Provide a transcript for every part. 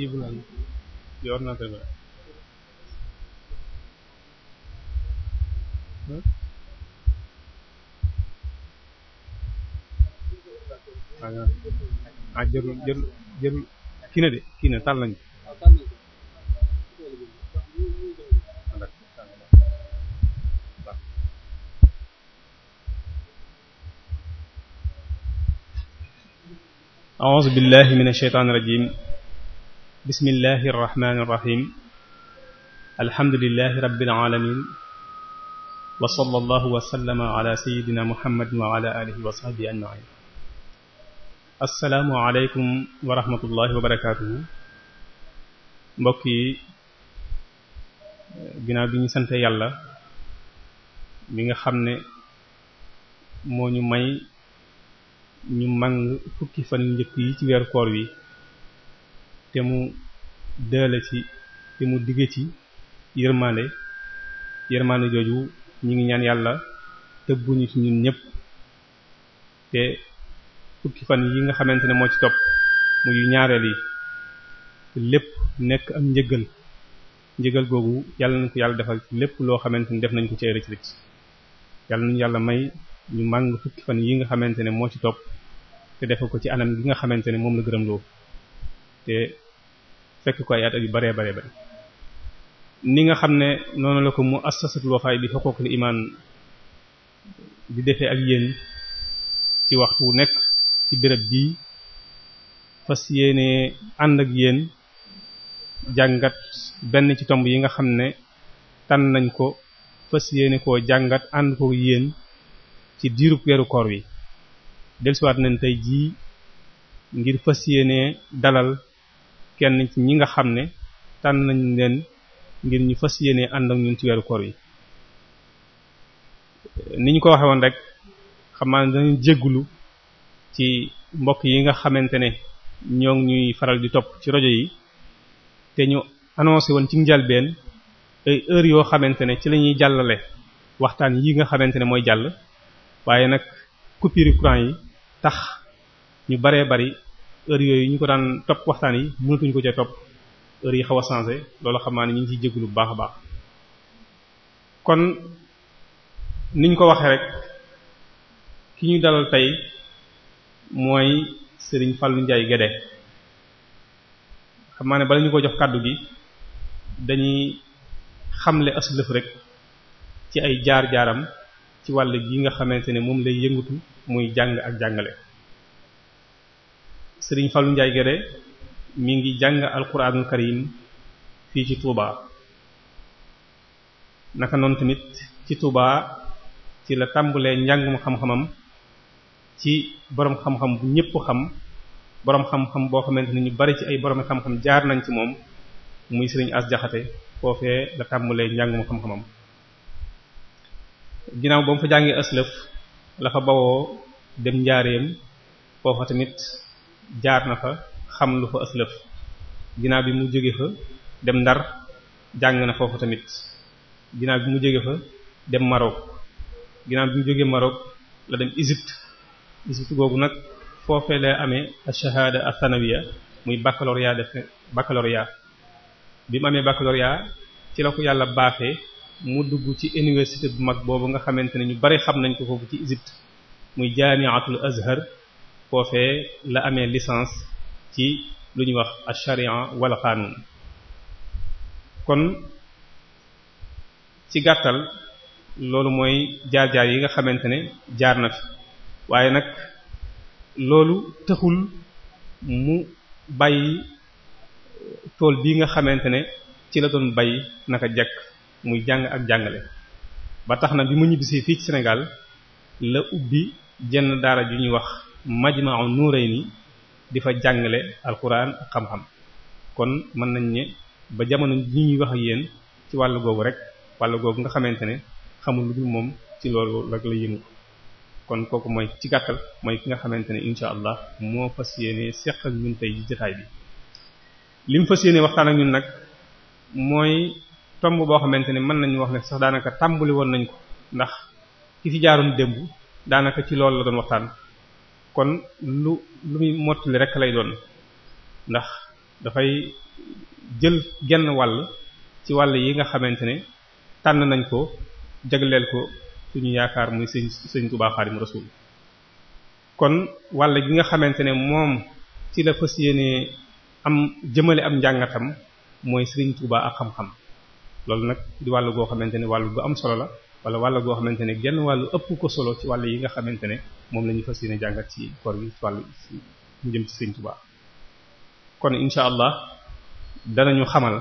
visible al di ordinateur bi rek ah jërul jërul jërul kii na de kii na tàll nañ أعوذ بالله من الشيطان الرجيم bismillahi irrahmani irrahim alhamdulilahi rabbil alamin wa sallallahu wa sallama ala sayidina muhammadin wa ala alihi wa sahbihi ajmain assalaamu aleykum wa rahmatullahi wa barakatuhu mbokk yi ginnaaw bi ñu sante yàlla mi nga xam ne moo ñu may ñu màng fukki fan njëkk yi ci weeru koor wi te mu dële ci te mu digge ci yërmande yërmande jooju ñu ngi ñaan yàlla tëbbuñu ci ñun ñëpp te fukki fan yi nga xamante ne moo ci topp muy ñaareel yi lépp nekk am njëgal njëgal googu yàlla nañ ko yàlla defal lépp loo xamante ni def nañ ko ci ay rëcc rëcc yàlla nañu yàlla may ñu màng fukki fan yi nga xamante ne moo ci topp te defe ko ci anam gi nga xamante ne moom la gërëm loo te fekk ko ay at yu baree baree bari ni nga xam ne noonu la ko mu assasatul wafaay bi xuququl iman di defee ak yéen ci wax wu nekk ci béréb bii fas yéene ànd ak yéen jàngat benn ci tomb yi nga xam ne tànn nañ ko fas yéene koo jàngat ànd ko yéen ci diirub weeru koor wi dellusiwaat nañ tey jii ngir fas yéene dalal kenn ci ñi nga xam ne tànn nañ leen ngir ñu fas yéene ànd ak ñun ci weeru koor yi ni ñu ko waxee woon rek xam naa ne dañu jéggulu ci mbokk yi nga xamante ne ñoo ngi ñuy faral di topp ci rajo yi te ñu annoncé woon ci njalbeen ay heure yoo xamante ne ci la ñuy jàllale waxtaan yi nga xamante ne mooy jàll waaye nag coupure courant yi tax ñu baree bari heure yooyu ñu ko daan topp waxtaan yi mënatuñ ko ca topp heure yi xawa a changé loolu xam naa ñu ngi ciy jéglu bu baax a baax kon niñ ko waxee rek ki ñu dalal tey mooy sëriñ Fallou njaay Guédé xam naa ne bala ñu ko jox kàddu gi dañuy xamle aslëf rek ci ay jaar-jaaram ci wàll gi nga xamante ne moom lay yëngatu muy jàng ak jàngale sëriñ Fallou njaay Guédé mi ngi jàng alquranul karim fii ci Touba naka noonu tamit ci Touba ci la tàmbalee njàngum xam-xamam ci borom xam-xam bu ñëpp xam borom xam-xam boo xamante ni ñu bari ci ay borom xam-xam jaar nañ ci moom muy sëriñ As Jaxate foofee la tàmbalee njàngum xam-xamam. ginnaaw ba mu fa jàngee aslëf la fa bawoo dem njaareem foofa tamit. jaar na fa xam lu fa aslëf ginnaaw bi mu jóge fa dem ndar jàng na foofu tamit ginnaaw bi mu jóge fa dem Maroc ginaar bi mu jógee Maroc la dem Égypte Égypte googu nag foofee lay amee ash-shahada ath muy baccalauréat def baccalauréat bi mu amee baccalauréat ci la ko yàlla baaxee mu dugg ci université bu mag boobu nga xamante ne ñu bari xam nañ ko foofu ci Égypte muy jaami'atul Azhar foofee la amee licence ci lu ñuy wax ash-sharia wala xanuun kon ci gàttal loolu mooy jaar-jaar yi nga xamante ne jaar na fi waaye nag loolu taxul mu bàyyi tool bii nga xamante ne ci la doon bay naka jekk muy jàng ak jàngale ba tax na bi mu ñibbisee fii ci Sénégal la ubbi jenn daara ju ñuy wax majma'u ni di fa jàngale alquran ak xam-xam kon mën nañ ne ba jamono ji ñuy wax ak yéen ci wàll googu rek wàll googu nga xamante ne xamul lu dul moom ci loolu rek la yëngu kon kooku mooy ci gàttal mooy ki nga xamante ne incha allah moo fas yéene seq ak ñun tey jotaay bi. li mu fas yéene waxtaan ak ñun nag mooy tomb boo xamante ne mën nañu wax ne sax daanaka tàmbali woon nañ ko ndax ki fi jaaroon démb daanaka ci loolu la doon waxtaan kon lu lu muy mottali rek lay doon ndax dafay jël genn wàll ci wàll yi nga xamante ne tànn nañ ko jagleel ko suñu yaakaar muy sëñ sëñ Tuubaa Xaadimu Rasuul kon wàll gi nga xamante ne moom ci la fas yéene am jëmale am njàngatam mooy sëriñ Tuubaa ak xam-xam loolu nag di wàll goo xamante ne wàll gu am solo la wala wàll goo xamante ne genn wàll ëpp ko solo ci wàll yi nga xamante ne moom la ñu fas yéene jàngat ci koor bi ci wàllu ñu jëm ci Sëriñ Tuubaa kon incha allah dana ñu xamal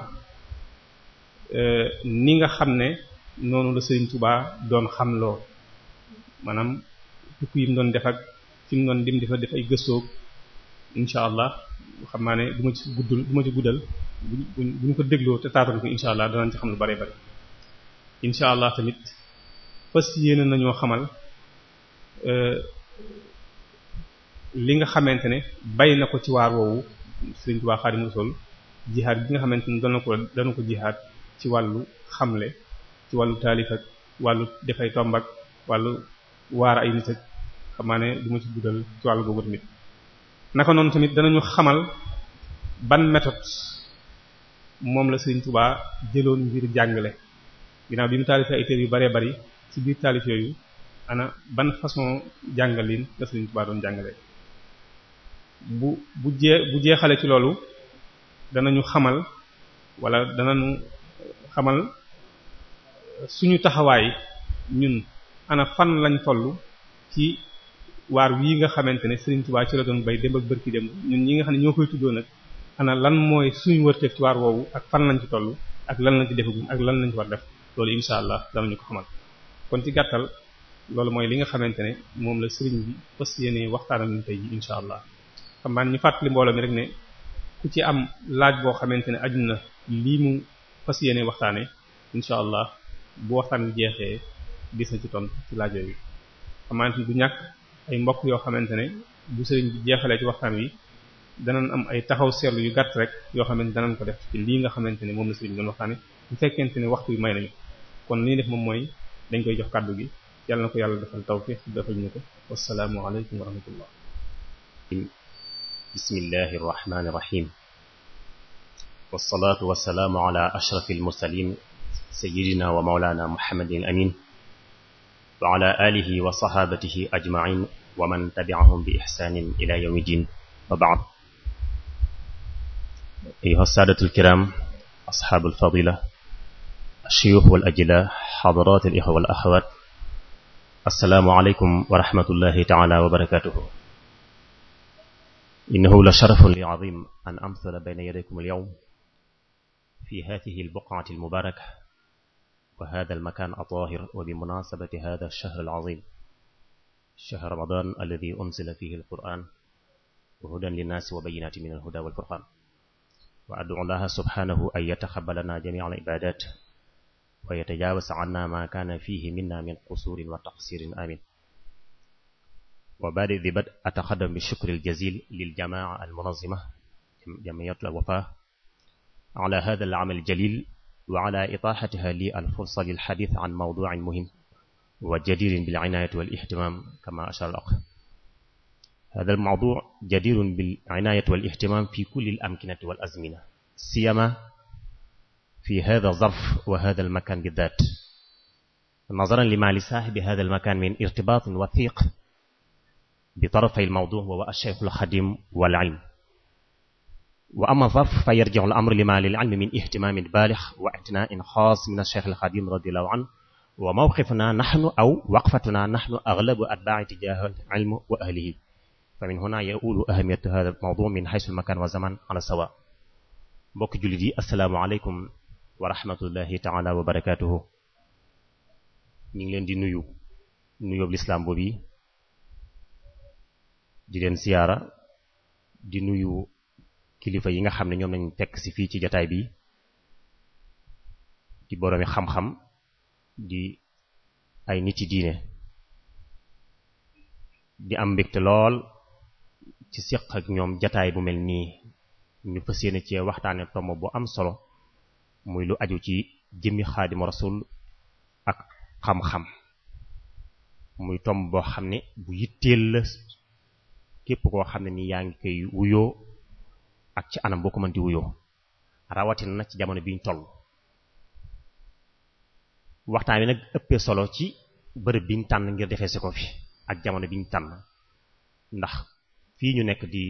euh, ni nga xam ne noonu la Sëriñ Tuubaa doon xamloo maanaam tukki mu doon def ak fi mu dafa def ay gëstoo incha xam naa ne du ma ci guddul du ma ci guddal bu ñu ko dégloo te taatan ko incha allah danañ ci xam lu bare bare incha allah tamit. fas yéene nañoo xamal euh, li nga xamante ne bay na ko ci waar woowu Sëriñ Tuubaa Xaadimu Rasuul jihaad bi nga xamante ne dana ko dana ko jihaad ci wàllu xamle ci wàllu taalif wàllu defay tomb ak wàllu waar ay nit ak xamaa ne du ma ci guddal ci wàllu googu tamit naka noonu tamit danañu xamal ban méthode moom la Sëriñ Tuubaa jëloon ngir jàngale ginnaaw bi mu taalifee ay téere yu bare bari ci biir taalif yooyu ana ban façon jàngalin la Sëriñ Tuubaa doon jàngale bu bu jeexale ci loolu dana ñu xamal wala danañu xamal suñu taxawaay ñun ana fan lañ tollu ci waar wii nga xamante ne Sëriñ Tuubaa ci la doon bay démb ak bërki démb ñun ñi nga xam ne ñoo koy tuddoo nag ana lan mooy suñu wërteef ci waar woowu ak fan lañ ci toll ak lan lañ ci defagum ak lan lañ ci war def ko xamal kon ci gàttal loolu mooy li nga xamante ne moom la sëriñ bi fas yéene waxtaanal ñu tey ji incha allah xam ñu fàttali mbooloo mi rek ne ku ci am laaj boo xamante ne aju na lii mu fas yéene waxtaane incha allah bu waxtaan jeexee gis na ci ton ci laaj yooyu xamante ni du ñàkk ay mbokk yoo xamante ne bu sëriñ bi jeexalee ci waxtaan wi danañ am ay taxaw seetlu yu gàtt rek yoo xamante danañ ko def ci lii nga xamante ne moom la sëriñ bi doon waxtaane bu fekkente ne waxtu wi may nañu kon li moom mooy dañ koy jox kàddu gi yàlla na ko yàlla defal tawfiq defal ñu ko wassalaamu aleykum wa rahmatullah bismillahi arrahmani irrahim wassalaatu wassalaamu ala ashraf almursalin sayidina wa maulana muhammadin amin wa ala alihi wa sahabatihi ajmain wa man tabiahum bi ihsanin ila yawmi din wa baad ayuha saadatul kiram ashaabul fadila الشيوخ والأجلاء حضرات الإخوة والأخوات السلام عليكم ورحمة الله تعالى وبركاته إنه لشرف لعظيم أن أمثل بين يديكم اليوم في هذه البقعة المباركة وهذا المكان الطاهر وبمناسبة هذا الشهر العظيم شهر رمضان الذي أنزل فيه القرآن وهدى للناس وبينات من الهدى والفرقان وأدعو الله سبحانه أن يتقبلنا جميع العبادات wa yatajaawaz anna ma kaana fiihi minna min qusuurin wa taqsiirin amin wa baadi di bad ataxadam bi shukri aljazil lil jamaa almunazima jamiyatu alwafa ala hada alamal aljalil wa ala itaaxatiha li alfursa lilxadis an mawduin muhim wa jadirin bilinayati walihtimam kama ashara al aq hada almawdu jadirun bilinayati walihtimam fi kulli alamkinati walazmina siyama في هذا الظرف وهذا المكان بالذات نظرا لما لصاحب هذا المكان من ارتباط وثيق بطرفي الموضوع وهو الشيخ الخديم والعلم وأما الظرف فيرجع الأمر لما للعلم من اهتمام بالغ واعتناء خاص من الشيخ الخديم رضي الله عنه وموقفنا نحن أو وقفتنا نحن أغلب أتباع تجاه العلم وأهله فمن هنا يؤول أهمية هذا الموضوع من حيث المكان والزمان على سواء mbokk jullit yi asalaamaaleykum wa rahmatullahi taala wa barakatuhu ñu ngi leen di nuyu nuyoob lislaam boobu yi di leen siyaara di nuyu kilifa yi nga xam ne ñoom lañ tekk si fii ci jataay bi di boroomi xam-xam di ay nit yi diine di am mbégte lool ci séq ak ñoom jataay bu mel nii ñu fas yéene cee waxtaane tomb bu am solo muy lu aju ci jëmmi xaadima rasul ak xam-xam muy tomb boo xam ne bu yitteel la képp koo xam ne ni yaa ngi koy wuyoo ak ci anam boo ko mënti wuyoo rawatina na ci jamono bi ñu toll waxtaan wi nag ëppee solo ci bërëb biñ tànn ngir defee si ko fi ak jamono bi tànn ndax fii ñu nekk di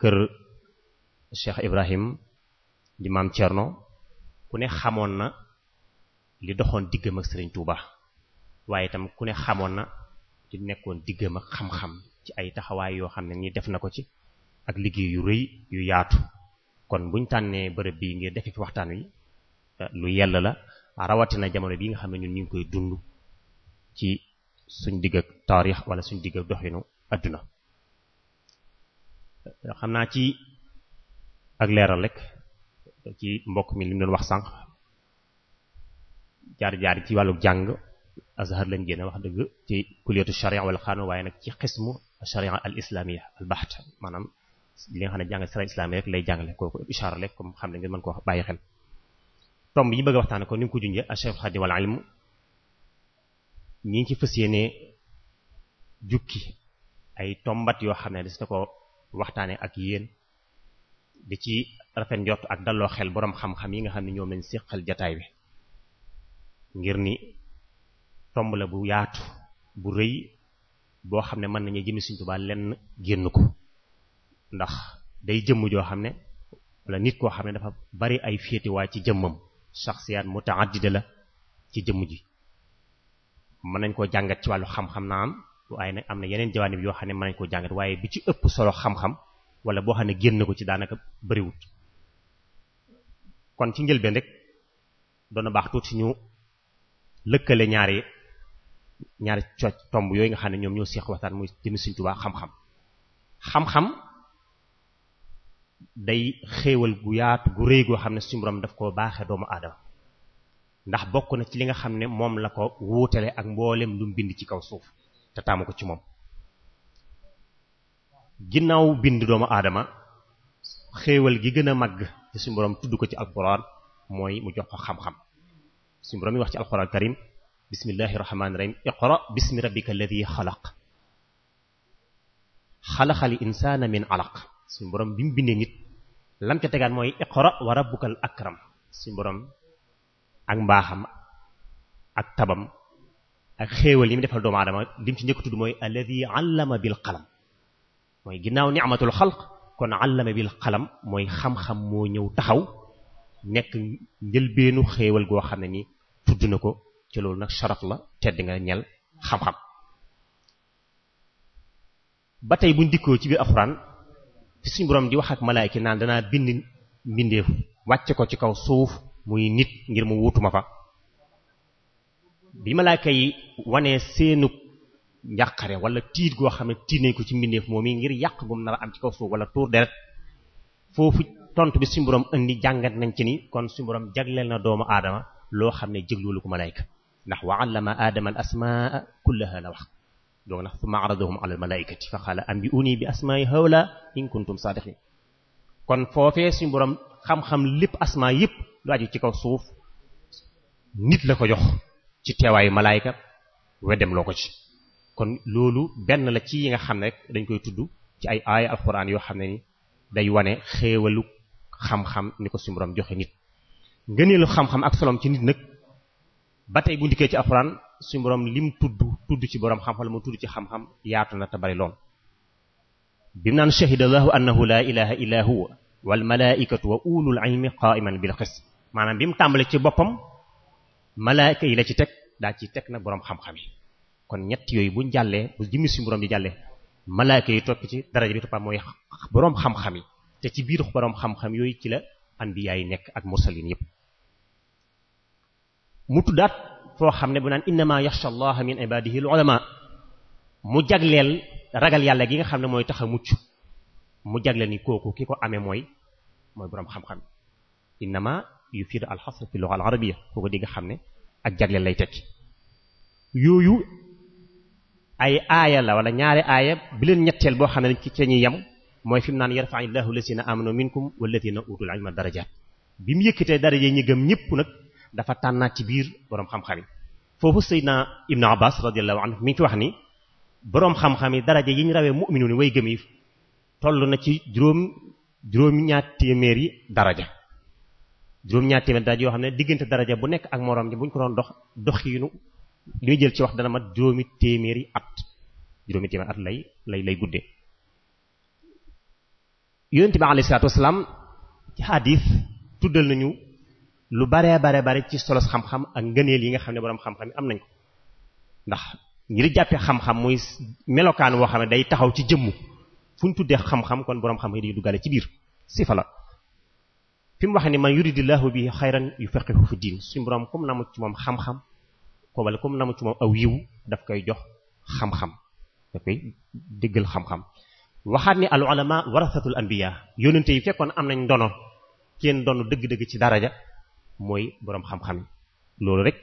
kër Cheikh Ibrahim di maam Thierno ku ne xamoon na li doxoon diggam ak Serigne Touba waaye itam ku ne xamoon na li nekkoon diggam ak xam-xam ci ay taxawaay yoo xam ne nii def na ko ci ak liggéey yu rëy yu yaatu kon buñ tànnee bërëb bii ngir defi fi waxtaan wi eh, lu yell la rawatina jamono bii nga xam ne ñun ñu ngi koy dund ci suñ digg ak taarix wala suñ digg ak doxinu adduna eh, xam naa ci ak leeral rek ci mbokk mi li mu doon wax sànq jaar jaari ci wàllu jàng azhar lañ génn wax dëgg ci kuliyatu sharia wal qanun waaye nag ci xismu sharia al islamia al maanaam li nga xam ne jàng sharia islami rek lay jàngale kooku ishaara rek comme xam ne ngeen mën ko wax bàyyi xel tomb yi bëgg a waxtaane ko ni mu ko junjee al Cheikh Xadim ñi ngi ci fës yéenee jukki ay tombat yoo xam ne des na ko waxtaane ak yéen di ci rafet njort ak dalloo xel boroom xam-xam yi nga xam ne ñoom lañ séqal jataay bi ngir ni tomb la bu yaatu bu rëy boo xam ne mën nañu jëmi Sëriñ Tuubaa lenn génn ko ndax day jëmm joo xam ne wala nit koo xam ne dafa bari ay féetiwaay ci jëmmam saxsiyaat mutaaddida la ci jëmm ji mën nañ koo jàngat ci wàllu xam-xam na am waaye nag am na yeneen jawaanib yoo xam ne mën nañ koo jàngat waaye bi ci ëpp solo xam-xam wala boo xam ne génn ko ci daanaka bariwut kon ci njëlbeen rek doon na baax tuuti ñu lëkkale ñaari ñaari cooc tomb yooyu nga xam ne ñoom ñoo seex waxtaan muy jëmi Sëriñ Tuubaa xam-xam xam day xéewal gu yaatu gu rëy goo xam ne suñu borom daf koo baaxe doomu aadama ndax bokk na ci li nga xam ne moom la ko wuutale ak mbooleem lu mu bind ci kaw suuf te taamu ko ci moom ginnaaw bind doomu aadama xéewal gi gën a màgg te suñu borom ko ci alquran mooy mu jox ko xam-xam suñu borom yi wax ci alquran karim bismillahi rahmaani rahim iqra bismi rabbika alladi xalaq xalaqal insaana min alaq si borom bi mu bindee lam ca tegaan mooy iqra wa rabbukal akram suñu borom ak mbaaxam ak tabam ak xéewal yi mu defal doomu aadama lim ci njëkk tudd mooy alladi allama bil qalam mooy ginnaaw ni'matul xalq kon àllame bil xalam mooy xam-xam moo ñëw taxaw nekk njëlbeenu xéewal goo xam ne ni tudd na ko ci loolu nag sharaf la tedd nga ñel xam-xam ba tey buñ dikkoo ci biir alxuraan fi suñu borom di wax ak malaayka naan danaa bind mbindeef wàcce ko ci kaw suuf muy nit ngir mu wutuma fa bi malaayka yi wanee seenu njàqare wala tiit goo xam ne tiit nañ ko ci mbindeef moom yi ngir yàq gum nar a wala tuur deret foofu tontu bi suñu borom indi jàngat nañ ci ni kon suñu borom jagleel na doomu aadama loo xam ne jëgloolu ko malayka ndax wa allama aadama al asmaa kullaha la wax donc ndax summa aradahum ala al malaikati fa qaala ambi'uuni bi asmaa'i haula in kuntum saadiqin kon foofee suñu borom xam-xam lépp asmaa yëpp lu aju ci kaw suuf nit la ko jox ci teewaayu malayka weddem loo ko ci kon loolu benn la ci yi nga xam ne rek dañ koy tudd ci ay aaya alxuraan yoo xam ne ni day wane xéewalu xam-xam ni ko suñu joxe nit ngëneelu xam-xam ak solom ci nit nag ba tey bu ndikkee ci alxuraan suñu borom lim tudd tudd ci borom xam-xam ci xam-xam yaatu na te bari lool bim naan shahida allahu annahu la ilaha illa huwa wal malaikatu wa ulul ilmi qa'iman bil qist maanaam bi mu tàmbali ci boppam malaayika yi la ci teg daal ci teg nag boroom xam-xam yi kon ñetti yooyu buñ jàllee bu jëmmi suñu borom di jàllee malaaka yi topp ci daraja bi toppa mooy boroom xam-xam yi te ci biir boroom xam-xam yooyu ci la anbiya yi nekk ak mursalin yëpp mu xam ne bu naan innama yaxsha allaha min ibadihi al ulama mu jagleel ragal yàlla gi nga xam ne mooy tax a mucc mu jagleel ni kooku ki ko amee mooy mooy boroom xam-xam innama yufiidu al xasr fi lugha al arabiyya kooku di nga xam ne ak jagleel lay tekki yooyu ay aaya la wala ñaari aaya bi leen ñetteel boo xam ne ci ca ñuy yem mooy fi mu naan yarfa'illahu lazina amanu minkum walladina utul ilma darajat bi mu yëkkatee daraja ñi gëm ñëpp nag dafa tànnaat ci biir boroom xam-xam yi foofu Seydina Ibnu Abbas radiyallahu anhu mi ngi ci wax ni boroom xam-xam yi daraja yi ñu rawee mu'minuun way gëm yi toll na ci juróom juróom ñaar téeméeri daraja juróom ñaar téeméeri daraja yoo xam ne diggante daraja bu nekk ak moroom ji ko doon dox luy jël ci wax dana mat juróomi téeméeri at juróomi téeméeri at lay lay lay guddee yonent bi alayhi salaatu wasalaam ci xadiis tuddal nañu lu baree bare bare ci solos xam-xam ak ngëneel yi nga xam ne boroom xam-xam yi am nañ ko ndax ñi jàppee xam-xam muy melokaan woo xam ne day taxaw ci jëmm fu ñu tuddee xam-xam kon boroom xam-xam yi ci biir sifa la fi mu waxee moom xam-xam ko wala comme namu ci moom aw yiw daf koy jox xam-xam daf koy diggal xam-xam waxaat ni al ulama warasatul anbiya yónente yi fekkoon am nañ ndono kenn doon dëgg-dëgg ci daraja mooy boroom xam-xam loolu rek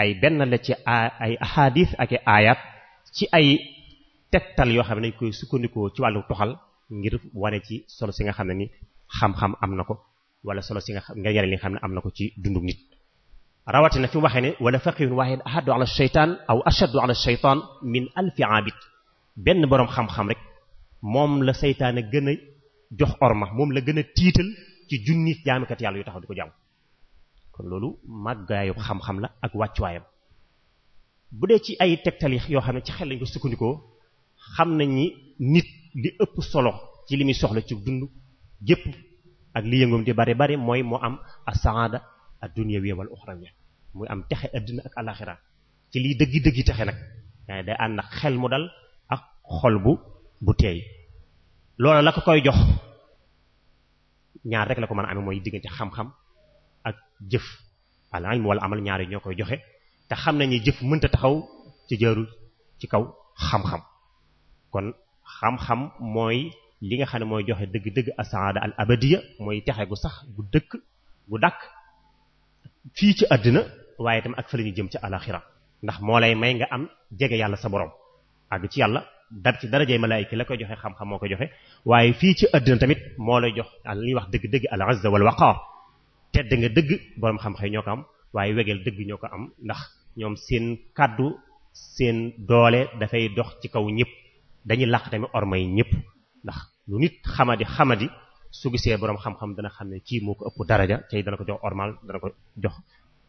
ay benn la ci ay ahadis ak i ci ay tegtal yoo xam ne dañ koy sukkandikoo ci wàllu toxal ngir wane ci solo si nga xam ne ni xam-xam am na ko wala solo si nga xam nga yare li xam ne am na ko ci dundu nit rawatina fi mu waxee ne wala faqihun waahid ahaddu ala shaytaan aw ashaddu ala shaytaan min alfi aabid benn boroom xam-xam rek moom la seytaane gën a jox orma moom la gën a tiital ci junni jaamikat yàlla yu taxaw di ko jàmm kon loolu màggaayub xam-xam la ak wàccuwaayam bu dee ci ay tegtal yoo xam ne ci xel lañ ko sukkandikoo xam nañ ni nit li ëpp solo ci li muy soxla ci dund jëpp ak li yëngoom di bari bari mooy moo am asaada addunyawiya wal uxrawiya muy am texe addina ak alaxira ci liy dëggi-dëggi texe nag yaa day ànd xel mu dal ak xol bu bu teey loola la ko koy jox ñaar rek la ko mën a amee mooy diggante xam-xam ak jëf al ilm wal amal ñaar yi ñoo koy joxe te xam nañu jëf mënta taxaw ci jaarul ci kaw xam-xam kon xam-xam mooy li nga xam ne mooy joxe dëgg-dëgg asaada al abadiya mooy texe gu sax gu dëkk gu dàkk fii ci àddina waaye itam ak fa la ñu jëm ci alaxira ndax moo lay may nga am jege yàlla sa borom àgg ci yàlla dar ci darajey malaayika la koy joxe xam-xam moo koy joxe waaye fii ci àddina tamit moo lay jox am ñuy wax dëgg-dëgg al azza wal waqaar tedd nga dëgg borom xam-xam ñoo ko am waaye wegeel dëgg ñoo ko am ndax ñoom seen kàddu seen doole dafay dox ci kaw ñëpp dañuy làq tamit ormay ñëpp ndax lu nit xamadi xamadi su gisee boroom xam-xam dana xam ne kii moo ko ëpp daraja tey dana ko jox ormal dana ko jox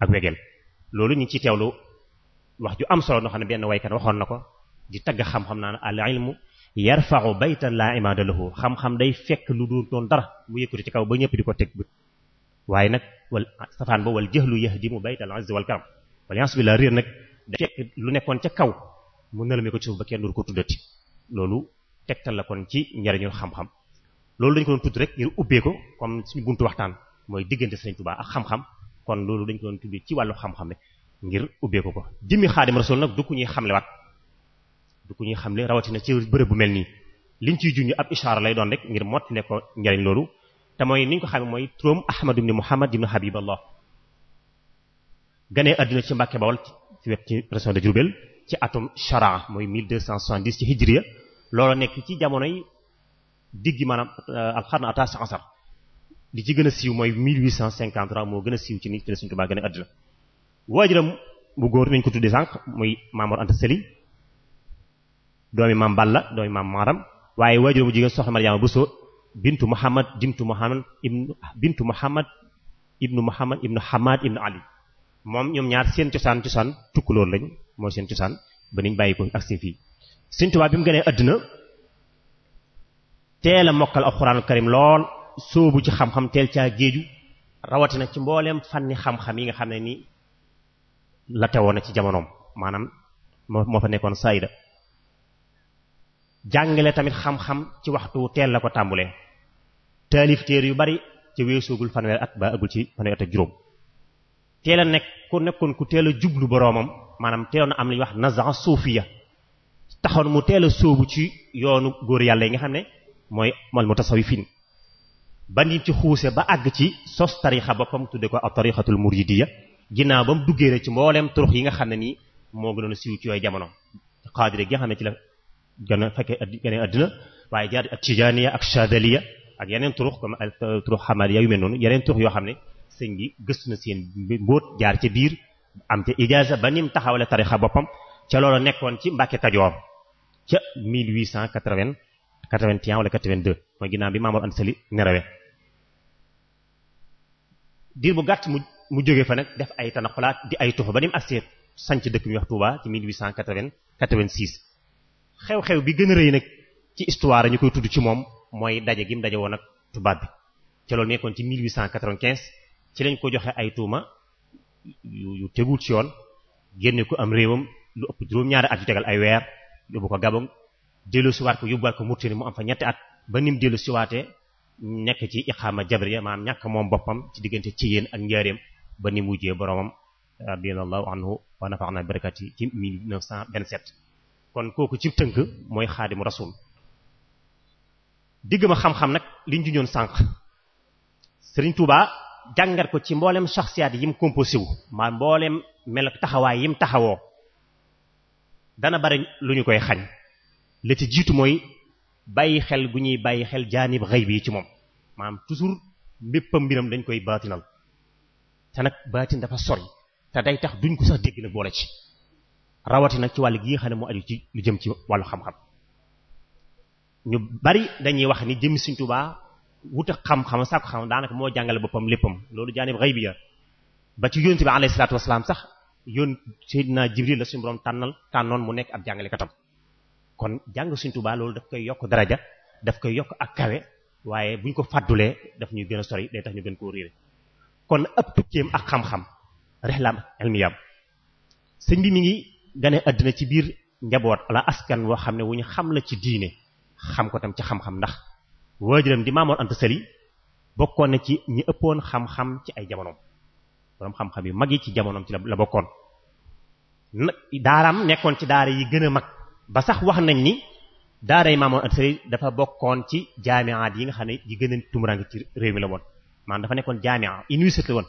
ak wegel loolu ñu ngi ci teewlu wax ju am solo noo xam ne benn waykat waxoon na ko di tagg xam-xam naan al ilmu yarfa'u baytan la imada lahu xam-xam day fekk lu dul doon dara mu yëkkati ci kaw ba ñëpp di ko teg waaye nag wal safaan ba wal jahlu yahdimu baytal azzi wal karam wal yasbila réer nag day fekk lu nekkoon ca kaw mu nëlame ko ci suuf ba kenn du ko tuddati loolu tegtal la kon ci njariñul xam-xam loolu dañu ko doon tudd rek ngir ubbee ko comme suñu buntu waxtaan mooy diggante Sëriñ Tuubaa ak xam-xam kon loolu dañu ko doon tudd ci wàllu xam-xam rek ngir ubbee ko ko jëmmi Xaadim Rasuul nag du ku ñuy xamlewaat du ku ñuy xam xamle rawatina ci bërëb bu mel nii liñ ci junj ab ishaara lay doon rek ngir mot ko njariñ loolu te mooy niñ ko xamee mooy turam Ahmad ibn Muhammad ibn Habiballah ganee àdduna ci Mbàkke Bawol ci wet ci région de Diourbel ci atum charan mooy 1270 ci hijriya loolu nekk ci jamonoy diggi maanaam euh, alxarna ataas asar li ci gën a siiw mooy 1853 moo gën a siiw ci ni ci la Sëriñ Tuubaa gën a àddina waajuram bu góor nañ ko tuddee sànq muy Maamor Anta Sëli doomi maam Balla doomi maam waaye waajuram bu jigéen soxna Mariama Bousso bintu Muhammad bintu Muhammad ibnu bintu Muhammad ibnu Muhammad ibnu Hamad ibnu Ali moom ñoom ñaar seen cosaan cosaan tukkuloor lañ mooy seen cosaan ba niñ bàyyi ko ak bi mu gënee àddina teel a mokkal alxuraanul karim lool sóobu ci xam-xam teel ca géeju rawatina ci mbooleem fànni xam-xam yi nga xam ne ni la tewoon na ci jamonoom maanaam moo moo fa nekkoon sayda jàngale tamit xam-xam ci waxtu teel la ko tàmbulee taalif téer yu bari ci weesoogul fanweer at ba agul ci fanweer at ak juróom teel nekk nekkoon ku teel a jublu boroomam maanaam teeloon na am li ñuy wax nazaa suufiya taxoon mu teel sóobu ci yoonu góor yàlla yi nga xam n mooy mal mutasawifin ba nim ci xuuse ba àgg ci sos tarixa boppam tudde ko ak tarixatul muridiya ginnaaw ba mu duggee rek ci mbooleem turux yi nga xam ne nii moo gënoon siiw ci jamono xaadire gi nga xam ne ci la gën a fekkee geneen waaye jaar ak tijaaniya ak chadaliya ak yeneen turux comme turux xamaliya yu mel noonu yeneen turux yoo xam ne sëñ bi gëstu na seen mbóot jaar ca biir am ca ijaaza ba nim taxawale tarixa boppam ca loolu nekkoon ci Mbàkke Kajoor ca 1880 81 wala 82 mooy ginnaaw bi Maamor Anta Sali nerawee diir bu gàtt mu mu jóge fa nag def ay tanaqulaat di ay tufa ba ni mu agsee sanc dëkk bi wax Touba ci xew-xew bi gën a rëy nag ci histoire ñu koy tudd ci moom mooy daje gi mu daje woon ak tubaab bi ca loolu nekkoon ci 1895 ci lañ ko joxe ay tuuma yu tegul ci yoon génne ko am réewam lu ëpp juróom-ñaari at yu tegal ay weer yóbbu ko Gabon dellu siwaat ko yóbbuwaat ko Mauritanie mu am fa ñetti at ba nim dellu siwaate nekk ci iqaama jabriya maanaam ñàkk moom boppam ci diggante ci ak njaareem ba ni mujjee boromam radiyallahu anhu wa nafa'na barakati ci 1927 kon kooku ci tënk mooy xaadimu rasul digg xam-xam nag liñ juñoon sànq Serigne Touba jàngat ko ci mboolem saxsiyaat yi mu composé wu maa mboolem mel taxawaay yi taxawoo dana bari lu ñu koy xañ la jiitu mooy bàyyi xel gu ñuy bàyyi xel jaanib xëy bi ci moom maanaam toujours mbéppam mbiram dañ koy baatinal te nag baatin dafa sori te day tax duñ ko sax dégg nag boole ci rawati nag ci wàll gi xam ne moo aju ci lu jëm ci wàllu xam-xam ñu bari dañuy wax ni jëmi Sëriñ Tuubaa wuta xam-xam saako xam daanaka moo jàngale boppam léppam loolu jaanib xëy bi ya ba ci yonent bi alayhi salaatu wasalaam sax yoon naa Jibril la suñu borom tànnal tànnoon mu nekk ab jàngalekatam kon jàng Sëriñ Tuubaa loolu daf koy yokk daraja dafa koy yokk ak kawe waaye bu buñ ko fàddulee daf ñuy gën a sori day tax ñu gën koo réere kon ab tukkeem ak xam-xam rexlaam elmiyam sëñ bi mi ngi gane àddina ci biir njaboot wala askan woo xam ne wu ñu xam la ci diine xam ko tam ci xam-xam ndax waajuram di Maamoor Anta Sali bokkoon na ci ñi ëppoon xam-xam ci ay jamonoom borom xam-xam yu mag yi ci jamonoom ci la bokkoon daaraam nekkoon ci daara ba sax wax nañ ni daara yi Maamoon Anta Sali dafa bokkoon ci jaamiaat yi nga xam ne yi gën a tumuraange ci réew mi la woon maanaam dafa nekkoon jaamia université woon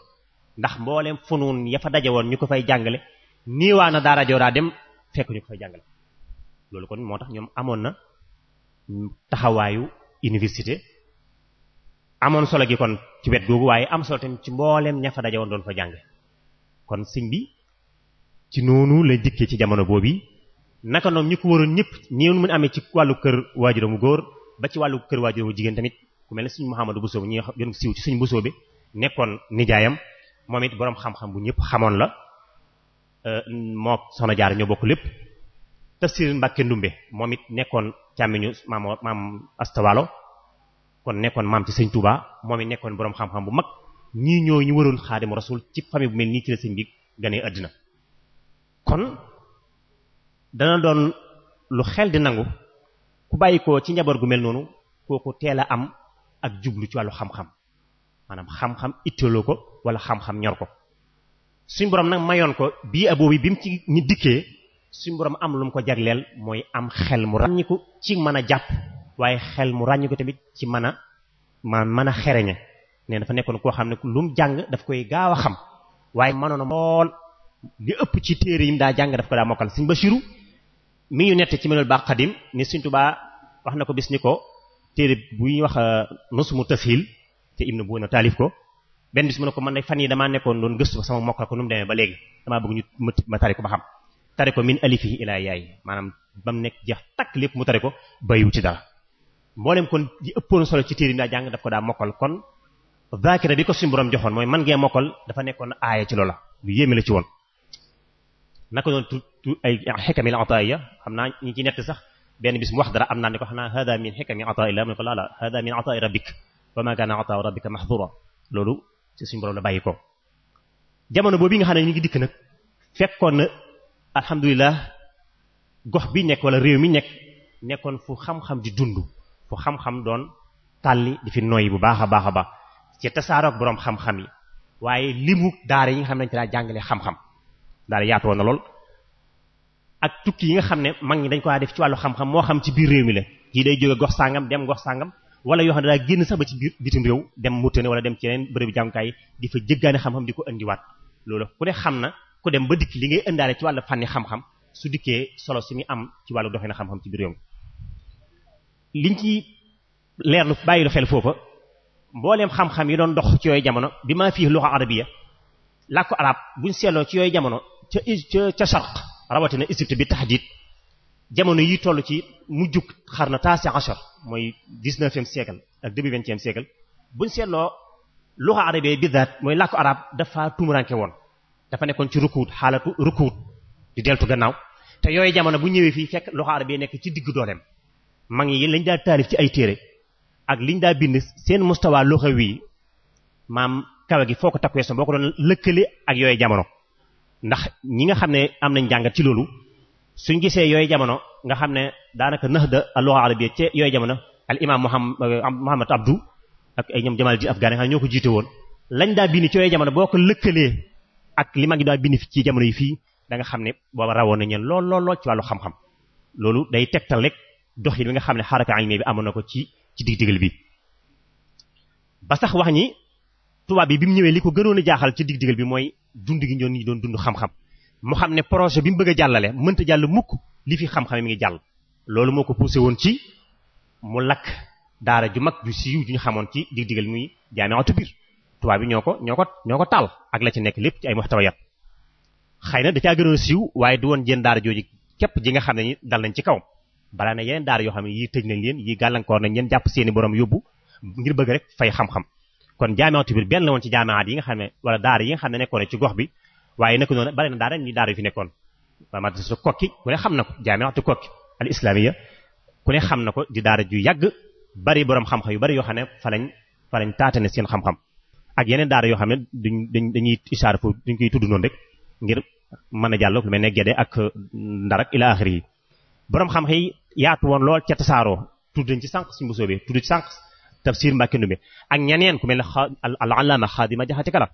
ndax mbooleem funuun ya fa daje woon ñu ko fay jàngale niiwaa na daara Joraa dem fekk loolu kon moo tax ñoom amoon na taxawaayu université amoon solo gi kon ci wet googu waaye am solo tamit ci mbooleem ña daje woon doon fa jànge kon sëñ bi ci noonu la dikkee ci jamono boobu naka noonu ñu ko waroon ñëpp ñi mun amee ci wàllu kër waajuramu góor ba ci wàllu kër waajuramu jigéen tamit ku mel ne suñ Mouhamadou Bousso bi ñi gën siiw ci suñu Bousso bi nekkoon nijaayam moom it boroom bu ñëpp xamoon la euh, moo soxna bokk lépp tafsir Mbàkke Ndumbe moom nekkoon càmmiñu maam maam Astawalo kon nekkoon maam ci sëñ Touba moom nekkoon boroom xam bu mag ñii ñoo ñu waroon Xaadimu Rasuul ci famille bu nii ci la sëñ bi àddina kon dana doon lu xel di nangu ku bàyyi ko ci njaboot gu mel noonu kooku teel a am ak jublu ci wàllu xam-xam maanaam xam-xam itteeloo ko wala xam-xam ñor ko suñ borom nag mayoon ko bii aboobi bi mu ci ñi dikkee suñ am lu ko jagleel mooy am xel mu ràññiku ci mën a jàpp waaye xel mu ko tamit ci mën a ma mën a xereñe ne dafa nekkoon koo xam ne lu mu jàng daf koy gaaw a xam waaye mënoon a lool li ëpp ci téere yi mu daa jàng daf ko daa mokkal suñ Basiru mi ñu nett ci mënal baax xadim ne Sëriñ Tuubaa wax na ko bis ni ko téere bu ñuy wax euh, nasumu tafhil te Ibnu Buuna taalif ko benn bis mu ne ko man nag fan ko nu mu demee ba léegi damaa bëgg ñu ma tari ko ba xam tari ko min alifihi ilaa yaay maanaam ba nekk jeex takk lépp mu tari ko bayu ci dara mboolem kon li ëppoon solo ci téere yi daa jàng daf ko daa mokkal kon zakira bi ko suñu borom joxoon mooy man ngee mokkal dafa nekkoon aaya ci loola lu yéeme la ci woon naka doon tu tu ay xikamil ataaya xam naa ñi ci nett sax benn bis mu wax dara am naa ne ko xam naa hada min xikami ataai la mu ne ko laala hada min ataai rabbik wa ma kaana ataa rabbika mahdura loolu ci suñu borom la bàyyi ko jamono boobu nga xam ne ñu ngi dikk nag fekkoon na alhamdulilah gox bi nekk wala réew mi nekk nekkoon fu xam-xam di dund fu xam-xam doon tàlli di fi noyyi bu baax a baax a baax ci tasaaroog borom xam-xam yi waaye limu daara yi nga xam ne dañ ci daa jàngale xam-xam daal yaatu woon na lool ak tukki yi nga xam ne mag ñi dañ ko def ci wàllu xam-xam moo xam ci biir réew mi la kii day jóge gox sàngam dem gox sàngam wala yoo xam ne daa génn sax ba ci biir bitim réew dem Mauritanie wala dem ci yeneen bërëbu jàngukaay di fa jëggaane xam-xam di ko indiwaat loolu ku ne xam na ku dem ba dikk li ngay indaale ci wàllu fànni xam-xam su dikkee solo si muy am ci wàllu doxina xam-xam ci biir réew mi liñ ci leerlu bàyyi lu xel foofa mbooleem xam yi doon dox ci yooyu jamono bi maa fii luxa arabiya ci yooyu jamono ca ca ca rawatina Égypte bi tahdid jamono yi toll ci mujjug xar na taasi achar mooy dix-neuvième siècle ak début vingtième siècle buñ seetloo luxa arabiya bidaat mooy làkku arab dafa tumuranke woon dafa nekkoon ci rukuut xaalatu rukuut di deltu gannaaw te yooyu jamono bu ñëwee fii fekk luxa arabiya nekk ci diggu dooleem mag yi lañ daa taalif ci ay téere ak liñ daal bind seen mustawa luxa wii maam kawe gi foo ko takk weesu boo ko doon lëkkale ak yooyu jamono ndax ñi nga xam ne am nañ jàngat ci loolu suñ gisee yooyu jamono nga xam ne daanaka nahda da lugha al-arabiyya ci yooyu jamono al imam Muhammad Abdou ak ay ñoom Jamal ji Afghani xam ñoo ko jiite woon lañ daa bind ci yooyu jamono boo ko lëkkalee ak li mag yi daa bind ci jamono yi fii da nga xam ne booba rawoon na leen lool lool lool ci wàllu xam-xam loolu day tegtal rek dox yi bi nga xam ne xaraka ilmi bi amoon na ko ci ci dig-digal bi ba sax wax ñi tubaab yi bi mu ñëwee li ko gënoon a jaaxal ci dig-digal bi mooy dund gi ñoon ñi doon dund xam-xam mu xam ne projet bi mu bëgg a jàllale mënta jàll mukk li fi xam-xam mi ngi jàll loolu moo ko poussé woon ci mu lakk daara ju mag ju siiw ju ñu xamoon ci dig-digal muy jaamiatu biir tubaab bi ñoo ko ñoo ko ñoo ko taal ak la ci nekk lépp ci ay muxtawayat xëy na da caa gënoon siiw waaye du woon jën daara jooju képp ji nga xam ne ni dal nañ ci kawam balaa ne yeneen daara yoo xam ne yii tëj nañ leen yii gàllankoor nañ leen jàpp seeni borom yóbbu ngir bëgg rek fay xam kon jaamiatu biir benn la woon ci yi nga xam ne wala daar yi nga xam ne nekkoon ci gox bi waaye nekk noonu bari na daara ñu daara yu fi nekkoon madrasatu kokki ku ne xam na ko jaamiatu kokki al islamiya ku ne xam na ko di daara ju yàgg bari borom xam-xam yu bari yoo xam ne fa lañ fa lañ taatane seen xam-xam ak yeneen daara yoo xam ne duñ dañ dañuy isaar fu duñ koy tudd noonu rek ngir mën a jàlloog lu mel ne Gede ak Ndar ak ila axiri yi borom xam-xam yi yaatu woon lool ca tasaaroo tudd nañ ci sànq suñu mbosoo bi tudd ci sànq tafsir mbàkke ndumbe ak ñeneen ku mel ne al allaama xaadima jaxate kala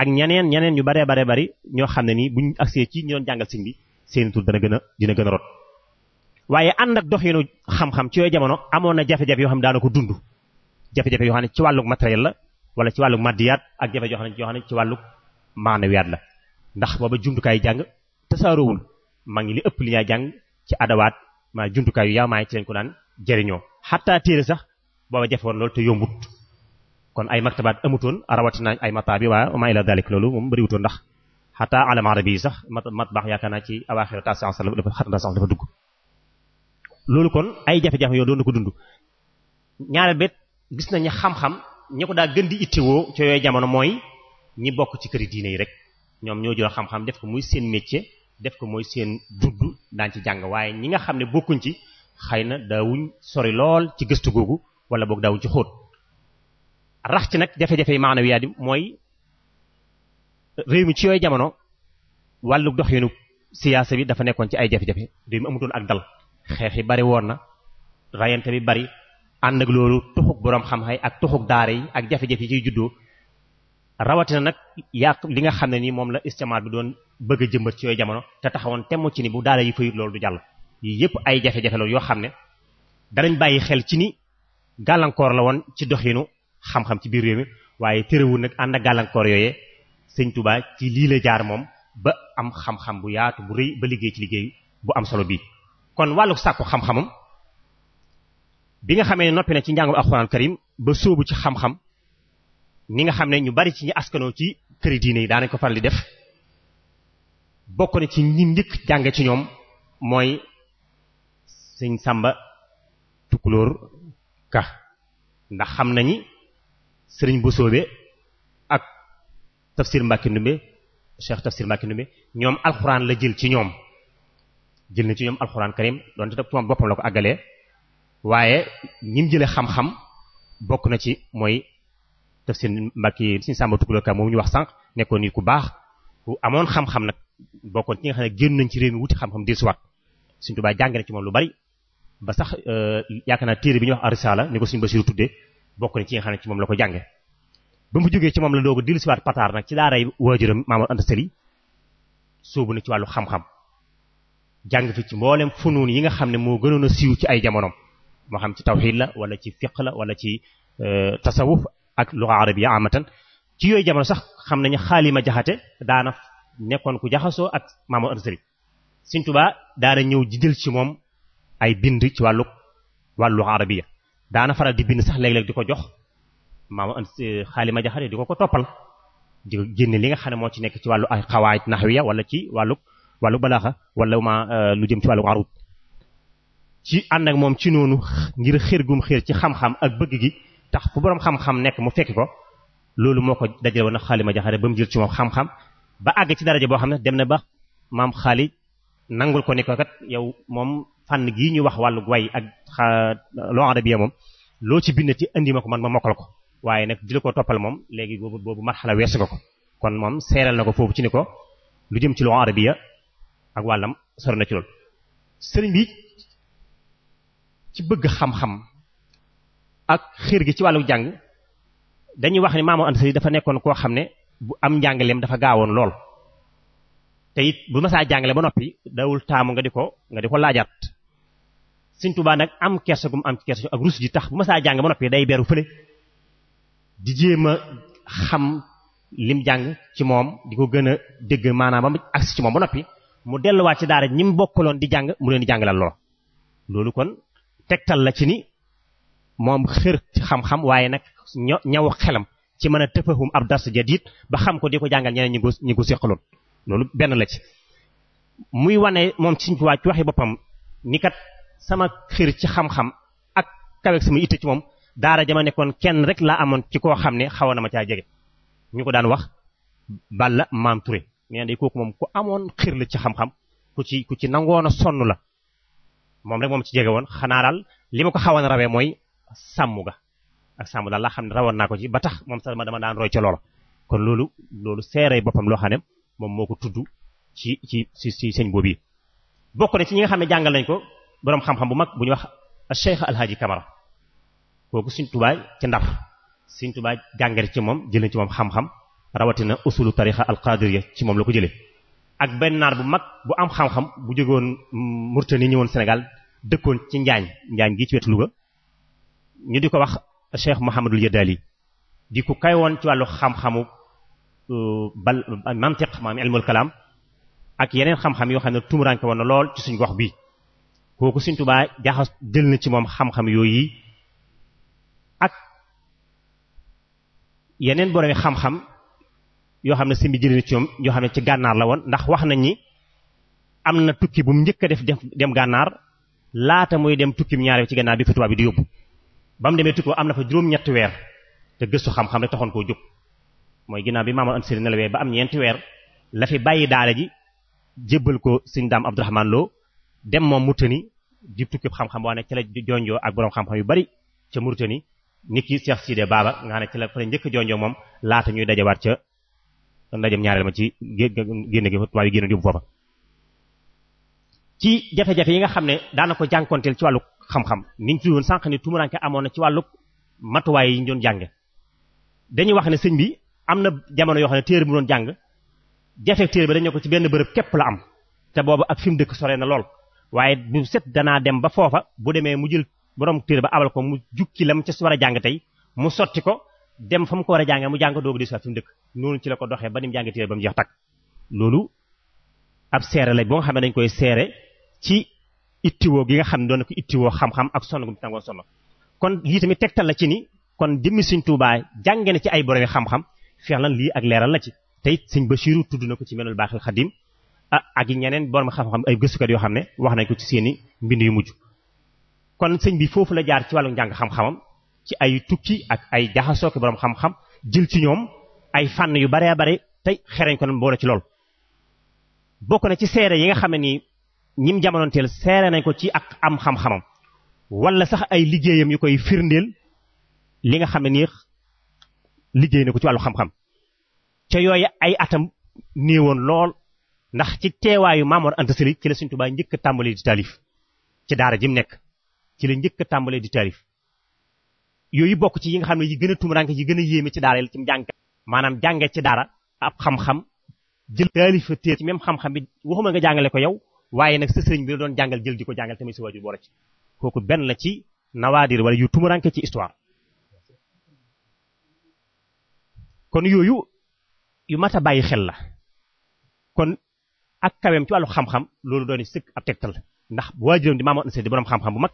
ak ñeneen ñeneen ñu baree baree bari ñoo xam ne nii buñ agsee ci ñu doon jàngal sëñ bi seen tur dana gën a dina gën a rot waaye ànd ak doxinu xam-xam ci yooyu jamono amoon na jafe-jafe yoo xam ne daana ko dund jafe yoo xam ne ci wàlluk matériel la wala ci wàlluk maddiyaat ak jafe yoo xam ne yoo xam ne ci wàlluk maanawiyaat la ndax booba jumtukaay jàng tasaaroowul maa ngi li ëpp li ñaa jàng ci adawaat maa jumtukaay yu yaa maay ci lañ ko daan jëriñoo xataa téere sax booba jafewoon loolu te yombut kon ay maktabaat amutoon rawatina ay mataabi waa ma ila dalik loolu moom bëriwutoon ndax xataa alam arabi yi sax mat mat baax yaakaar naa ci awaaxir tasan la dafa dugg loolu kon ay jafe-jafe yoo doon na ko dund ñaareel bet gis nañu xam-xam ñi ko daa gën di ittewoo ci yooyu jamono mooy ñi bokk ci këri diine yi rek ñoom ñoo jël xam-xam def ko muy seen métier def ko mooy seen dudd daan ci jàng waaye ñi nga xam ne bokkuñ ci xëy na daawuñ sori lool ci gëstu googu wala boog daawuñ ci xóot rax ci nag jafe-jafe yi maanawiyaat yi mooy réew mi ci yooyu jamono wàllu doxinu siyaasa bi dafa nekkoon ci ay jafe-jafe ak dal xeex yi bari woon na rayante bi bari ànd ak loolu boroom xam ak tuxuk daara yi ak jafe yi ciy juddoo rawatina nag yàq li nga xam ne nii moom la istimaar bi doon bëgg a jëmbat ci yooyu jamono te taxawoon temm ci ni bu daara yi fayut loolu du jàll yii yëpp ay jafe-jafe loolu yoo xam ne danañ bàyyi xel ci ni gàllankoor la woon ci doxinu xam-xam ci biir réew mi waaye terewul nag ànd ak gàllankoor yooyee sëñ Touba ci lii la jaar moom ba am xam-xam bu yaatu bu rëy ba liggéey ci liggéey bu am solo bii. kon wàllu sàkku xam-xamam bi nga xamee ne noppi na ci njàngum alxuraan karim ba sóobu ci xam-xam ni nga xam ne ñu bari ci ñi askanoo ci këri diine yi daanañ ko faral di def bokk na ci ñi njëkk jànge ci ñoom mooy sëñ Samba Tukulóor. ka ndax xam nañi sëriñ bu Bosoobe ak tafsir Mbacke Ndumbe cheikh tafsir Mbacke Ndumbe ñoom alxuraan la jël ci ñoom jël na ci ñoom alxuraan karim donte tam moom boppam la ko àggalee waaye ñim jële xam-xam bokk na ci mooy tafsir Mbacke Sëriñ Samba Tukuloo Ka moom ñu wax sànq nekkoon nit ku baax amoon xam-xam nag bokkoon ci nga xam ne génn nañ ci réew mi wuti xam-xam dil suwaat Sëriñ Tuubaa jàng na ci moom lu bari ba sax euh, yaakaar naa téere bi ñuy wax arisala ni ko suñu Basiru tuddee bokk na ci nga xam ne ci moom la ko jànge ba mu jógee ci moom la doog a dellusiwaat pataar nag ci daaray waajuram Maamor Anta Sali sóobu yi nga xam ne moo gënoon a siiw ci ay jamonoom moo xam ci tawxiid la wala ci fiq la wala ci euh, tasawuf ak luga arabiya amatan ci yooyu jamono sax xam nañu xaalima jaxate daana nekkoon ku jaxasoo ak Maamor Anta Sali Sëriñ Tuubaa daana ñëw ji jël ci moom ay bind ci wàllu wàllu arabiya daana faral di bind sax léeg-léeg di ko jox maama eh, ma jaxare di ko ko toppal di génne li nga xam ne moo ci nekk ci wàllu ay xawaayit naxwiya wala ci wàllu balaaxa wala eh, lu jëm ci wàllu arut ci ànd ak moom ci noonu ngir xër gum xër ci xam-xam ak bëgg gi tax fu boroom xam-xam nekk mu fekki ko loolu moo ko dajale woon ma jaxare ba mu jël ci moom xam-xam ba àgg ci daraja boo xam ne dem na ba maam xaali nangul ko ni ko kat yow moom fànn gii ñuy wax wàllu way ak loo arabiya moom loo ci bind ci indi ma ko man ma mokkal ko waaye nag di la ko toppal moom léegi boobu boobu marxala weesu nga ko kon moom seeral na ko foofu ci ni ko lu jëm ci loo arabiya ak wàllam sori na ci lool sëriñ bi ci bëgg xam-xam ak xir gi ci wàllu jàng dañuy wax ne Maam Mor Anta Sali dafa nekkoon koo xam ne bu am njàngaleem dafa gaawoon lool te bu ma saa ba noppi dawul taamu nga di ko nga di ko Sëñ Tuubaa nag am kersa gu mu am kersa ak rus ji tax bu ma saa jàng ba noppi day beru fële di jéem xam lim jàng ci moom di ko gën a dégg maanaam ba mu agsi ci moom ba noppi mu delluwaat ci daara ñi mu bokkaloon di jàng mu leen di jàngalal lool loolu kon tegtal la ci ni moom xër ci xam-xam waaye nag ño ñaw xelam ci mën a tëfahum ab dars jadid ba xam ko di ko jàngal ñeneen ñi ko loolu benn la ci muy wane moom Sëñ Tuubaa ci waxi boppam ni kat sama xir ci xam-xam ak kaweeg sama itte ci moom daara jama nekkoon kenn rek laa amoon ci koo xam ne xawoon na ma caa jege ñu ko daan wax Balla Maam Touré nee na kooku moom ku amoon xiir la ci xam-xam ku ci ku ci a sonn la moom rek moom ci jege woon xanaa daal li ma ko xawoon rawee mooy sàmm ga ak sàmm daal laa xam ne rawoon naa ko ci ba tax moom sax ma dama daan roy ca loola kon loolu loolu seeree boppam loo xam ne moom moo ko tudd ci ci ci sëñ boobu yi boroom xam-xam bu mag bu ñuy wax Cheikh Alhaji Camara kooku Sëriñ Tuubaa ci ndax Sëriñ Tuubaa jàngale ci moom jëlee ci moom xam-xam rawatina usulu tarixa alqadiriya ci moom la ko jëlee ak benn naar bu mag bu am xam-xam bu jógoon Mauritanie mm, ñëwoon Sénégal dëkkoon ci Njaañ Njaañ gi ci wetu Louga ñu di ko wax Cheikh Mouhamadul Yadali di ku kay woon ci wàllu xam-xamu euh, bal mantiq maam ilmul kalaam ak yeneen xam-xam yoo xam ne tumuranke woon na lool ci suñu gox bi kooku Sëriñ Tuubaa jaxas jël ci moom xam-xam yooyu ak yeneen boromi xam-xam yoo xam ne sëriñ bi jël ci moom yoo xam ne ci gànnaar la woon ndax wax nañ ni am na tukki bu mu njëkk a def dem gànnaar laata muy dem tukki mu ci gànnaar bi fa tubaab bi di yóbbu ba mu demee tukki am na fa juróom-ñetti weer te gëstu xam-xam rek taxoon koo jóg mooy ginnaaw bi maamoon am sëriñ nelawee ba am ñeenti weer la fi bàyyi daara ji jébbal ko sëriñ Daam Abdurahmaan dem moom Murtani di tukki xam-xam boo xam ne ci la jonjoo ak borom xam-xam yu bari ca Murtani ni ki Cheikh Sidé Baba nga xam ne ci la fa njëkk jonjoo moom laata ñuy dajawaat ca ndajem ñaareel ma ci génn gi tubaab yi génn di bu foofa ci jafe-jafe yi nga xam ne daana ko jànkonteel ci wàllu xam-xam niñ tudd woon sànq ni tumuranke amoon na ci wàllu matuwaay yi ñu doon jàng dañuy wax ne sëñ bi am na jamono yoo xam ne téere bu doon jàng jafe téere bi dañu ko ci benn bërëb képp la am te boobu ak fi mu dëkk sore na lool waaye bu set danaa dem ba foofa bu demee mu jël borom téere ba abal ko mu jukki lam ca war a jàng tey mu sotti ko dem fa mu ko war a jàngee mu jàng di soit fi mu dëkk ci la ko doxee ba ni jàng téere ba mu jox tag loolu ab seere la boo nga xam ne dañ koy seere ci ittiwoo gi nga xam ne doon ko ittiwoo xam-xam ak sonn gu mu tàngoo sonn kon lii tamit tegtal la ci ni kon jëmmi Sëriñ Tuubaa jànge na ci ay borom xam-xam feex lan lii ak leeral la ci tey Sëriñ Basiiru tudd na ko ci melul baaxil xadim a ah, ak yi ñeneen borom xam-xam ay gëstukat yoo xam ne wax nañ ko ci seeni mbind yu mujj kon sëñ bi foofu la jaar ci wàllu njàng xam ci ay tukki ak ay jaxasoo borom xam-xam ci ñoom ay fànn yu baree bare tey xereñ ko nan boole ci lool bokk na ci seere yi nga xam ne nii ñim jamonoonteel seere nañ ko ci ak am xam-xamam wala sax ay liggéeyam yu koy firndeel li nga xam ne nii liggéey na ko ci wàllu xam-xam ca ay atam néewoon lool ndax ci teewaayu Maamoor Anta Sali ci la Sëriñ Tuubaa njëkk a tàmbalee di taalif ci daara ji mu nekk ci la njëkk tàmbalee di taalif yooyu bokk ci yi nga xam ne yi gën a tumuranke yi gën a yéeme ci daara ci njàng maanaam jànge ci daara ab xam-xam jël taalifa téer ci même xam-xam bi waxuma nga jàngale ko yow waaye nag sa sëriñ bi la doon jàngal jël di ko jàngal tamit sa waajur kooku benn la ci nawaadir wala yu tumuranke ci histoire kon yooyu yu mat a bàyyi xel la ak kaweem ci wàllu xam-xam loolu doon sëkk ab tegtal ndax waajuram di maamoon ansa di borom xam-xam bu mag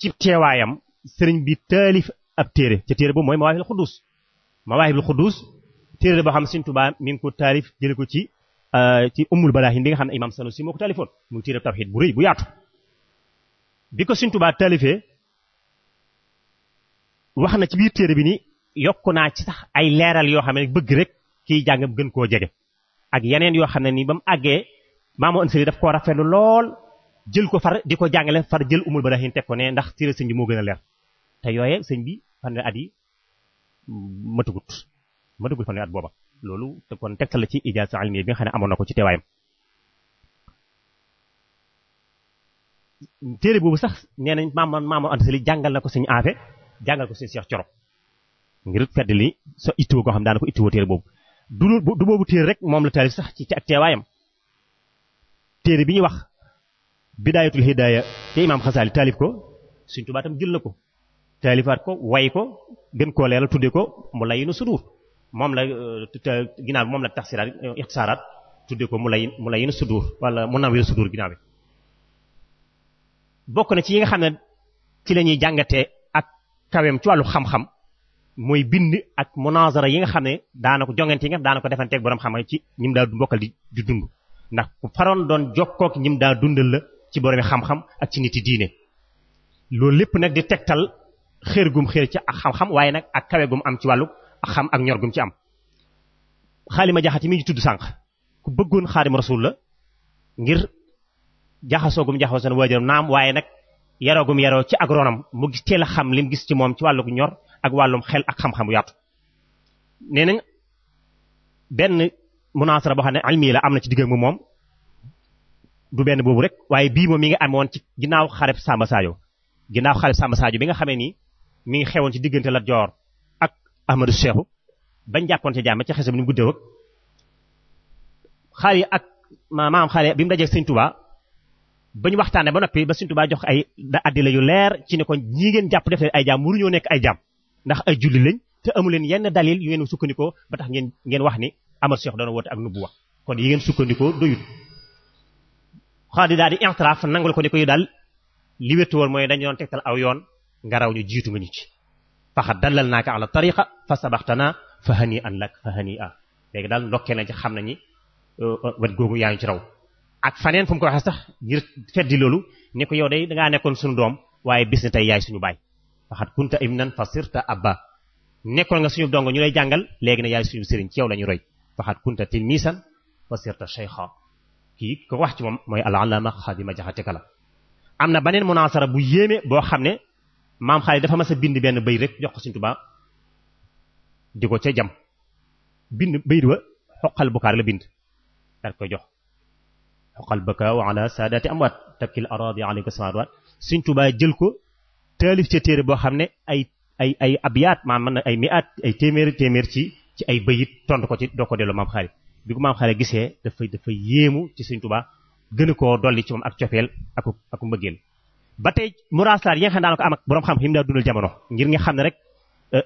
ci teewaayam sëriñ bi taalif ab téere ci téere boobu mooy Mawaahibul Quddus Mawaahibul Quddus téere boo xam Sëriñ Tuubaa mi ngi ko taalif jële ko ci euh, ci Ummul Balaahin bi nga xam ne Imaam Sanusi moo ko taalifoon muy téere tawxiid bu rëy bu yaatu bi ko sintubaa Tuubaa taalifee wax na ci biir téere bi ni yokk naa ci sax ay leeral yoo xam ne bëgg rek kiy jàngam gën koo jege ak yeneen yoo xam ne nii ba mu àggee maamu ansari daf koo rafetlu lool jël ko far di ko jàngale far jël umul barahin teg ko ne ndax siira sëñ bi moo gën a leer te yooye sëñ bi fanweeri at yi matagut matagut fanweeri loolu te kon ci ijaasa almiya bi nga ne amoon na ko ci teewaayam téere boobu sax nee nañ maam maamoor antasali jàngal na ko sëñ aafe jàngal ko sëñ Cheikh Coro ngir fedd li so ittoo koo xam daana ko ittoo téere boobu du du boobu téere rek moom la taalif sax ci ak teewaayam téere bi ñu wax bidaayatul hidaaya te imaam xasaali taalif ko Sëriñ Tuubaa tam jël na ko taalifaat ko way ko gën koo leeral tudde ko mu layyinu sudur moom la ginnaaw bi moom la taxsiraat ixtisaaraat tudde ko mu lay mu layyinu sudur wala mu nawir sudur ginnaaw bi bokk na ci yi nga xam ne ci la ñuy ak kaweem ci wàllu xam-xam mooy bind ak monazara yi nga xam ne daana ko yi nga daana ko defanteeg borom xam ci ñim daa mbokkal di di dund ndax ku faroon doon jokkook ñim daa dundal la ci borom xam-xam ak ci nit yi lépp nag di tegtal xéer gum xéer ci ak waaye nag ak kawe gum am ci wàllu xam ak ñor gum ci am xaalima jaxati mi ñu tudd sànq ku bëggoon xaadim rasul la ngir jaxasoogum jaxasoo na waajuram naam waaye nag yaroo gum yaroo ci ak ronam mu gis teel a xam lim gis ci moom ci wàllug ñor ak wàllum xel ak xam-xam yaatu nee nañ benn munaasara boo xam ne almi la am na ci digg mu moom du benn boobu rek waaye bii moom mi ngi amoon ci ginnaaw xareb Samba saajo ginnaaw xareb Samba saajo bi nga xamee nii mi ngi xewoon ci diggante la Joor ak Ahmadou Cheikhou bañ jàppoon ci jàmm ci xesam ni mu guddee xaar yi ak maam xaar bi mu dajee Sëñ Tuubaa ba waxtaan ne ba noppi ba Sëñ Tuubaa jox ay da addi la yu leer ci nekkoon ko ñi ngeen jàpp def ay jaam waruñoo nekk ay jaam ndax ay julli lañ te amu leen yenn dalil yu ngeen sukkandikoo ba tax ngeen ngeen wax ni amal Cheikh doon woote ak nubuwa kon yi ngeen sukkandikoo doyut daal di intraaf nangal ko ni koy daal li wétu woon mooy dañu doon tegtal aw yoon nga raw ñu jiitu nga ñu ci faxat dallal naa ko ala tariqa fa sabaxtanaa fa hani an lak fa hani a léegi daal ndokkee na ci xam nañu euh, euh, wet googu yaa ngi ci raw ak faneen fu mu ko waxee sax ngir feddi loolu ne ko yow day dangaa nekkoon suñu doom waaye bis tey yaay suñu baay waxat kunta imnan fa sirta abba nekkoon nga suñu dongo ñu lay jàngal léegi ne yaay suñu sëriñ ci yow la ñu roy waxat kunta tilmisan fa sirta shaykha kii ko wax ci moom mooy al-allaama ma Jaxate Ka la am na beneen munaasara bu yéeme boo xam ne maam xaali dafa mas a bind benn bay rek jox ko Sëriñ Tuubaa di ko ca jam bind bayit wa xoqal bukaar la bind daal koy jox xoqal bukaa ala saadaati amwaat takkil araadi alayka samaawaat jël ko taalif ca téere boo xam ne ay ay ay abyaat maam man na ay mi'aat ay téeméeri téeméer ci ci ay bayit tontu ko ci doo ko delloo maam xaali bi ko maam xaali gisee dafa dafa yéemu ci Sëriñ Tuubaa gën ko koo dolli ci moom ak cofeel ak ak ba tey muraasaat yi nga xam ne am ak boroom xam yi mu jamono ngir nga xam ne rek euh,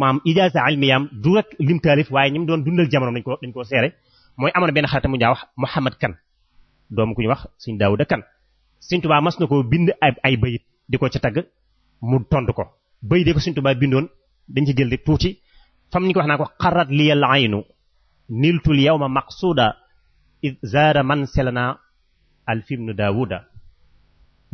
maam ijaasa almiyaam du rek lim taalif waaye ñi mu doon dundal jamono dañ ko dañ koo seere mooy amoon benn xaritam mu ñaa wax Muhammad Kan doomu ku ñu wax suñ Daawuda Kan Sëriñ Tuubaa mas na ko bind ay ay bayit di ko ci tagg mu tontu ko bay de ko Sëriñ Tuubaa bindoon dañ ci jël tuuti fam ñu ko wax naa ko xarat liyal aynu niltul yawma maqsuda id zaara man selana alfibnu daawuda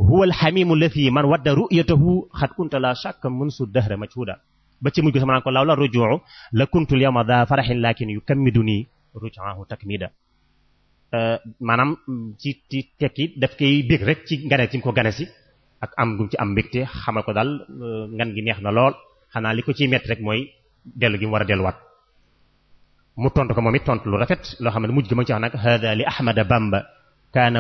huwa alxamimu lafi man wadda ru'yatahu xat kunta la shakka munsu dahra majhuda ba ci mujj ko sama naan ko law la rujuu la kuntul yawma daa faraxin laakin yu kammidu nii rujaahu takmida maanaam ci ci tekki def koy bég rek ci ngane ci ko gane ak am gum ci am mbégte xamal ko daal euh, ngan gi neex na lool xanaa li ko ciy metti rek mooy dellu gi mu war a delluwaat mu tontu ko moom it tontu lu rafet loo xam ne mujj gi ma ci wax nag hada li ahmada bamba kaana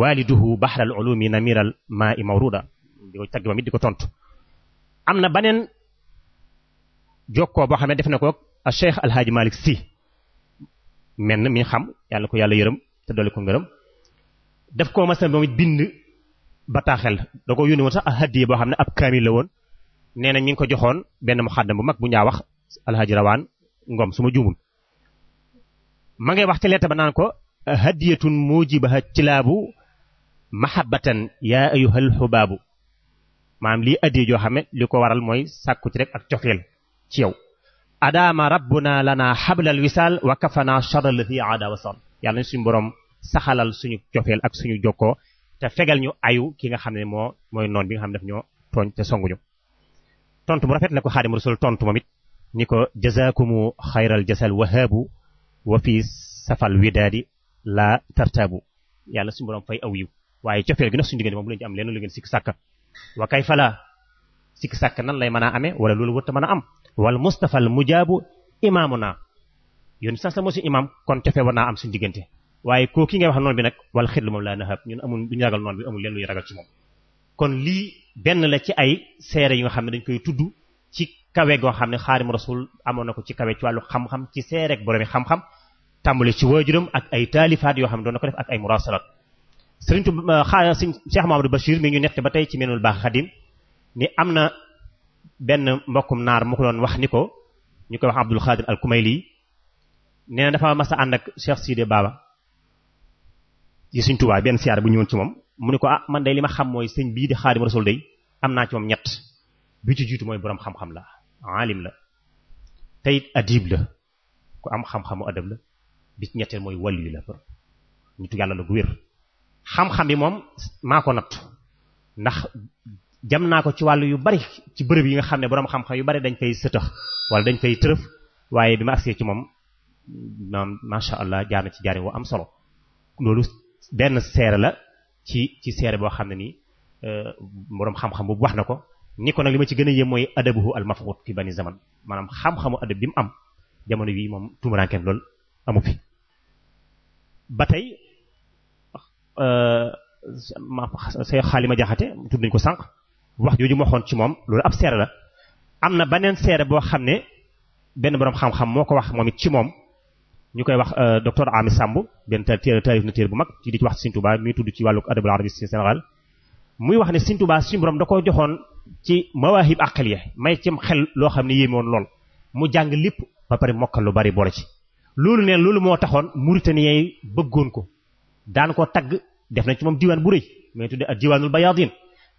waliduhu bahral ulumi namiral maa i mawruda di ko tagg moom di ko tontu na baneen jokkoo boo xam ne def na ko ak cheikh alhaaji malik si menn mi xam yàlla ko yàlla yërëm te dolli ko ngërëm daf koo ma moom it bind bataaxel da ko yónni woon sax hadiya boo xam ne ab kaamil la woon nee na ñi ngi ko joxoon benn mu xàddam bu mag bu ñaa wax alhaji rawaan ngom suma ma juumul ma wax ca leeta ba naan ko hadiyatun ci tilaabu mahabbatan yaa ayuhal xubaabu maanaam lii addiye joo xam ne li ko waral mooy sàkku ci rek ak cofeel ci yow adaama rabbuna lana xablal wisaal wa kafana charalahi ada wasal yàlla nañ suñu boroom saxalal suñu cofeel ak suñu jokkoo te fegal ñu ayu ki nga xam ne moo mooy noon bi nga xam ne daf ñoo tooñ te songuñu tontu bu rafet la ko xaadim rasul tontu moom it ni ko jazakumu xayral jasal wahaabu wa fi safal widaadi la tartaabu yàlla suñu borom fay aw yiw waaye cofeel gi nag suñu diggante moom bu ci am leen lu ngeen sikk sàkk wa kay fala sikk sàkk nan lay mën a amee wala loolu wërta mën a am wal mustafal mujaabu imaamu naa yoon sans la moo si imaam kon cofeel war naa am suñ diggante waaye koo ki nga wax noonu bi nag wala xel moom laa naxab ñun amul duñu ragal noonu bi amul leen ragal ci moom kon lii benn la ci ay seere yi nga xam ne dañ koy tudd ci kawe goo xam ne xaarim rasul amoon na ko ci kawe ci wàllu xam-xam ci seereeg boromi xam-xam tàmbale ci ak ay taalifaat yoo xam ne doon ko def ak ay murasalaat sëriñ Tuba euh, xaa sëriñ Cheikh Mamadou Bachir mi ñu nekk ba tey ci menul baax xadim ni am na benn mbokkum naar mu ko doon wax ni ko ñu koy wax Abdul Xaadir al Kumayli nee na dafa mas a ànd ak Cheikh Sidé Baba ci Sëriñ Tuubaa benn siyaar bu ñëwoon ci moom mu ne ko ah man day li ma xam mooy sëñ bii di Xaadimu Rasuul day am naa ci moom ñett bi ci jiitu mooy borom xam-xam la aalim la tey adib la ku am xam-xamu adab la bi ci ñetteel mooy wàllu la nitu yàlla la gu wér xam-xam bi moom maa ko natt ndax jam naa ko ci wàll yu bari ci bërëb yi nga xam ne boroom xam-xam yu bari dañ fay sëtëx wala dañ fay tërëf waaye bi ma agsee ci moom maam macha allah jaar ci jaarin wa am solo benn seere la ci ci seere boo xam ne nii euh, boroom xam-xam bu wax na ko ni ko nag li ma ci gën a yéem mooy adabuhu al mafqud fi bani zaman maanaam xam-xamu adab bi mu am jamono bii moom tumuraankeem lool amu fi ba tey say euh, ma jaxate tudd nañ ko sànq wax jooju ma waxoon ci moom loolu ab seere la am na beneen seere boo xam ne benn boroom xam-xam moo ko wax moom it ci moom ñu koy wax euh, docteur Ami Samb benn téere taarif na téere bu mag ci di ci wax Sëriñ Tuubaa mi tudd ci wàllu adabul arabi ci Sénégal muy wax ne Sëriñ Tuubaa suñu borom da ko joxoon ci mawaahib aqliya may cim xel loo xam ne yéeme woon lool mu jàng lépp ba pare mokkal lu bari boole ci. loolu neen loolu moo taxoon Mauritaniens yi bëggoon ko daan ko tagg def nañ ci moom diwaan bu rëy mais tuddee ak diwaanul bayaadin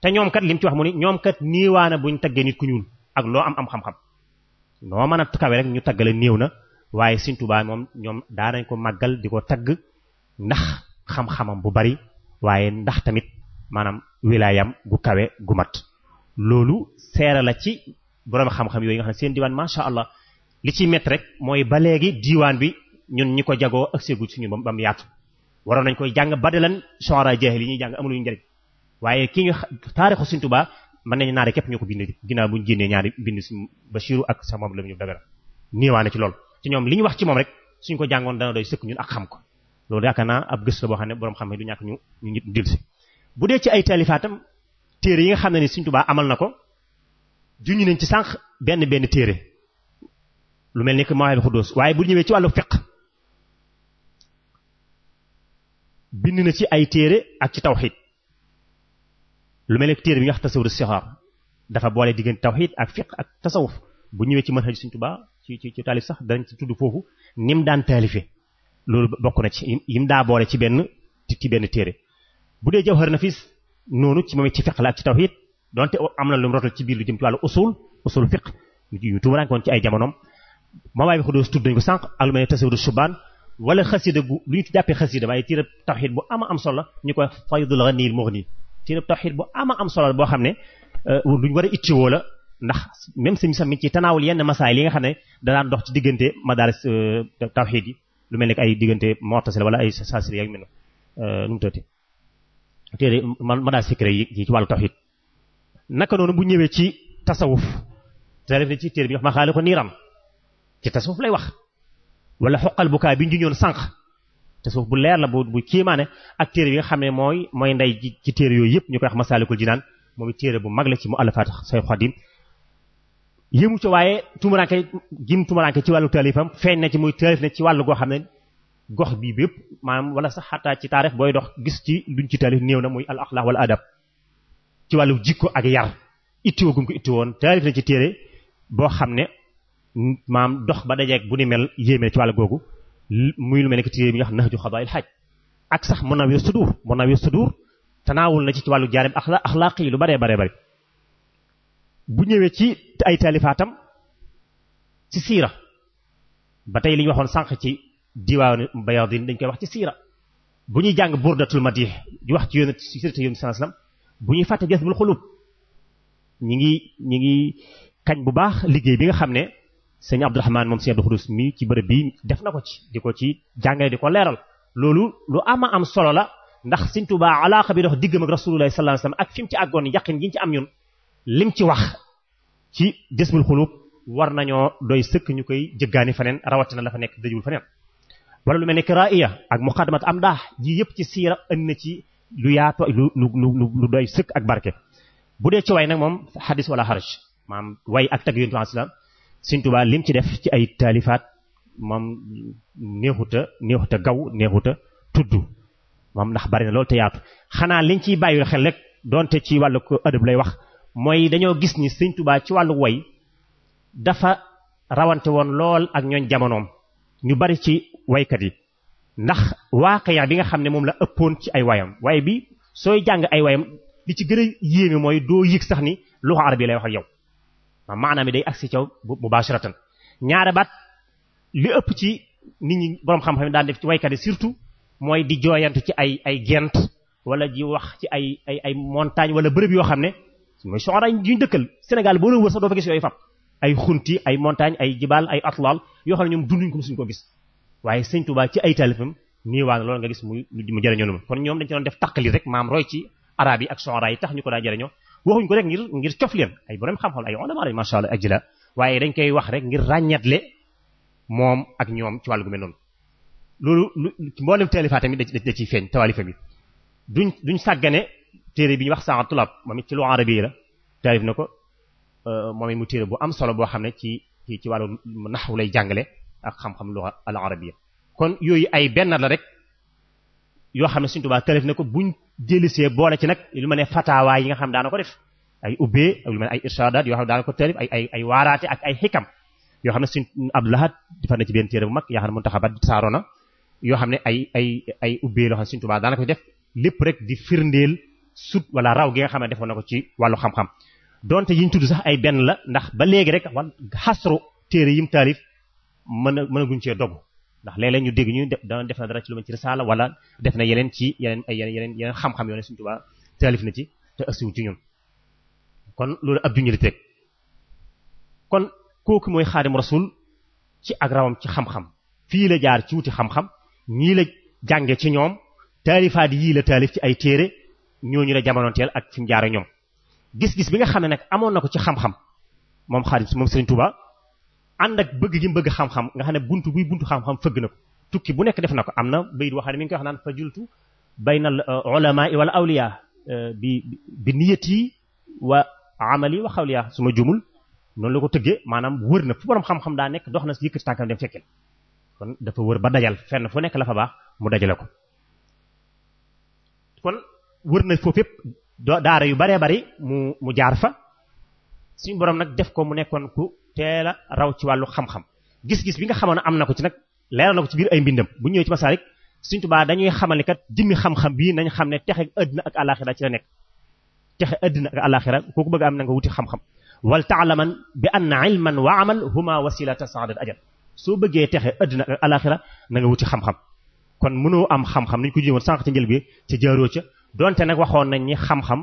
te ñoom kat li mu ci wax mu ni ñoom kat niiwaana buñ taggee nit ku ñuul ak loo am am xam-xam mën a kawe rek ñu taggale néew na waaye Sëriñ Tuubaa moom ñoom daa nañ ko màggal di ko tagg ndax xam-xamam bu bari waaye ndax tamit maanaam wilaayam gu kawe gu mat loolu seera la ci borom xam-xam yooyu nga xam ne seen diwaan macha allah li ci métti rek mooy ba léegi diwaan bi ñun ñi ko jagoo ak seegu suñu ba ba mu yaatu waroon nañ koy jàng ba de lan soxora jeexil yi ñuy jàng amuluñu njëriñ waaye ki ñu taarixu Sëriñ Tuubaa mën nañu naare képp ñu ko bind ginaaw bu ñu génnee ñaari bind suñu Basiiru ak sa moom la ñu dagara niiwaane ci loolu ci ñoom li ñu wax ci moom rek suñ ko jàngoon dana doy sëkk ñun ak xam ko loolu yaakaar naa ab gëstu la boo xam ne boroom xam ne du ñàkk ñu ñu nit dil si bu dee ci ay teelifaatam téere yi nga xam ne ni Sëriñ Tuubaa amal na ko juñu nañ ci sànq benn benn téere lu mel ni que Mawahibul Quddus waaye bu ñëwee ci wàllu fiqh bind na ci ay téere ak ci tawxiid lu mel ni téere bi nga xam tasawur sixaar dafa boole diggante tawxiid ak fiqh ak tasawuf bu ñëwee ci manhaj Sëriñ ci ci ci taalif sax danañ ci tudd foofu ni mu daan taalife loolu bokk na ci yi daa boole ci benn téere bu dee jawhar nafis noonu ci moom it ci fiq la ak ci tawhid donte am na lu mu rotal ci biir lu jëm ci wàllu usul usul fiq yu woon ci ay jamonoom mawaay bi su tudd nañu ko sànq ak lu mel ne tasawudu subaan wala xasida bu lu ñu jàppee xasida waaye téerab tawhid bu ama am solo ñu koy faydul ghaniyil mughni téerab tawhid bu ama am solo boo xam ne euh, luñ war a ittiwoo la ndax même sëñ sax mi ci tanaawul yenn masaay li nga xam ne danaan dox ci diggante madaaris euh, tawxiid yi lu mel ne ay diggante mu'tasila wala ay saasiri yak mel na euh, nu mu tëddee téere madaaris fikra yi ci wàllu tawxiid naka noonu bu ñëwee ci tasawuf te ci téere bi wax ma xaale ko niiram ci tasawuf lay wax wala xoqal bukaay bi ñu ñoon sànq tasawuf bu leer la bu bu kiimaane ak téere yi nga xam ne mooy mooy ndey ci téere yooyu yëpp ñu koy wax ko jinaan moom it téere bu mag la ci mu àllafaat say xadim yëmu ci waaye tumuranke gim tumuranke ci wàllu taalifam feeñ na ci muy taalif na ci wàllu goo xam ne gox bii bépp maanaam wala sax xataa ci taarix booy dox gis ci luñ ci taalif néew na muy al axlaq wala adab ci wàllu jikko ak yar ittiwoo gum ko ittiwoon taalif na ci téere boo xam ne maam dox ba dajeeg bu ni mel yéeme ci wàllu googu muy lu mel ne que téere bi nga xam Nahju Qadaa'il Haaj ak sax Munawwir Sudur Munawwir Sudur tanaawul na ci ci wàllu jaarib ak axlaaq yi lu baree baree bari bu ñëwee ci ay taalifaatam ci siira ba tey li ñu waxoon sànq ci diwaanu Bayaadin dañ koy wax ci siira bu ñuy jàng burdatul madih di wax ci yoon ci sirte yoon sallallahu bu ñuy fàtte jasbul xulub ñi ngi ñi ngi kañ bu baax liggéey bi nga xam ne sëñ Abdourahman moom sëñ Abdou Xudus mi ci bërëb bi def na ko ci di ko ci jàngale di ko leeral loolu lu ama am solo la ndax sëñ Tuubaa alaaqa bi dox diggam ak Rasulullah sallallahu alayhi wasallam ak fi mu ci àggoon ci am ñun lim ci wax ci jësmul xulub war nañoo doy sëkk ñu koy jëggaani feneen rawatina la fa nekk dëjul feneen wala lu mel ne kiraiya ak muqaddamat am daax ji yépp ci siira ënn na ci lu yaatu lu lu lu doy sëkk ak barke. bu dee ci way nag moom xadis wala xaraj maam way ak tag yontu islam Sëriñ lim ci def ci ay taalifaat moom neexuta neexuta gaw neexuta tudd moom ndax bari na te yaatu xanaa liñ ciy bàyyi xel rek donte ci wàllu ko adab lay wax. mooy dañoo gis ni sëñ Touba ci wàllu way dafa rawante woon lool ak ñooñ jamonoom ñu bari ci waykat yi ndax waaqiya bi nga xam ne moom la ëppoon ci ay wayam waaye bi sooy jàng ay wayam li ci gën a yéeme mooy doo yëg sax ni luxa arab yi lay wax ak yow maanaam mi day agsi caw mubasharatan ñaare baat li ëpp ci nit ñi boroom xam-xam yi daan def ci waykat yi surtout mooy di jooyantu ci ay ay gent walla ji wax ci ay ay ay montagne wala bërëb yoo xam ne mooy soxora yi ñu dëkkal Sénégal boo doon wër sax doo fa gis yooyu fam ay xunti ay montagne ay jibaal ay atlaal yoo xam ne ñoom dunduñ ko suñ ko gis waaye sëñ Touba ci ay taalifam nii waa loolu nga gis muy mu jëriñoo kon ñoom dañ ci doon def taqali rek maam roy ci arab yi ak soxora yi tax ñu ko daan jëriñoo koy wax rek ngir ràññetle moom ak ñoom ci wàll gu mel noonu loolu mboolem taalifa tamit da ciy feeñ tawalifa bi duñ duñ sàggane téere bi ñu wax saaxa tulaab moom it ci lu arabi la taarif na ko euh, moom it bu am solo boo xam ne ci ci ci wàllu naxwu lay jàngale ak xam-xam lu al arabiya kon yooyu ay benn la rek xam ne Sëriñ Tuubaa taarif na ko buñ jëlisee boole ci nag lu ma ne fataawaay yi nga xam daana ko def ay ubbee ak lu ma ne ay irshaadaat yoo xam daana ko taarif ay ay ay ay xikam yoo xam ne Sëriñ Abdul Ahad defar na ci benn téere bu mag yaa xam ne Muntaxabat saarona yoo xam ne ay ay ay ubbee loo xam ne Sëriñ Tuubaa ko def lépp rek di firndeel sut wala raw gi nga xam ne defoon na ko ci wàllu xam-xam donte yiñ tudd sax ay benn la ndax ba léegi rek wal xasru téere yim taalif mën a mën a cee dogu ndax léeg-léeg ñu dégg ñu def na dara ci lu ma ci risaala wala def na yeneen ci yeneen ay yeneen yeneen xam-xam yoo ne Sëriñ Tuubaa taalif na ci te ëssiwu ci ñun kon loolu ab juñu li teg kon kooku mooy Xaadimu Rasuul ci ak rawam ci xam-xam fii la jaar ci wuti xam-xam ñii la jànge ci ñoom taalifaat yii la taalif ci ay téere ñooñu la jamonoonteel ak fi mu jaare ñoom gis-gis bi nga xam ne nag amoon na ko ci xam-xam moom xaalis moom Serigne Touba ànd ak bëgg gi mu bëgg xam-xam nga xam ne buntu buy buntu xam-xam fëgg na ko tukki bu nekk def na ko am na bayit waxaa ne mi ngi koy wax naan fa jultu baynal uh, ulama wala awliya uh, bi bi niyati wa amali wa xawliya su ma jumul noonu la ko tëggee maanaam wër na fu borom xam-xam daa nekk dox na si yëkkati tànkam dem fekkil kon dafa wër ba dajal fenn fu nekk la fa baax mu dajale ko wër na foofu yëpp daara yu baree bari mu mu jaar fa suñ borom nag def ko mu nekkoon ku teel a raw ci wàllu xam-xam gis-gis bi nga xamoon am na ko ci nag leeral na ko ci biir ay mbindam bu ñëwee ci Masalik Sëriñ Tuubaa dañuy xamal ni kat jimmi xam-xam bii nañ xam ne texe addina ak alaxira ci la nekk texe àddina ak alaxira bëgg am na nga wuti xam-xam wal taalaman bi anna ilman wa amal huma wasilata saadat ajal soo bëggee texe àddina ak alaxira na nga wuti xam-xam kon mënoo am xam-xam ni ñu ko jiwoon sànq ci njël bi ca jaaroo donte nag waxoon nañ ni xam-xam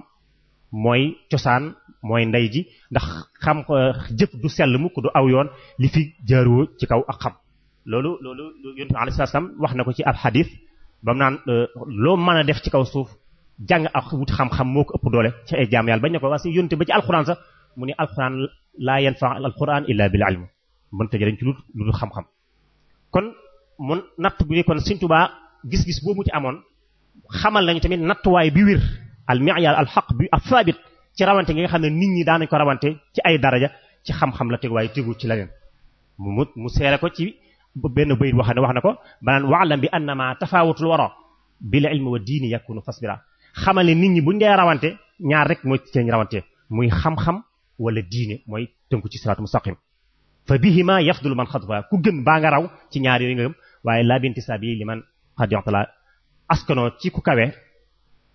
mooy cosaan mooy ndey ji ndax xam euh, jëf du sell mukk du aw yoon li fi jaaroo ci kaw ak xam loolu loolu yonent bi alayhi wax na ko ci ab xadiis ba mu euh, loo mën a def ci kaw suuf jàng ak wut xam moo ko ëpp doole ci ay jaam yàlla bañ ko waa si yonent ba ci alxuraan sax mu ni alxuraan laa yanfa alxuraan illaa bil ilm mënta jëriñ ci lu lu xam-xam kon mun natt bu kon Sëriñ gis-gis boobu ci amoon xamal nañu tamit nattuwaay bi wir al mi'yal al haqq bi athabit ci rawante gi nga xam ne nit ñi daanañ ko rawante ci ay daraja ci xam-xam la teg waaye tegu ci leneen mu mu seere ko ci benn bayit wax ne wax na ko banaan wa'lam bi annama tafawutul wara bil ilmi wa diini yakunu fasbira xamal ne nit ñi buñ dee rawante ñaar rek mooy ci ñu rawante muy xam-xam wala diine mooy tënku ci siraatu mustaqim fa bihima yafdul man xadfa ku gën baa nga raw ci ñaar yooyu nga gëm laa binti sabi liman xad yoxtala askanoo ci ku kawe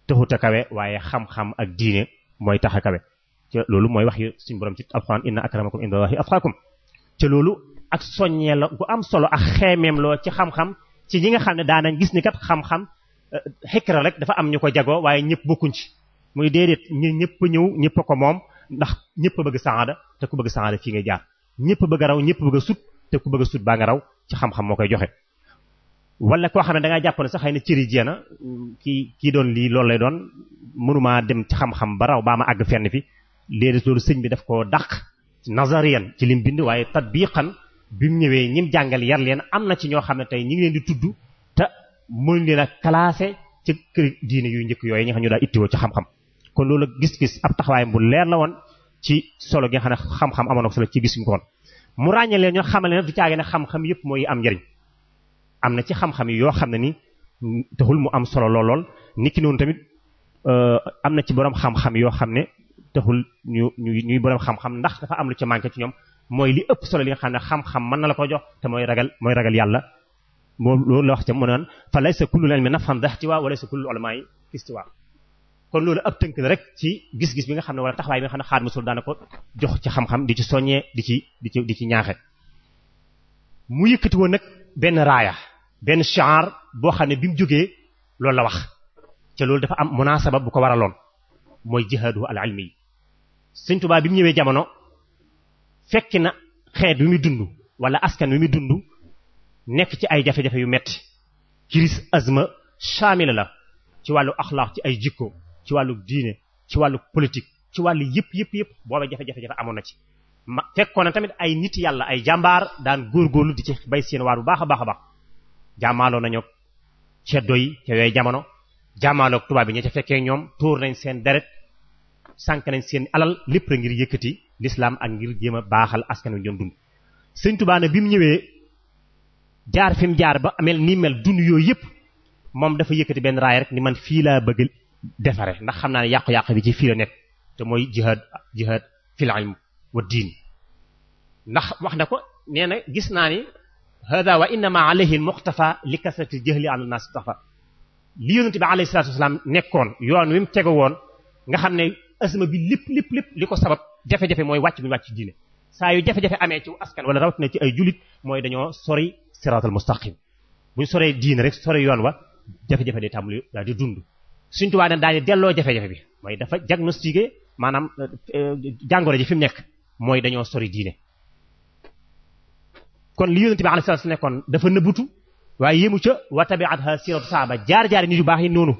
taxut a kawe waaye xam-xam ak diine mooy tax kawe ca loolu mooy wax yi suñu borom ci alxuraan inna akramakum indallahi atqakum ca loolu ak soññee la gu am solo ak xeemeem loo ci xam-xam ci ñi nga xam ne daanañ gis ni kat xam-xam xikra euh, rek dafa am ñu ko jagoo waaye ñëpp bokkuñ ci muy déedéet ñu ñëpp ñëw ñëpp ko moom ndax ñëpp bëgg saada te ku bëgg saada fii ngay jaar ñëpp bëgg a raw ñëpp bëgg a sut te ku bëgg a sut baa nga raw ci xam-xam moo koy joxe wala koo xam ne da ngaa jàpp ne sax xëy na cëri jee na kii kii doon lii loolu lay doon mënumaa dem ci xam-xam ba raw baa ma àgg fenn fi léegi loolu sëñ bi daf koo dàq nazariyan ci lim bind waaye tatbiqan bi mu ñëwee ñim jàngal yar leen am na ci ñoo xam ne tey ñi ngi leen di tudd te mënuñ leen a classé ci kër diine yu njëkk yooyu ñi xam ñu daa ittiwoo ci xam-xam kon loolu gis-gis ab taxawaayam bu leer la woon ci solo gi nga xam xam-xam amoon na ko solo ci gis ñu ko woon mu ràññee leen ñoo xamal leen du caage ne xam-xam njëriñ am na ci xam-xam yoo xam ne ni taxul mu am solo lool lool niki noonu tamit euh, am na ci borom xam-xam yoo xam ne taxul ñu ñu ñuy borom xam-xam ndax dafa am lu ci manqué ci ñoom mooy li ëpp solo li nga xam ne xam-xam mën na la ko jox te mooy ragal mooy ragal yàlla moom loolu la wax ca mu naan fa laysa kullu ilmi nafhan dahtiwa wa laysa kullu ulama yi istiwa kon loolu ab tënk la rek ci gis-gis bi nga xam ne wala taxawaay bi nga xam ne xaar musul daana ko jox ci xam-xam di ci soññee di ci di ci di ci ñaaxe mu yëkkati woon nag benn raaya benn shaar boo xam ne bi mu jógee loolu la wax ca loolu dafa am munaasaba bu ko waraloon mooy jihaadu al almi yi sëñ tubaab bi mu ñëwee jamono fekki na xeet wi muy dund wala askan wi muy dund nekk ci ay jafe-jafe yu metti crise azma shaamila la ci wàllu axlaaq ci ay jikko ci wàllu diine ci wàllu politique ci wàllu yëpp yëpp yëpp booba jafe-jafe jafe amoon na ci ma fekkoon na tamit ay nit yàlla ay jàmbaar daan lu di ci bay seen waar bu baax baax a baax jàmmaaloo nañu ceddo yi ca yooyu jamono jàmmaaloog tubaab yi ña ca fekkee ñoom tuur nañ seen deret sànq nañ seen alal lépp rek ngir yëkkati l'islam ak ngir jéem a baaxal askan wi doon dund. sëñ Tuubaa ne bi mu ñëwee jaar fi jaar ba amel nii mel dund yooyu yëpp moom dafa yëkkati benn raay rek ni man fii laa bëgg defare ndax xam naa ne yàqu-yàqu bi ci fii la nekk te mooy jihaad jihaad fil ilm wa diin ndax wax na ko nee gis naa ni hada wa innama alayhi almuqtafa li kasrati aljahli an nas tafa li yonente bi alayhi salatu wasalaam nekkoon yoon wi mu tegu woon nga xam ne asma bi lépp lépp lépp li ko sabab jafe-jafe mooy wàcc bu ñu wàcc ci diine saa yu jafe-jafe amee ci askan wala na ci ay julit mooy dañoo sori siratal mustaqim buñ soree diine rek sori yoon wa jafe-jafe day tàmbali daal di dund suñ tubaa dan daa di delloo jafe-jafe bi mooy dafa diagnostiqué maanaam euh, euh, jàngoro ji fi mu nekk mooy dañoo sori diine kon li yonent bi alayhi salaatu nekkoon dafa nëbbutu waaye yému ca wa tabiatha siratu saaba jaar-jaar nit yu baax yi noonu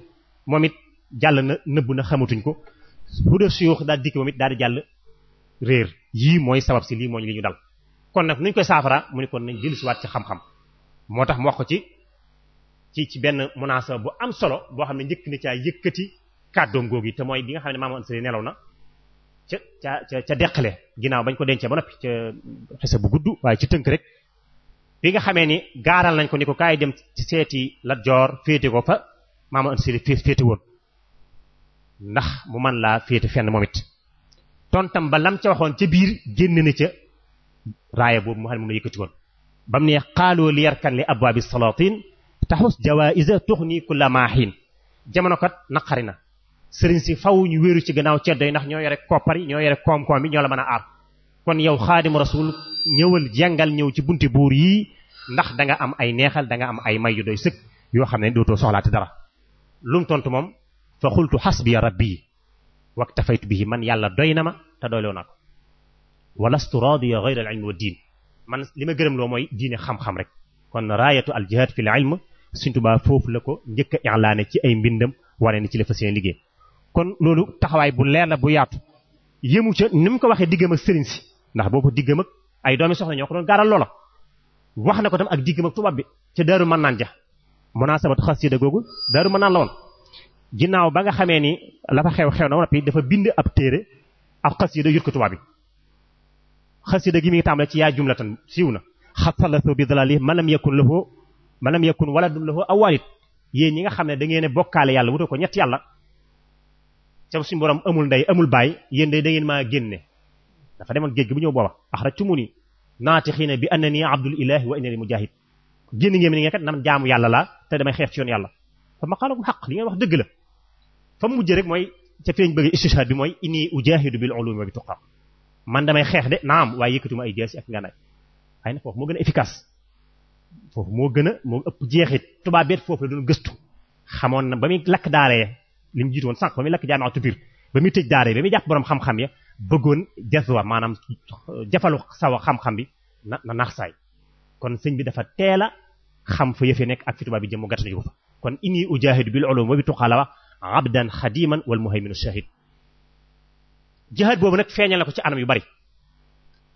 moom it jàll na nëbbu na xamatuñ ko bu dee suyoox daal dikk jàll réer yii mooy sabab si lii mooy li kon nag nuñ koy saafara mu nañ jëli siwaat ci xam-xam moo tax mu wax ko ci ci ci benn munaasaba bu am solo boo xam ne njëkk na caa yëkkati kàddoom googu yi te mooy bi nga xam ne maamoon sëriñ nelaw na ca ca ca deqale ginnaaw bañ ko dencee ba noppi ca xese bu gudd waaye ci tënk rek bi nga xamee ni gaaral nañ ko ni ko kaay dem ci seeti la Joor féete ko fa Maama Anta Sali féete mu man laa féete fenn moom it tontam ba lam ca waxoon ca biir génn na ca raaya boobu mu xam ne moom la yëkkati woon ba mu ne xaaloo li yarkan li abwaabi salaatin taxus jawaïsa tuxni kulla maahin jamono na sëriñ si faw ñu wéeru ci gannaaw ceddo yi ndax ñoo yore koppar yi ñoo yore koom-koom ñoo la mën a aar kon yow xaadimu rasul ñëwal jàngal ñëw ci bunti buur yii ndax danga am ay neexal danga am ay may yu doy sëkk yoo xam ne dootoo soxlaati dara lu tontu moom fa xultu xasbiya rabbi waktafaytu bihi man yàlla doy na ma te doyloo na ko walastu radiya gayra al ilmi diin man li ma gërëm loo mooy diine xam-xam rek kon raayatu al jihaad fi l ilm Sëriñ Tuubaa foofu la ko njëkk a i'laane ci ay mbindam wane ni ci la fa seen liggéey kon loolu taxawaay bu leer la bu yaatu yëmu ca ni mu ko waxee diggam ak sëriñ si ndax boobu diggam ak ay doomi soxna ñoo ko doon gaaral loola wax na ko tam ak diggam ak tubaab bi ca daaru mën naan ja munaasabat xasida googu daaru mën naan la woon ginnaaw ba nga xamee ni la fa xew xew na noppi dafa bind ab téere ab xasida yut tubaab bi xasida gi mi ngi tàmbale ci yaa jumlatan siiw na xasalatu bi dalali man lam yakun lahu man lam yakun du lahu aw walid yéen ñi nga xam ne da ngeen bokkaale yàlla wuta ko ñett yàlla ca suñu amul ndey amul baay yéen de da ngeen maa génne dafa demoon géej gi bu ñëw booba axrajtumuni naatixiina bi annani abdul ilahi wa innani mujahid génn ngeen ni nga kat nam jaamu yàlla laa te damay xeex ci yoon yàlla fa maqaalakum xaq li ngeen wax dëgg la fa mu mujjee rek mooy ca feeñ wa bi tuqa man damay xeex de naam waaye yëkkatuma ay jaasi a efficace foofu moo gën a moo ëpp jeexit tubaab beet foofu la doon gëstu xamoon na ba muy lakk daaree lu mu jiitoon sànq ba muy lakk jaamaatu biir ba muy tëj daaree ba muy jàpp borom xam-xam ya bëggoon jaswa maanaam jafalu sawa xam-xam bi na na naax saay kon sëñ bi dafa teel a xam fa yëfe nekk ak fi tubaab bi jëm mu ko fa kon inni ujahidu bil ulum wa bi tuqaala wa abdan xadiman wal muhayminu shahid jihaad boobu nag feeñal na ko ci anam yu bari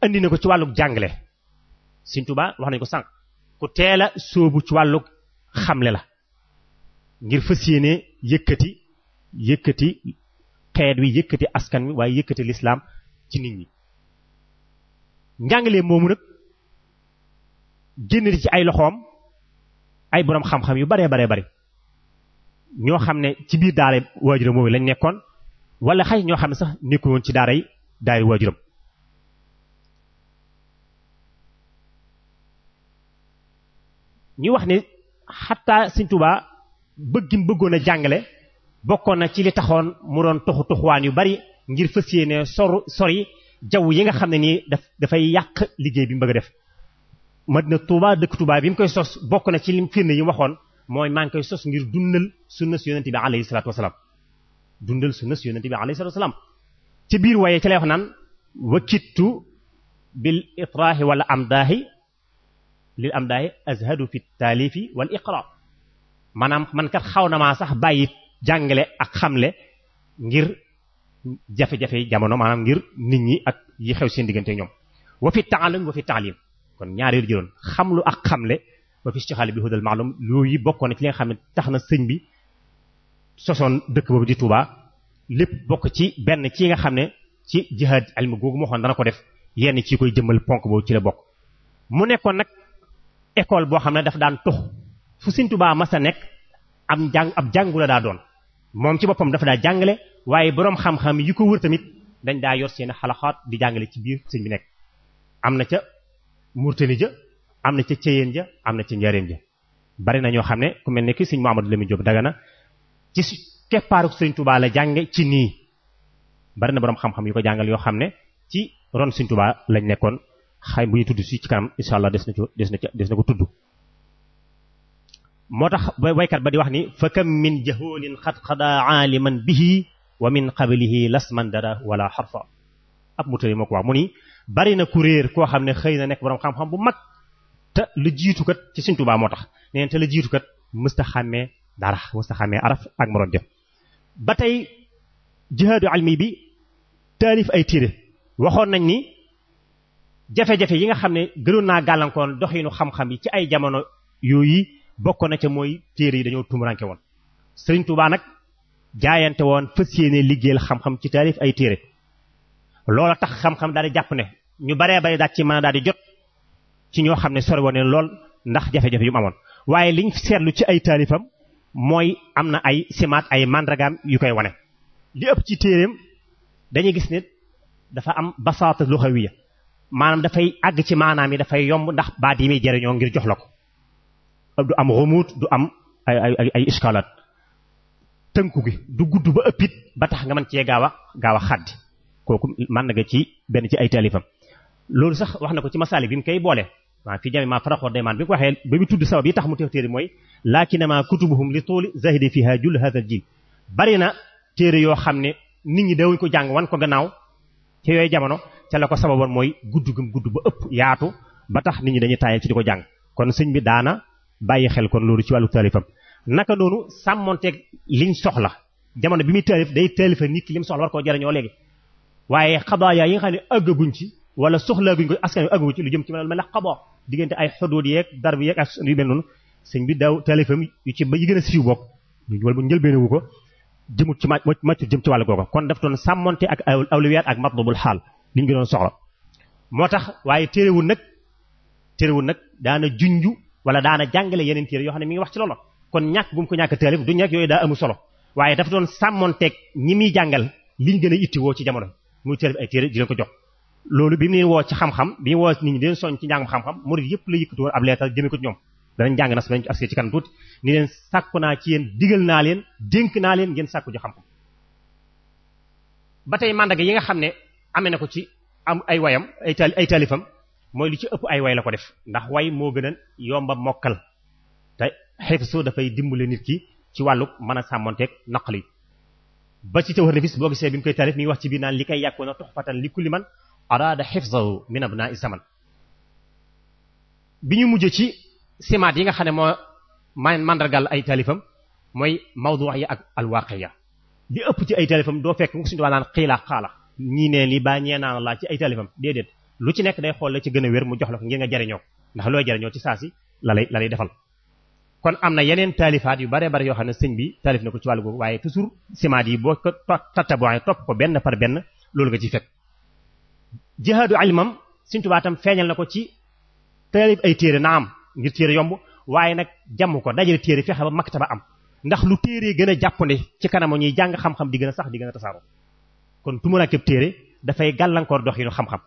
andi na ko ci wàlluk jàngale sëñ Tuubaa wax nañu ko sànq ku teel a sóobu ci wàlluk xamle la ngir fas yéene yëkkati yëkkati xeet wi yëkkati askan wi waaye yëkkati lislaam ci nit ñi njàngale moomu nag génn ci ay loxoom ay boroom xam-xam yu bare bare bari ñoo xam ne ci biir daara waajuram moom lañ nekkoon wala xëy ñoo xam ne sax nekkul woon ci daaray yi daara waajuram ñu wax ne xataa Sëriñ Tuubaa bëggim bëggoon a jàngale bokkoon na ci li taxoon mu doon toxu toxuwaan yu bari ngir fas yéene sor sori jaww yi nga xam ne nii dafay yàq liggéey bi mu bëgg a def. Madina Touba dëkk Touba bi mu koy sos bokk na ci lim firnde yi waxoon mooy maa ngi koy sos ngir dundal sunna si yonente bi alayhi salaatu wasalaam dundal sunna si yonente bi alayhi salaatu ci biir waaye ci lay wax naan wakittu bil itraahi wala amdaahi li amdaahi azhadu fi taalifi wal iqra maanaam man kat xaw na maa sax bàyyi jàngale ak xamle ngir jafe-jafe jamono maanaam ngir nit ñi ak yi xew seen diggante ñoom wa fi taalim wa fi taalim kon ñaareelu jëloon xamlu ak xamle wa fi istixaala bi hudal maalum loolu yi bokkoon na ci li nga xam ne tax na sëñ bi sosoon dëkk boobu di Touba lépp bokk ci benn ci nga xam ne ci jihaad almi googu moo xoon dana ko def yenn ci koy jëmmal ponk boobu ci la bokk mu nekkoon nag école boo xam ne daf daan tux fu sëñ Touba mas nekk am jàng ab jàngu la daa doon moom ci boppam dafa daa jàngale waaye boroom xam-xam yi ko wër tamit dañ daa yor seen xalaxaat di jàngale ci biir sëñ bi nekk am na ca Murtani ja am na ca Ceyeen ja am na ca Njaareem ja bari na ñoo xam ne ku mel ne ki sëñ Mouhamadou Lamine Diop Dagana ci keppaaru sëñ Touba la jànge ci nii bari na boroom xam-xam yu ko jàngal yoo xam ne ci ron sëñ Touba lañ nekkoon xay bu ñu tudd si ci kanam incha allah des na ci des na ci des tudd moo tax baykat ba di wax ni fa kam min jahoolin xad xadaa aaliman bihi wa min qablihi lasman dara wala xarfa ab mu tëri moo ko wax mu ni bari na ku koo xam ne xëy na nekk borom xam-xam bu mag te lu jiitu ci Sëriñ Tuubaa moo tax neen te lu jiitu kat mësta xàmmee dara mësta xàmmee araf ak moroon def ba tey jihaadu almi bi taalif ay téere waxoon nañ ni jafe-jafe yi nga xam ne gënoon naa gàllankoon doxinu xam-xam yi ci ay jamono yooyu bokkoon na ca mooy téere yi dañoo tumuranke woon sëriñ Tuubaa nag jaayante woon fas yéene liggéeyal xam-xam ci taalif ay téere loola tax xam-xam daal jàpp ne ñu baree bari daal ci daal di jot ci ñoo xam ne sori lool ndax jafe yu mu waaye liñ seetlu ci ay taalifam mooy am na ay simaat ay mandragaam yu koy wane li ëpp ci téereem gis ne dafa am basaata luxawiya maanaam dafay àgg ci maanaam yi dafay yomb ndax baat yi muy jariñoo ngir jox la ko du am remuut du am ay ay ay tënku gi du gudd ba ëppit ba tax nga man cee gaaw gaawa gaaw a xàddi kooku mën nga ci benn ci ay taalifam loolu sax wax na ko ci masaalik bi mu koy boole waaw fii jami maa faraxoo daymaan bi ko waxee ba mu tudd sabab tax mu teew téere mooy lakinama kutubuhum li tuuli zahidi fiha jul hatha jil bari na téere yoo xam ne nit ñi dawuñ ko jàng wan ko gannaaw ci yooyu jamono ca la ko sababoon mooy gudd gum gudd ba ëpp yaatu ba tax nit ñi dañuy taayal ci di ko jàng kon sëñ bi daana bàyyi xel kon loolu ci wàllu taalifam naka noonu sàmmonteeg liñ soxla jamono bi muy taalif day taalifa nit ki lim soxla war koo jariñoo léegi waaye xadaaya yi nga xam ne àggaguñ ci wala soxlaaguñ ko askan wi àggaguñ ci lu jëm ci mel ne xaboo diggante ay xuduud yeeg dar bi yeeg ak bi daaw taalifam ci ba yi gën a siiw bokk wala bu ko jëmut ci màccut jëm ci wàllu googa kon daf doon sàmmonte ak awliyaat ak matlubul xaal liñ gënoon soxla moo tax waaye téerewul nag téerewul nag daana junju wala daana jàngale yeneen téere yoo xam ne mi ngi wax ci loolu kon ñàkk gum ko ñàkk taalif du ñàkk yooyu daa amu solo waaye dafa doon sàmmonteeg ñi muy jàngal liñ gën a woo ci jamono muy taalif ay téere di ko jox loolu bi mu leen ci xam-xam woo nit ñi leen soñ ci njàngum xam-xam murid yëpp la yëkkati woon ab leetal jëmee ko ci ñoom danañ jàng nas danañ ci kanam tuuti ni leen sàkku naa ci yéen digal naa leen dénk naa leen ngeen sàkku ji xam-xam ba tey mandaga yi nga xam ne amee na ko ci am ay wayam ay ay taalifam mooy li ci ëpp ay way la ko def ndax way moo gën a yomba mokkal te xefsu dafay dimbale nit ki ci wàllu mën a sàmmonteeg naqli ba ci tawarnafis boo gisee bi mu koy taalif mi ngi wax ci biir naan li kay yàkkoona tuxfatan li kulli man araada xifzahu min abnaa'i zaman bi ñu mujj ci simaat yi nga xam ne moo man mandargal ay taalifam mooy mawdu yi ak ya li ëpp ci ay taalifam doo fekk mu suñu waa naan xiila xaala ñii nee li baa ñeenaana laa ci ay taalifam déedéet lu ci nekk day xool la ci gën a wér mu jox la ko ngir nga jariñoo ndax looy jariñoo ci saa si la lay la lay defal kon am na yeneen taalifaat yu bare bare yoo xam ne sëñ bi taalif na ko ci wàllu googu waaye toujours simaat yi boo ko tattaboe topp ko benn par benn loolu nga ci fekk jihaadu ilmam feeñal na ko ci ay téere na am ngir téere yomb waaye nag jàmm ko dajale téere fexe ba maktaba am ndax lu téere gën a jàppande ci kanamu ñuy jàng xam-xam di gën a sax di gën a tasaaroo kon tumuraakeb téere dafay gàllankoor dox yi xam-xam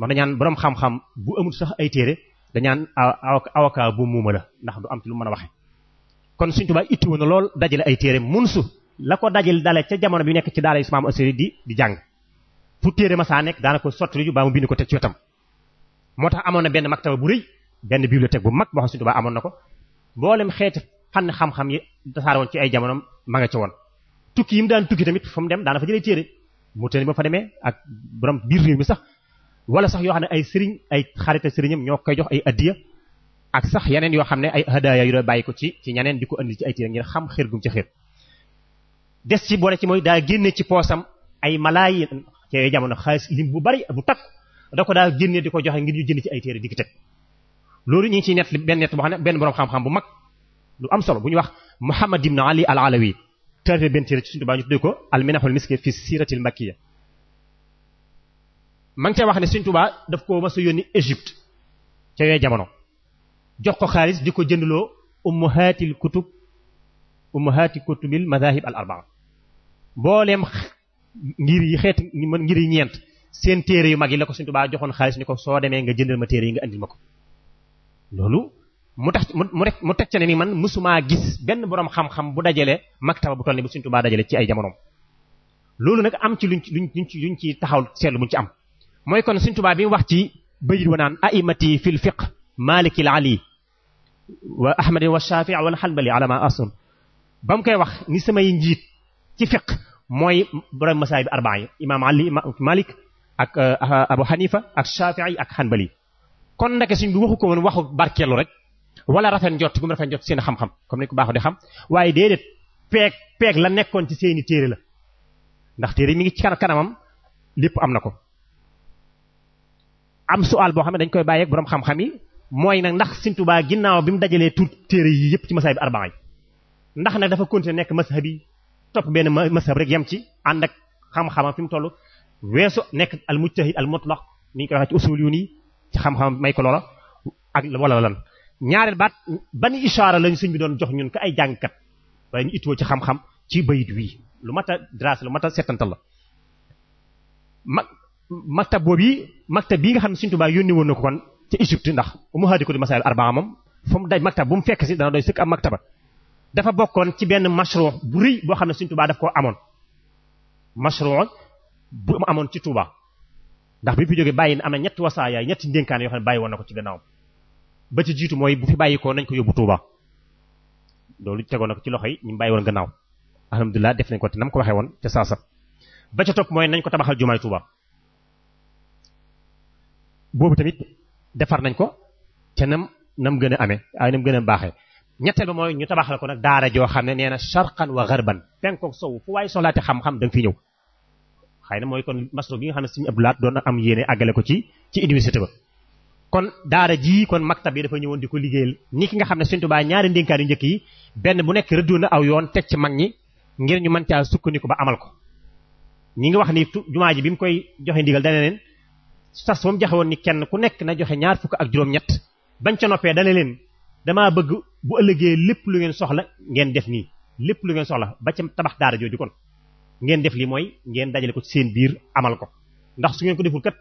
man dañaan borom xam-xam bu amul sax ay téere dañaan avocat bu muuma la ndax du am lu mën a waxe kon Sëriñ Tuubaa ittiwoon na lool dajale ay téere mun su la ko dajale dale ca jamono bi nekk ci daala Ismaam Asiri di di jàng fu téere ma saa nekk daana ko sotti ju baa mu bind ko teg ci wetam moo tax amoon na benn maktaba bu rëy benn bibliothèque bu mag boo xam Sëriñ Tuubaa amoon na ko mboolem xeeti fànn xam-xam yi dasaar woon ci ay jamonoom ma nga ca woon tukki yi mu daan tukki tamit fu mu dem daana fa jëlee téere mu tani ba fa demee ak borom biir réew mi sax wala sax yoo xam ne ay sëriñ ay xarita sëriñam ñoo koy jox ay addiya ak sax yeneen yoo xam ne ay hadaaya yu doon bàyyi ko ci ci ñeneen di ko indi ci ay téere ngir xam xër gum ci xër des ci mooy daa génne ci poosam ay malaay ci jamono xaalis lim bu bari bu takk da ko daa génne di ko joxe ngir ñu jënd ci ay téere teg loolu ñu ngi ciy nett benn nett boo benn boroom xam-xam bu mag lu am solo bu ñu wax Muhammad ibn Ali al Alawi tarfe benn téere ci suñu baa ñu tuddee ko al minahul miski fi siratil makkiya ma ngi wax ne Sëriñ Tuubaa daf koo mas a yónni Égypte ca yooyu jamono jox ko xaalis di ko jëndloo ummahatil kutub ummahati kutubil madahib al arbaa mbooleem ngir yi xeeti ngir yi ñeent seen téere yu mag yi la ko Sëriñ Tuubaa joxoon xaalis ni ko soo demee nga jëndal ma téere yi nga andil ma ko loolu mu tax mu mu teg ca ni man mësumaa gis benn borom xam-xam bu dajalee maktaba bu toll ni bu Sëriñ Tuubaa dajale ci ay jamonoom loolu nag am ci luñ ci luñ ci luñ taxaw seetlu buñ ci am mooy kon Sëriñ Tuubaa bi mu wax ci bayit wa naan aimati fil fiq malikil ali wa ahmadi wa shafii wal xanbali ma asul ba mu koy wax ni samay njiit ci fiq mooy borom masaay bi arbaa yi imaam ali malik ak euh, abu xanifa ak shafii ak xanbali kon ndake suñ bi waxu ko woon waxu barkeelu rek wala rafet njott gu mu rafet njott seen xam-xam comme ni ko baaxoo di xam waaye déedéet peeg peeg la nekkoon ci seeni téere la ndax téere mi ngi ci kanamam lépp am na ko am sual boo xam ne dañ koy bàyyeeg boroom xam-xam yi mooy nag ndax Sëriñ Tuubaa ginnaaw bi mu dajalee tur téere yi yëpp ci masaahib arbaa yi ndax nag dafa continuer nekk mashab bi topp benn mashab rek yem ci ànd ak xam-xamam fi mu toll weesu nekk al mujtahid al mutlaq ni ñu koy ci usul yu nii ci xam-xam may ko loola ak wala lan ñaareel baat ban ishaara lañu suñ bi doon jox ñun ko ay jàngkat waaye ñu itoo ci xam-xam ci bayit wii lu mat a draas lu mat a settantal la maktab boobu yi maktab bii nga xam ne Sëriñ Tuubaa yónni woon na ko kon ca Égypte ndax mu haadi ko di masaayil arbaa moom fu mu daj maktab bu mu fekk si dana doy sëkk am maktaba dafa bokkoon ci benn mashruux bu rëy boo xam ne Sëriñ Tuubaa daf koo amoon mashruux mu amoon ci Tuubaa ndax bi fi jógee bàyyi na am na ñetti wasaaya ñetti ndénkaan yoo xam ne bàyyi ko ci gannaawam ba ci jiitu mooy bu fi bàyyi ko nañ ko yóbbu Tuubaa loolu tegoon na ko ci loxo yi ñu bàyyi woon gannaaw alhamdulilah def nañ ko te nam ko waxee woon te saasa ba ca topp mooy nañ ko tabaxal jumaay Tuubaa boobu tamit defar nañ ko te nam nam gën a amee ay nam gën a baaxee ñetteel ba mooy ñu tabax ko nag daara joo xam ne nee na sharqan wa gharban penkook sow fu waaye soxlaate xam-xam da fi ñëw xëy na mooy kon masro bi nga xam ne suñu abdulaat doon am yéene àggale ko ci ci université ba kon daara jii kon maktab bi dafa ñëwoon di ko liggéeyal ni ki nga xam ne Sëriñ Tuubaa ñaari ndénkaan yu njëkk yi benn bu nekk rëddoon na aw yoon teg ci mag ñi ngir ñu mën caa sukkandiku ba amal ko ñi ngi wax ni jumaa ji bi mu koy joxe ndigal dana leen sas moom joxe woon ni kenn ku nekk na joxe ñaar fukk ak juróom-ñett bañ ca noppee dana leen damaa bëgg bu ëllëgee lépp lu ngeen soxla ngeen def nii lépp lu ngeen soxla ba ca tabax daara jooju kon ngeen def lii mooy ngeen dajale ko seen biir amal ko ndax su ngeen ko deful kat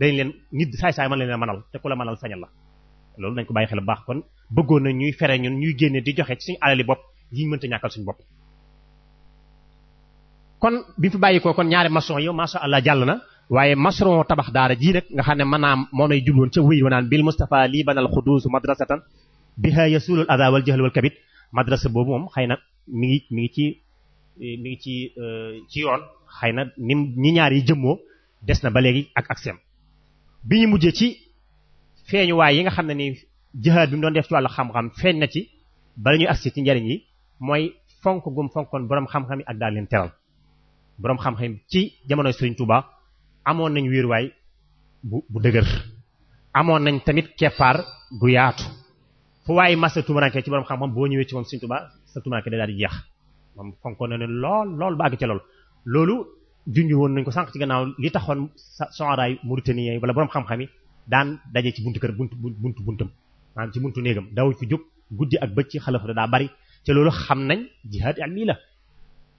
dañ leen nit saay saay mën leen a manal te ku la manal sañal la loolu nañ ko bàyyi xel bu baax kon bëggoon na ñuy fere ñun ñuy génne di joxe ci suñu alali bopp yiñ mënta ñàkkal suñu bopp kon bi fi kon ñaari maçon yow masha Allah jàll na waaye masron tabax daara jii nag nga xam ne maanaam moom ay jubloon ca wéy wanaan bil Mustafa lii banal xuduus madrasatan biha yasulul ada wal jahl wal kabit madrasa boobu moom xëy na mi ngi mi ngi ci mi ngi ci euh, ci yoon xëy na ni ñi ñaar yi jëmmoo des na ba léegi ak ak sem bi ñu mujjee ci feeñu waay yi nga xam ne ni jihaad bi mu doon def ci wàllu xam-xam feeñ na ci bala ñuy agsi ci njariñ yi mooy fonk gum fonkoon boroom xam-xam yi ak daal leen teral boroom xam-xam ci amoon nañ wéeruwaay bu bu dëgër amoon nañ tamit keppaar gu yaatu fu waaye masa tumuranke ci borom xam-xam boo ñëwee ci moom Sëriñ Tuubaa sa tumuranke day di jeex moom fonkoon na ne lool lool ba àgg ca lool loolu junj woon nañ ko sànq ci gannaaw li taxoon soxaraay Mauritanie wala borom xam-xam yi daan daje ci buntu kër buntu buntu buntam maanaam ci buntu néegam daawuñ fi jóg guddi ak bëcc xalafatu daa bari te loolu xam nañ jihaad ilmi la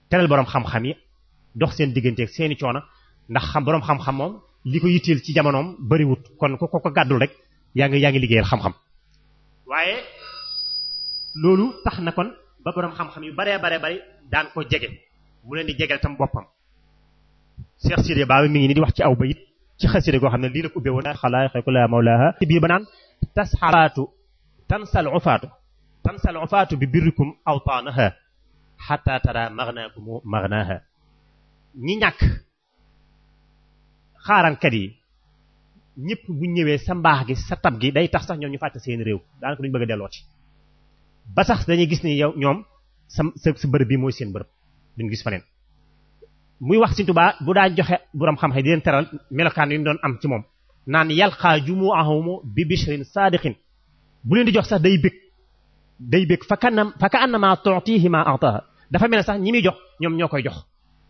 teral borom yi dox seen digganteeg seeni coono ndax xam boroom xam-xam moom li ko yitteel ci jamonoom bariwut kon ko ko gàddul rek yaa ngi yaa ngi liggéeyal xam-xam waaye loolu tax na kon ba boroom xam-xam yu baree baree bari daan ko jege mu leen di jegeel tam boppam Cheikh Sidi Ba mi ngi ni di wax ci aw bayit ci xasida goo xam ne lii la ko ubbee woon xalaayiqeku la mawlaaha ci biir ba naan tasxaraatu tansal ufaatu tansal ufaatu bi birrikum awtaanaha xataa tara maghnaakum maghnaaha ñi ñàkk xaaraankat yi ñëpp bu ñëwee sa mbaax gi sa tab gi day tax sax ñoom ñu fàtte seen réew daanaka duñu bëgg a delloo ci ba sax dañuy gis ni yow ñoom sa sa bi mooy seen bërëb duñu gis faneen muy wax Sëriñ Tuubaa bu daa joxe borom xam-xam di leen teral ñu doon am ci moom naan yalqaa jumu'ahum bi bishrin saadiqin bu leen di jox sax day bëgg day bëgg fa kanam fa ka annama tu'tihi ma ataha dafa mel sax ñi muy jox ñoom ñoo koy jox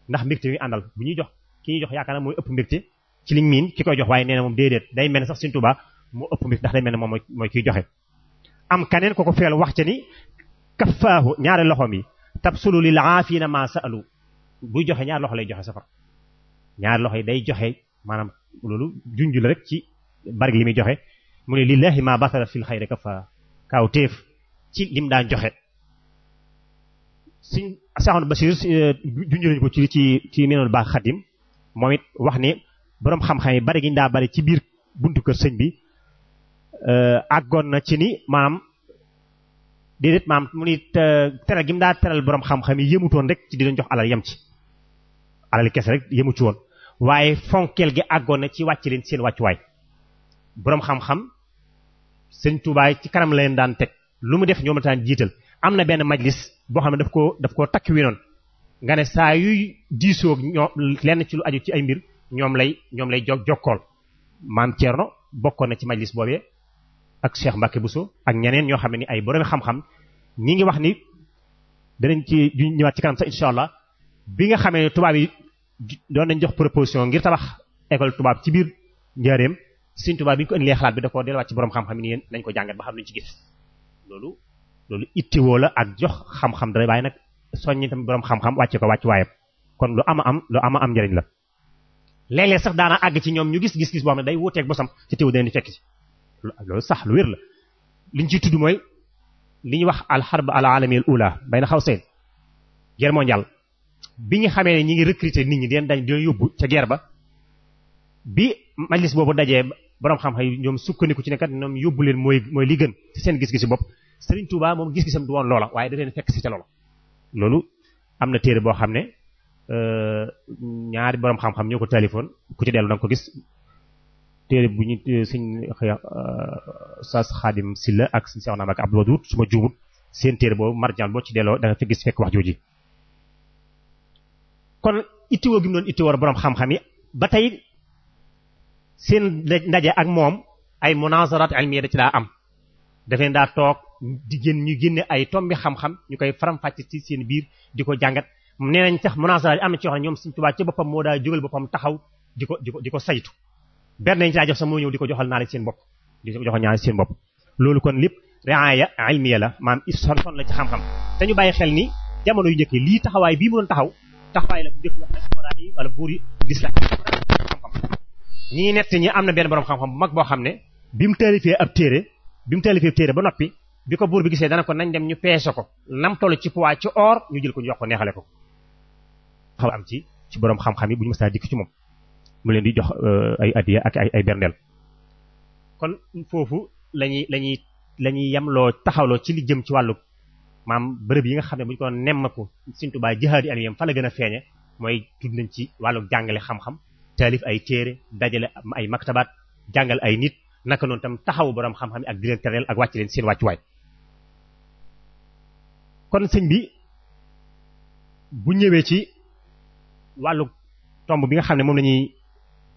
ndax mbégte yu àndal bu ñuy jox ki ñuy jox yaakaar naa mooy ëpp mbégte ci liñ miin ki koy jox waaye nee na moom déedéet day mel sax Sëriñ Tuubaa mu ëpp mbir ndax day mel ne moom mooy mooy kiy joxe am kaneen ko ko feel wax ca ni kaffaahu ñaari loxoom yi tabsulu li aafina ma sa'alu buy joxe ñaari loxo lay joxe safar ñaari loxo yi day joxe maanaam loolu junj la rek ci bari li muy joxe mu ne lillahi ma basara fil xayri kafa kaaw téef ci lim daan joxe suñ saxoon Basiir eh, junj ko ci ci ci baax xadim moom it wax ni boroom xam-xam yi bari gi ñu daa bari ci biir buntu kër sëñ bi euh, àggoon na ci ni maam déedéet maam mu ni teral gi mu daa teral boroom xam-xam yi yëmutoon rek ci di leen jox alal yem ci alal kese rek yëmu ci woon waaye fonkeel gi àggoon na ci wàcc leen seen wàccuwaay boroom xam kanam la daan teg lu mu def ñoom la daan jiital am na benn majlis boo xam ne daf koo daf koo takk wi nga ne saa yuy diisoog ñoo lenn ci lu aju ci ay mbir ñoom lay ñoom lay jox jokkool maam Thierno bokkoon na ci majlis boobee ak Cheikh bu so ak ñeneen ñoo xam ne ni ay borom xam-xam ñi ngi wax ni danañ ci ñëwaat ci kanam sax incha allah bi nga xamee tubaab yi doon nañ jox proposition ngir tabax école tubaab ci biir njaareem suñ tubaab bi ñu ko indilee xalaat bi da koo delluwaat ci borom xam-xam ni yéen nañ ko jàngat ba xam luñ ci gis loolu loolu ittiwoo la ak jox xam-xam dara waaye nag soññi tamit borom xam-xam wàcce ko wàcc kon lu ama am lu ama am njëriñ la léeg sax daana àgg ci ñoom ñu gis gis-gis boo day wuuteeg bosam te teew dana di fekk ci loolu sax lu wér la liñ ciy tudd mooy li ñuy wax alxarb al alamiya al ula bay na xaw seen guerre mondiale bi ñu xamee ne ñu ngi recruter nit ñi den dañ dina yóbbu ca geer ba bi majlis boobu dajee boroom xam-xam ñoom sukkandiku ci ne kat ñoom yóbbu leen mooy mooy li gën ci seen gis-gisi bopp Serigne Touba moom gis-gisam du woon loola waaye da leen fekk si ca loola loolu am na téere boo xam ne Euh, ñaari borom xam-xam ñoo ko téléphone ku ci dellu da ko gis téere bu ñu suñ sas xaadim silla ak suñ seex naa ak Abdul Wadud su ma juumut seen téere boobu marjaan boo ci delloo da nga gis fekk wax jooji kon ittiwoo gi mu doon ittiwoor borom xam-xam yi ba tey seen ndaje ak moom ay munazaraat ilmiya da ci daa am dafay daa toog di génn ñu génne ay tombi xam-xam ñu koy faram-fàcce ci seen biir di ko jàngat nee nañ sax munasara yi am na ci yoo xam ne ñoom Sëriñ Tuubaa ci boppam moo daa jógal boppam taxaw di ko di di ko saytu benn nañ ci daa jox di ko joxal naale seen bopp di ko joxal ñaari seen bopp loolu kon lépp riaya ilmiya la maam son la ci xam-xam ñu bàyyi xel ni jamono yu njëkk lii taxawaay bii mu taxaw taxawaay la bu njëkk yi gis la xam-xam ñii nett am na benn borom xam-xam bu mag boo xam ne bi mu taalifee ab téere bi mu taalifee ab téere ba noppi bi ko buur bi gisee dana ko nañ dem ñu peese ko nam toll ci poids ci or ñu jël ko ñu jox ko neexale ko xaw am ci ci borom xam-xam yi bu ñu mësaa dikk ci moom mu leen di jox euh, ay addiya ak ay ay berndeel kon foofu lañuy lañuy lañuy la loo taxaw loo ci li jëm ci wàllu maam bërëb yi nga xam ne bu ñu ko nemmaku Sëriñ Tuubaa jihaadi aliyam fa la gën a feeñe mooy tudd nañ ci wàllu jàngale xam-xam taalif ay téere dajale ay maktabaat jàngal ay nit naka noonu tam taxawu boroom xam-xam yi ak di leen tereel ak wàcc leen seen wàccuwaay kon sëñ bi bu ñëwee ci wàllu tomb bi nga xam ne moom lañuy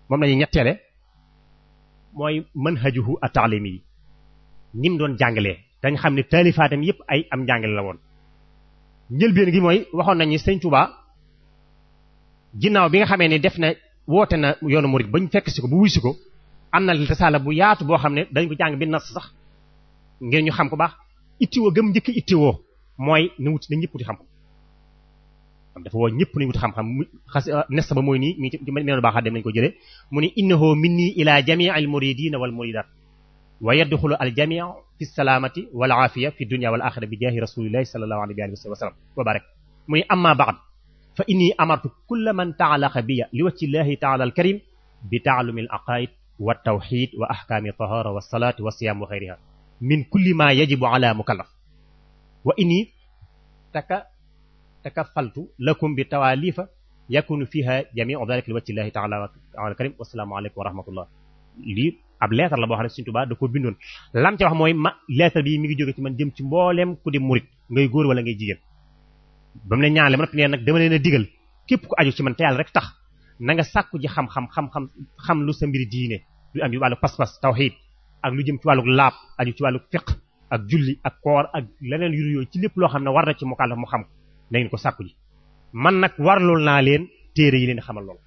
moom lañuy ñetteele mooy manhajuhu at-ta'limi yi ni mu doon jàngalee dañ xam ne taalifaatam yëpp ay am njàngale la woon njëlbeen gi mooy waxoon nañu Sëñ Tuubaa ginnaaw bi nga xamee ne def na woote na yoonu murid bañ fekk si ko bu wuy si ko am na risaala bu yaatu boo xam ne dañ ko jàng bi nas sax ngir ñu xam ko baax ittiwoo gëm njëkk ittiwoo mooy na wut na ñëpp di xam kon dafa woo ñëpp nañu wut xam-xam mu xas euh, nes ba mooy nii mi ci meenu baaxaa dem nañu ko jëlee mu ne innahu minni ila jamii al muridina wal muridat wa yadxulu al jamii fi salaamati wal aafiya fi dunya wal axira bi jaahi rasulillahi sallallahu alayhi wa sallam wa barak mu ne amma baad fa inni amartu kulla man taalaqa biya li wajhillahi taala al karim bi taalumi al aqaid wa tawxid wa ahkaami tahara wa salaati wa siyaam wa xayriha min kulli ma yajibu ala mukallaf wa inni taka takafaltu lakum bi tawaalifa yakunu fiha jamiu dalika li wajhillahi taala al wa rahmatullah lii ab leetar la boo xam ne Sëriñ Tuubaa da ko bindoon lam ca wax mooy ma leetar bi mi ngi jóge ci man jëm ci mbooleem ku di murit ngay góor wala ngay jigéen ba ne ñaanle ma noppi nee nag dama leen a digal képp ku aju ci man te yàlla rek tax na nga sàkku ji xam-xam xam-xam xam lu sa mbir diine lu am yu wàllu pas-pas tawxiid ak lu jëm ci wàllu laab aju ci wàllu fiq ak julli ak koor ak leneen yu yooyu ci lépp na ngeen ko sàkku ji man nag warlul naa leen téere yi leen xamal lool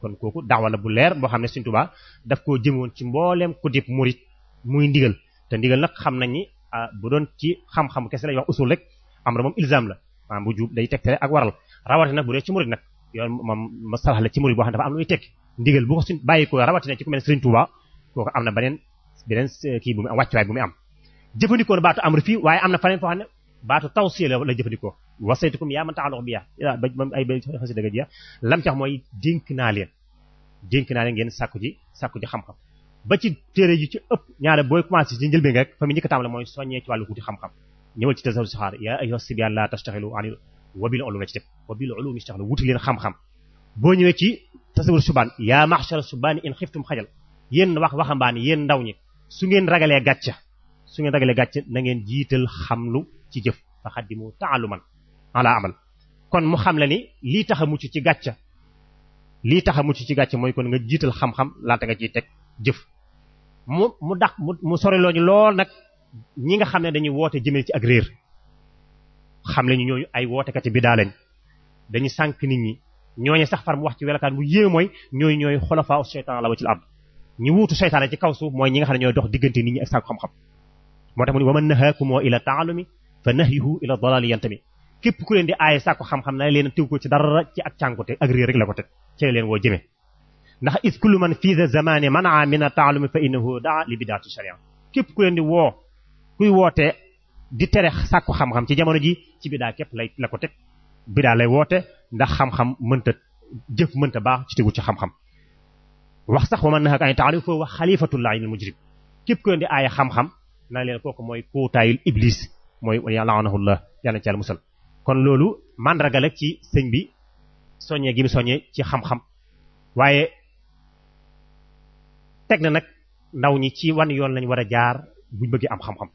kon kooku daawa la bu leer boo xam ne Sëriñ Tuubaa daf koo jëm woon ci mbooleem ku dib murit muy ndigal te ndigal nag xam nañ ni ah, bu doon ci xam-xam kese lañ wax usul rek am ra moom ilzam la maanaam bu day tegtale ak waral rawatina nag bu dee ci murit nag yoon moom masalax la ci murit boo xam ne dafa am lu muy tekki ndigal bu rawatina ci ku mel Sëriñ Tuubaa kooku am na beneen beneen kii bu mu am wàccuwaay bu am jëfandikoo na baatu amr fii waaye am na faneen foo xam ne baatu tawsiya la jëfandikoo wasaytukum yaa man taalox bi yaa ba ay ba xasida ga jeex lam tax mooy dénk naa leen dénk naa leen ngeen sakku ji sàkku ji xam-xam ba ci téere ji ci ëpp ñaare booy commencé ci njëlbeen nga rek fa mu njëkk tàmbale mooy soññee ci wàllu wuti xam-xam ñëwal ci tasawur saxaar yaa ayyuha sibyan la tastaxilu ani wabil ulum ci teg wabil ulum istaxilu wuti leen xam-xam boo ñëwee ci tasawur subaan yaa maxshara subaan in xiftum xajal yéen wax waxambaane yéen ndaw ñi su ngeen ragalee gàcca su ngeen ragalee gàcce na ngeen jiital xamlu ci jëf fa xaddimu taaluman ala amal kon mu xam la ni lii tax a mucc ci gàcca lii tax a ci gàcca mooy kon nga jiital xam-xam laata nga ciy teg jëf mu mu dax mu soriloo ñu lool nag ñi nga xam ne dañuy woote jëmee ci ak réer xam lañu ñooñu ay wootekati bi daa lañ dañu sànq nit ñi ñooñu sax far mu wax ci welakaan bu yéeme mooy ñooñu ñooy xolofaaw seytaan la wa ci la am ñi wuutu seytaane ci kaw suuf mooy ñi nga xam ne ñoo dox diggante nit ñi ak sànq xam-xam moo tax mu ne wa man nahaakum ila taalumi fa képp ku leen di aaye sàkku xam-xam na leen tegu ko ci dara ci ak cànkute ak réer rek la ko teg ci leen woo jëmee ndax is kullu man fii de zamani manaa mina taalumi fa innahu daa li bidaati sharia képp ku leen di woo kuy woote di tere sàkku xam-xam ci jamono ji ci bidaa képp lay la ko teg bidaa lay woote ndax xam-xam mënta jëf mënta baax ci tegu ci xam-xam wax sax wa man nahaaka an taalim foo wax xalifatullahi al mujrim képp ku di aaye xam-xam na leen kooku mooy kuutaayul iblis mooy yàlla anahullah yàlla ci yàlla musal kon loolu màndarga la ci sëñ bi soññee gi mu soññee ci xam-xam waaye teg na nag ndaw ñi ci wan yoon lañ war a jaar buñ bëggee am xam-xam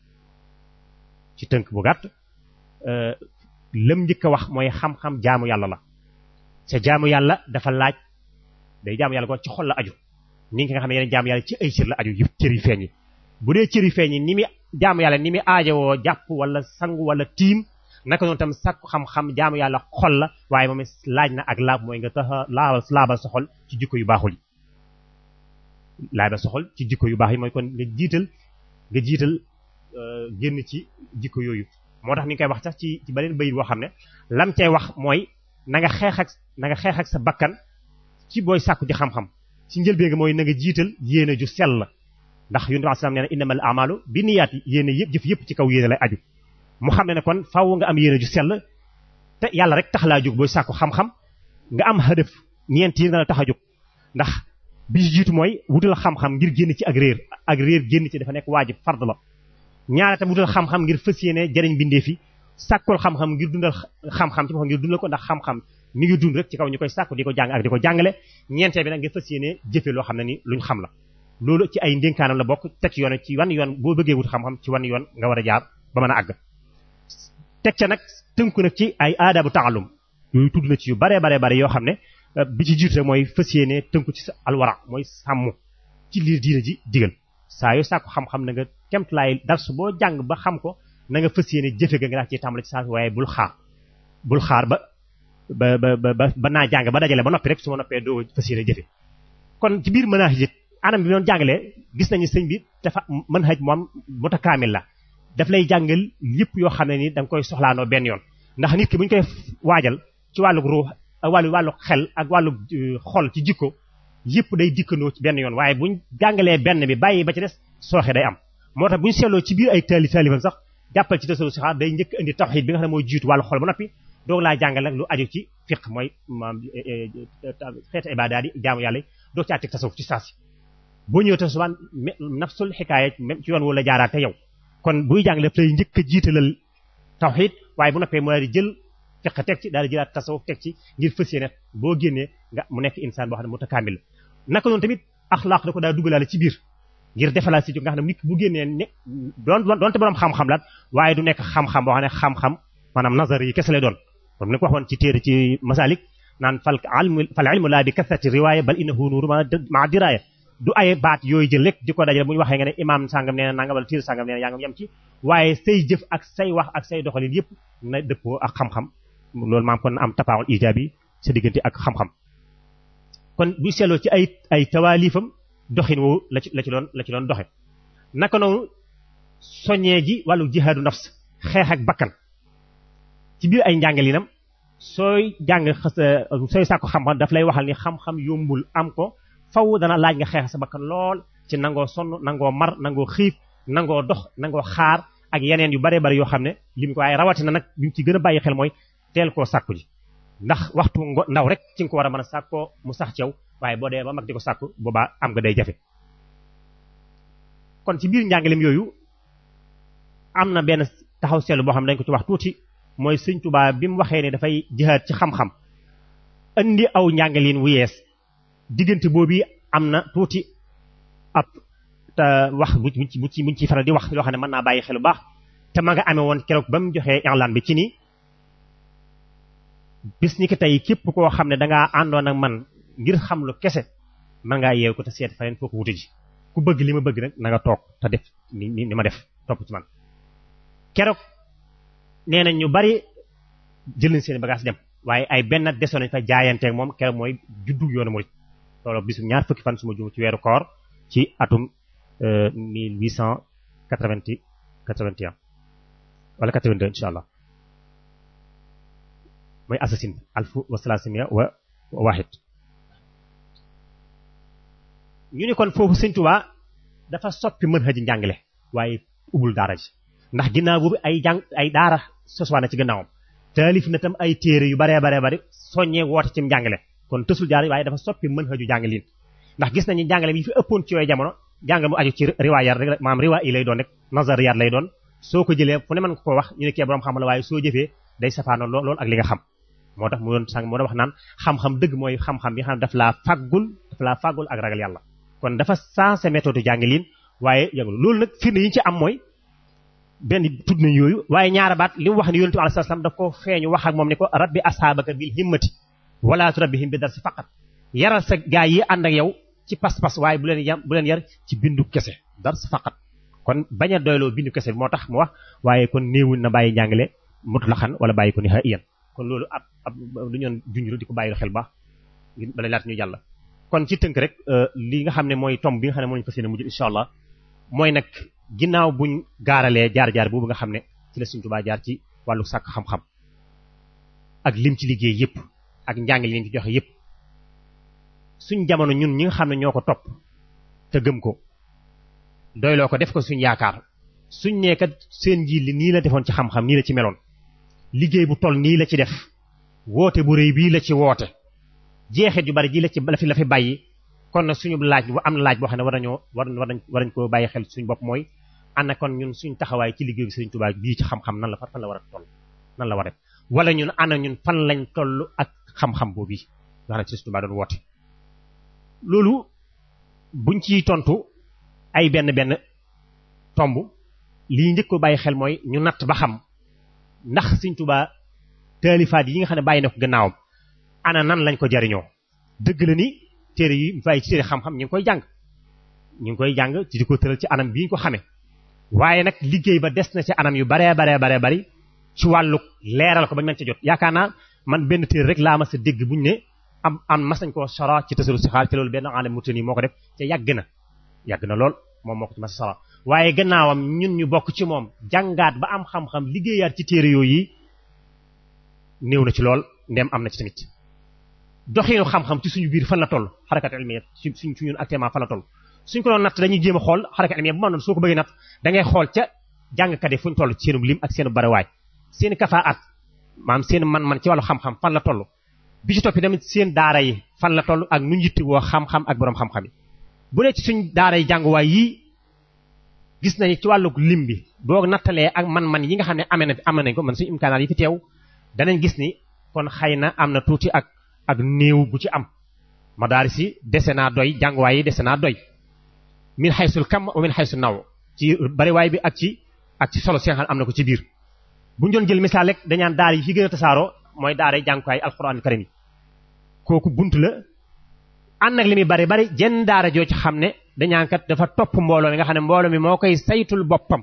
ci tënk bu gàtt euh, lëm njëkk a wax mooy xam-xam jaamu yàlla la sa jaamu yàlla dafa laaj day jaamu yàlla ko ci xol la aju ni nga xam ne yeneen jaamu yàlla ci ay cër la aju yu cër yu feeñ yi bu dee cër yu feeñ yi ni mi jaamu yàlla ni mi aajowoo jàpp walla sangu wala tiim naka noonu tam sàkku xam-xam jaamu yàlla xol la waaye moom laaj na ak laab mooy nga tax laabal laabal sa ci jikko yu baaxul yi laabal ci jikko yu baax yi mooy kon nga jiital nga jiital euh, génn ci jikko yooyu moo tax mi ngi koy wax sax ci ci beneen bayit boo xam ne lam cay wax mooy nanga nga na nga xeex sa bakkan ci booy sàkku ci xam-xam ci njëlbeen nga mooy na nga jiital yéene ju sell ndax yonent bi sallallahu alayhi wasallam nee na innamal a'malu binniyaati yéene yëpp jëf yëpp ci kaw yéene lay aju mu xam ne ne kon faaw nga am yéene ju sell te yàlla rek tax laa jóg booy sàkku xam-xam nga am hadaf ñeent yi nga la tax a jóg ndax bi jiitu mooy wutal xam-xam ngir génn ci ak réer ak génn ci dafa nekk waajib fard la ñaare tam wutal xam-xam ngir fas yéene jariñ bindee fi sàkkul xam-xam ngir dundal xam-xam ci boppam ngir dundal ko ndax xam-xam mi ngi dund rek ci kaw ñu koy sàkku di ko jàng ak di ko jàngale ñeenteel bi nag ngir fas yéene jëfe loo xam ne ni luñ xam la loolu ci ay ndénkaanam la bokk teg ci yoon ci wan yoon boo bëggee wut xam-xam yoon nga war a jaar ba a àgg teg ca nag tënku nag ci ay aadabu taalum yooyu tudd na ci yu baree baree bare yoo xam ne euh, bi ci jiite mooy fës yéene tënku ci alwara mooy sàmm ci lii diine ji digal saa yu xam na nga kemtalaay dars boo jàng ba xam ko na nga fas yéene jëfe ga nga daa ci tàmbali ci saa waaye bul xaar bul xaar ba ba ba ba ba naa jàng ba dajale ba noppi rek su ma noppee doo fas yéene jëfe kon ci biir manhaj anam bi doon jàngalee gis nañu sëñ bi dafa manhaj moom mutakaamil la daf lay jàngal yëpp yoo xam ne nii da koy soxlaanoo benn yoon ndax nit ki bu ñu koy waajal ci wàllug ruux ak wàllu wàllu xel ak wàllu euh, xol ci jikko yëpp day dikkandoo ci benn yoon waaye buñ jàngalee benn bi bàyyi ba ci des sooxe day am moo tax bu ñu seetloo ci biir ay taali taalifam sax jàppal ci tasawuf sixaar day njëkk indi tawxiid bi nga xam mooy jiitu wàllu xol ba noppi doog laa jàngal nag lu aju ci fiq mooy maam e, e, xeeti ibaadaat yi jaamu yàlla doog ci àttik tasawuf ci saasi boo ñëwee tasawuf nafsul xikaaya ci yoon wu la jaaraate yow kon buy jàngale daf lay njëkk a jiitalal tawxiid waaye bu noppee mu daal di jël fiq teg ci daal di jëlaat tasawuf teg ci ngir fas yéene boo génnee nga mu nekk insaan boo xam ne mutakaamil naka noonu tamit axlaaq da ko daal dugalaale ci biir ngir defalaat si ci nga xam bu génnee ne doon doonte borom xam-xam laat waaye du nekk xam-xam boo xam ne xam-xam maanaam nazar yi kese lay doon kon ni ko ci téere ci masalik naan fal ilmu fal ilmu laa bi kasrati riwaaya bal innahu nuuru ma diraya du ay baat yooyu jël rek di ko dajale bu ñu waxee nga ne imaam sàngam nee na nangam wala tiir sàngam nee na yaa ngam yem ci waaye say jëf ak say wax ak say doxalin yëpp na dëppoo ak xam-xam loolu maam kon na am tapaawul ijaab yi sa diggante ak xam-xam kon bu seetloo ci ay ay tawaalifam doxin woowu la ci la ci doon la ci doon doxe naka noonu soññee ji wàllu jihaadu nafs xeex ak bakkan ci biir ay njàngalinam sooy jàng sooy sàkko xam-xam daf lay wax ni xam-xam am ko faw dana laaj nga xeex sa bakkan lool ci nangoo sonn nangoo mar nangoo xiif nangoo dox nangoo xaar ak yeneen yu bare bare yoo xam ne lim ko waaye rawatina nag li mu ci gën a bàyyi xel mooy teel koo sàkku ji ndax waxtu ndaw rek ci nga ko war a mën a sàkkoo mu sax ci waaye boo dee ba mag di ko sàkku boobaa am nga day jafe kon ci biir njàngi njàngaleem yooyu am na benn taxaw seetlu boo xam ne dañ ko ci wax tuuti mooy Sëñ Tuubaa bi mu waxee ne dafay jihaad ci xam-xam aw njàngaleen wu yees diggante boobu yi am na tuuti ab wax bu ci bu ci bu ci faral di wax loo xam ne mën naa bàyyi xel bu baax te ma nga amee woon keroog ba mu joxee irlan bi ci nii bis ni ki tey képp koo xam ne dangaa àndoon a man ngir xam lu kese mën ngaa yeew ko te seet faneen foo ko wuti ji ku bëgg li ma bëgg nag na nga toog te def ni ni ma def topp ci man keroog nee ñu bari jël nañ seen bagage dem waaye ay benn desoon nañ fa moom keroog mooy juddu yoonu murid loolu bisu ñaar fukki fan suma juum ci weeru koor ci atum 1880 euh, 81 wala 82 ñu ni kon foofu Sëñ Tuubaa dafa soppi mën xëji njàngale waaye ubul daara ji ndax ginnaaw boobu ay jàng ay daara soswaana ci gannaawam taalif na tam ay téere yu bare baree bari soññee woote ci njàngale kon tësul jaar waaye dafa soppi mën xëju jàngalin ndax gis nañu jàngale yi fi ëppoon ci yooyu jamono jàngal mu aju ci riwaayaat rek maam riwaa yi lay doon rek nazariyaat lay doon soo ko jëlee fu ne mën nga ko wax ñu ne kee borom xam la waaye soo jëfee day safaano loolu ak li nga xam moo tax mu dafa sensé ko feeñu wax ak moom ne ko rabbi asaabaka bil himmati wala turabbihim bi darsi faqat yaral sa gaa yi ànd ak yow ci pas-pas waaye bu leen yam bu leen yar ci bindu kese darsi faqat kon bañ a doyloo bindu kese moo tax mu wax waaye kon néewul na bàyyi njàngale mutlaxan wala bàyyi ko ni xa iyan kon loolu ab ab lu ñoon junjuru di ko bàyyi xel baax bala laata ñu jàll kon ci tënk rek euh, li nga xam ne mooy tomb bi nga xam ne moo ñu fas yéene mujj incha allah mooy nag ginnaaw buñ gaaralee jaar-jaar boobu nga xam ne ci la Sëriñ Tuubaa jaar ci wàllu sàkk xam ak lim ci liggéey yépp ak njàng li ci joxe yépp suñ jamono ñun ñi nga xam ne ñoo ko topp te gëm ko doyloo ko def ko suñ yaakaar suñ nee kat seen njiit li nii la defoon ci xam-xam nii la ci meloon liggéey bu toll nii la ci def woote bu rëy bii la ci woote jeexit yu bari ji la ci la fi la fi bàyyi kon nag suñu laaj bu am na laaj boo xam ne war nañoo war nañ war nañ koo bàyyi xel suñ bopp mooy ana kon ñun suñ taxawaay ci liggéey bi Sëriñ Tuubaa bii ci xam-xam nan la fan la war a toll nan la xam-xam boobu yi nga xam ne Sëriñ Tuubaa doon woote loolu buñ ci tontu ay benn benn tomb lii njëkk ko bàyyi xel mooy ñu natt ba xam ndax Sëriñ Tuubaa taalifaat yi nga xam ne bàyyi na ko gannaawam ana nan lañ ko jariñoo dëgg la ni téere yi mu fay ci téere xam-xam ñu ngi koy jàng ñu ngi koy jàng ci di ko tëral ci anam bii ñu ko xame waaye nag liggéey ba des na ci anam yu baree baree baree bari ci wàllu leeral ko bañ mën ca jot yaakaar naa man benn téere rek laa ma sa dégg buñu ne am am mas koo sara ci tasaru sixaar te loolu benn alam murtani yi moo ko def te yàgg na yàgg na lool moom moo ko ci mas sara waaye gannaawam ñun ñu bokk ci moom jàngaat ba am xam-xam liggéeyaat ci téere yooyu néew na ci lool ndem am na ci tamit doxinu xam-xam ci suñu biir fan la toll xarakat ilmiya ci suñ ñun actuellement fan la toll suñ ko doon natt dañuy jéem xool xarakat ilmiya bu ma noon soo ko bëggee natt da xool ca jàngkat yi fuñ toll ci seenub lim ak seenu barawaay seen maam seen man-man ci wàllu xam-xam fan la toll bi ci toppi tamit seen daara yi fan la toll ak nu njitti woo xam-xam ak borom xam-xam yi bu dee ci suñ daara yi jànguwaay yii gis nañ ci wàllug lim bi boo nattalee ak man-man yi nga xam ne amee na amee nañ ko man suñu imkaanaat yi fi teew danañ gis ni kon xëy na am na tuuti ak ak néew bu ci am ma madaaris si dese naa doy jànguwaay yi dese naa doy min xaysul kam wa min xaysul naw ci bariwaay bi ak ci ak ci solo si xam ne am na ko ci biir bu ñu doon jël misaal rek dañaan daara yi fi gën a tasaaroo mooy daara yi jàngukaay alxuraan karim yi kooku bunt la ànd ak li muy bari bari jenn daara joo ci xam ne dañaan kat dafa topp mbooloo mi nga xam ne mbooloo mi moo koy saytul boppam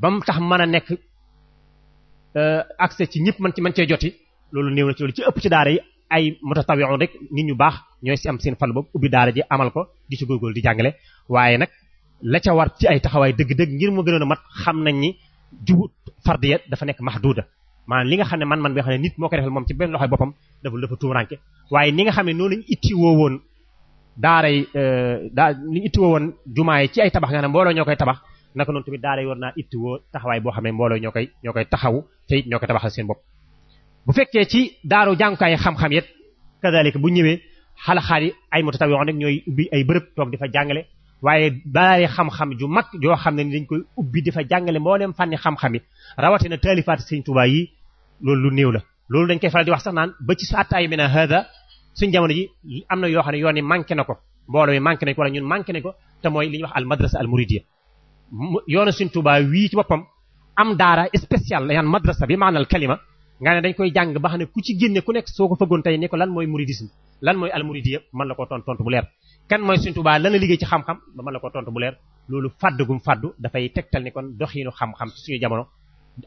ba mu tax man a nekk euh, accès ci ñëpp mën ci mën cee joti loolu néew na ci loolu ci ëpp ci daara yi ay mutatawiyoon rek nit ñu baax ñooy si am seen fan boobu ubbi daara ji amal ko di ci góorgóorlu di jàngale waaye nag la ca war ci ay taxawaay dëgg-dëgg ngir mu xam nañ ni jubu fardiya dafa nekk mahduda maanaam li nga xam ne man-man bi xam ne nit moo ko defal moom ci benn loxoy boppam dafa dafa tuumranke waaye ni nga xam ne noonu lañu itti woo woon daaray euh, daa li ñu woo woon jumaa yi ci ay tabax nga xam ne mbooloo ñoo koy tabax naka noonu tamit daaray war naa taxawaay boo xam ne mbooloo ñoo koy ñoo koy taxawu te it ñoo koy tabaxal seen bopp bu fekkee ci daaru jàngukaay xam-xam yet kadalika bu ñëwee xalaxaat yi ay moto mutatawiyoon rek ñooy ubbi ay bërëb toog di fa jàngale waaye daari xam-xam ju mag yoo xam ne ni dañ koy ubbi dafa jàngale mboolem fànni xam-xam yi rawatina taalifaat sëñ Tuubaa yi loolu lu néew la loolu dañ koy faral di wax sax naan ba ci saataayu mi a hada suñ jamono ji am na yoo xam ne yoon yi manqué na ko mbooloo mi manqué nañ ko wala ñun manqué nañ ko te mooy li ñuy wax al madrasa al muridiyya yoonu sëñ Tuubaa wii ci boppam am daara spécial la yaan madrasa bi maanaam kalima nga ne dañ koy jàng ba xam ne ku ci génne ku nekk soo ko fëggoon tey ne ko lan mooy muridisme lan mooy al muridiyya mën ko tontu tontu bu leer kan mooy Sëriñ Tuubaa lana liggéey ci xam-xam ba mën la ko tontu bu leer loolu fàdd gum fàddu dafay tegtal ni kon doxiinu xam-xam ci suñu jamono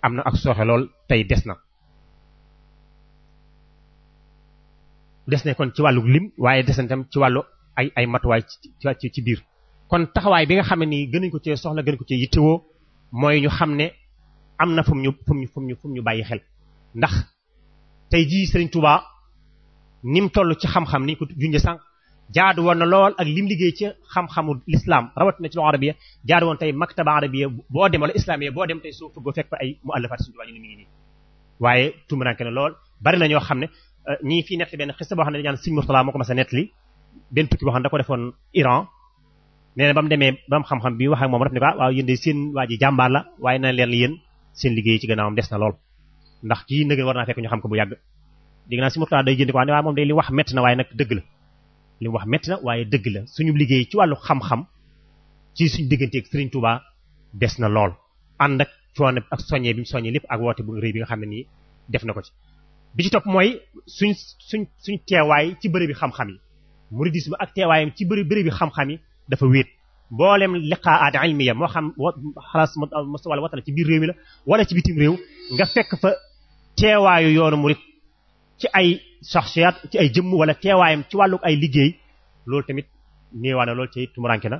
am na ak sooxe lool tey des na. des ne kon ci wàllu lim waaye des na ci wàllu ay ay matuwaay ci ci biir kon taxawaay bi nga xam ne nii ko cee soxla gën ko cee yittewoo ñu xam ne am na fu mu ñu fu mu ñu bàyyi xel ndax tey jii Sëriñ Tuubaa ni mu toll ci xam-xam ni ñu ko junjee sànq. jaadu woon na lool ak lim liggéey ci xam-xamu lislaam na ci lu arabiya jaadu woon tey maktaba arabiya boo dem wala islamiya boo dem tey soo fëggoo fekk fa ay muallafaat suñu tubaab ñu ne lool bari na ñoo xam ne euh, ñii fii nettali benn xista boo xam ne dañaan Sëriñ Murtala moo ko mas a nettali benn tukki boo ko defoon Iran nee na mu demee ba mu xam bi wax ak moom daf ne ko ah, waaw yéen de seen la waaye na leen yéen seen liggéey ci gannaawam des na lool ndax kii nëgën war naa fekk ñu xam ko bu yàgg dégg naa day wax ne li wax métti na waaye nag dëgg la li mu wax métti na waaye dëgg la suñu liggéey ci wàllu xam-xam ci suñ digganteeg Serigne Touba des na lool ànd ak coono ak soññee bi mu lépp ak woote bu rëy bi nga xam ne nii def na ko ci. bi ci mooy suñ suñ suñ teewaay ci bërëb bi xam-xam yi mouridisme ak teewaayam ci bëri bërëb xam-xam yi dafa wéet mboolem liqaat ilmiya moo xam xalaas mos wala watala ci biir réew mi la wala ci bitim réew nga fekk fa teewaayu yoonu murid ci ay. saxsiyaat ci ay jëmm wala teewaayam ci wàllu ay liggéey loolu tamit néewaa na loolu ci tumuranke na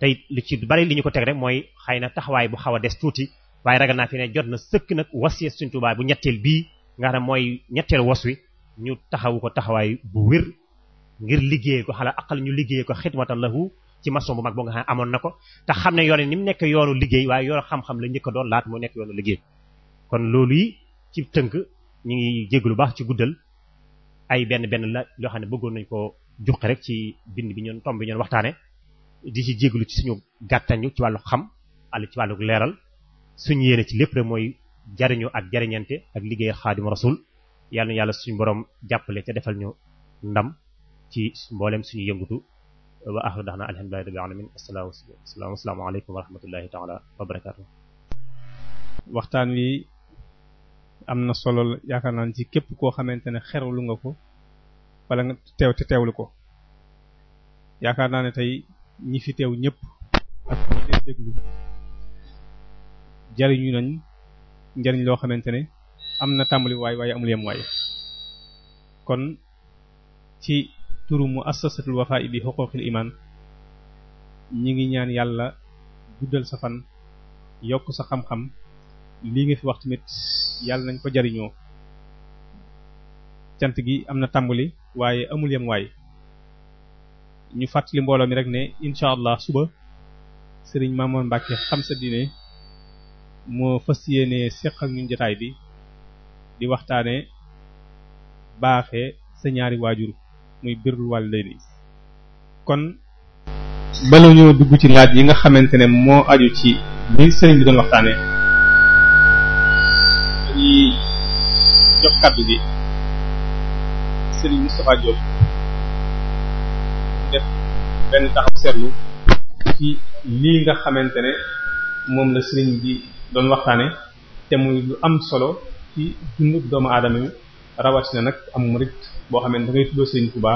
tey lu ci bari li ñu ko teg rek mooy xëy na taxawaay bu xaw a des tuuti waaye ragal naa fi jot na sëkk nag wasiya Sëriñ Tuubaa bu ñetteel bii nga xam ne mooy ñetteel was wi ñu taxawu ko taxawaay bu wér ngir liggéey ko xala aqal ñu liggéey ko xidmatan lahu ci maçon bu mag boo nga xam ne amoon na ko te xam ne yoone ni mu nekk yoonu liggéey waay yoonu xam-xam la njëkk doon laat mu nekk ñu ngi jéglu baax ci guddal ay benn benn la loo xam ne bëggoon nañu ko juqi rek ci bind bi ñoon tomb bi ñoon waxtaane di ci jéglu ci suñu gàttañu ci wàllu xam àll ci wàllu leeral suñu yéene ci lépp rek mooy jariñu ak jariñante ak liggéeyal xaadimu rasul yàlla na yàlla suñu borom jàppale ca defal ñu ndam ci mboolem suñu yëngutu wa na daxna alhamdulillahi rabbil alamin assalaamu assalaamu alaykum wa rahmatullahi taala wa barakaatu waxtaan wi am na solo yaakaar naa ci képp koo xamante ne xerlu nga ko wala nga teew te teewlu ko yaakaar naa ne tey ñi fi teew ñëpp ak ñi jariñu nañ njariñ loo xamante ne am na tàmbaliwaay waaye amul yem waay kon ci turu mu assasatul wafa'i bi huquqil iman ñi ngi ñaan yàlla guddal sa fan yokk sa xam-xam lii nga fi wax tamit yàlla nañ ko jariñoo cant gi am na tàmbali waaye amul yem waay ñu fàttali mbooloo mi rek ne incha allah suba sëriñ Mamour Mbacke xam sa diine moo fas yéenee seq ak ñun jotaay bi di waxtaane baaxe sa ñaari waajur muy birrul waalidayni kon bala ñoo dugg ci laaj yi nga xamante ne moo aju ci bi sëriñ bi doon waxtaane ci jox kàddu bi Serigne Moustapha Diop def benn taxaw seetlu ci lii nga xamante ne moom la Serigne bi doon waxtaane te muy lu am solo ci dundu doomu aadama mi rawatina nag am murid boo xamante da ngay tuddoo Serigne Touba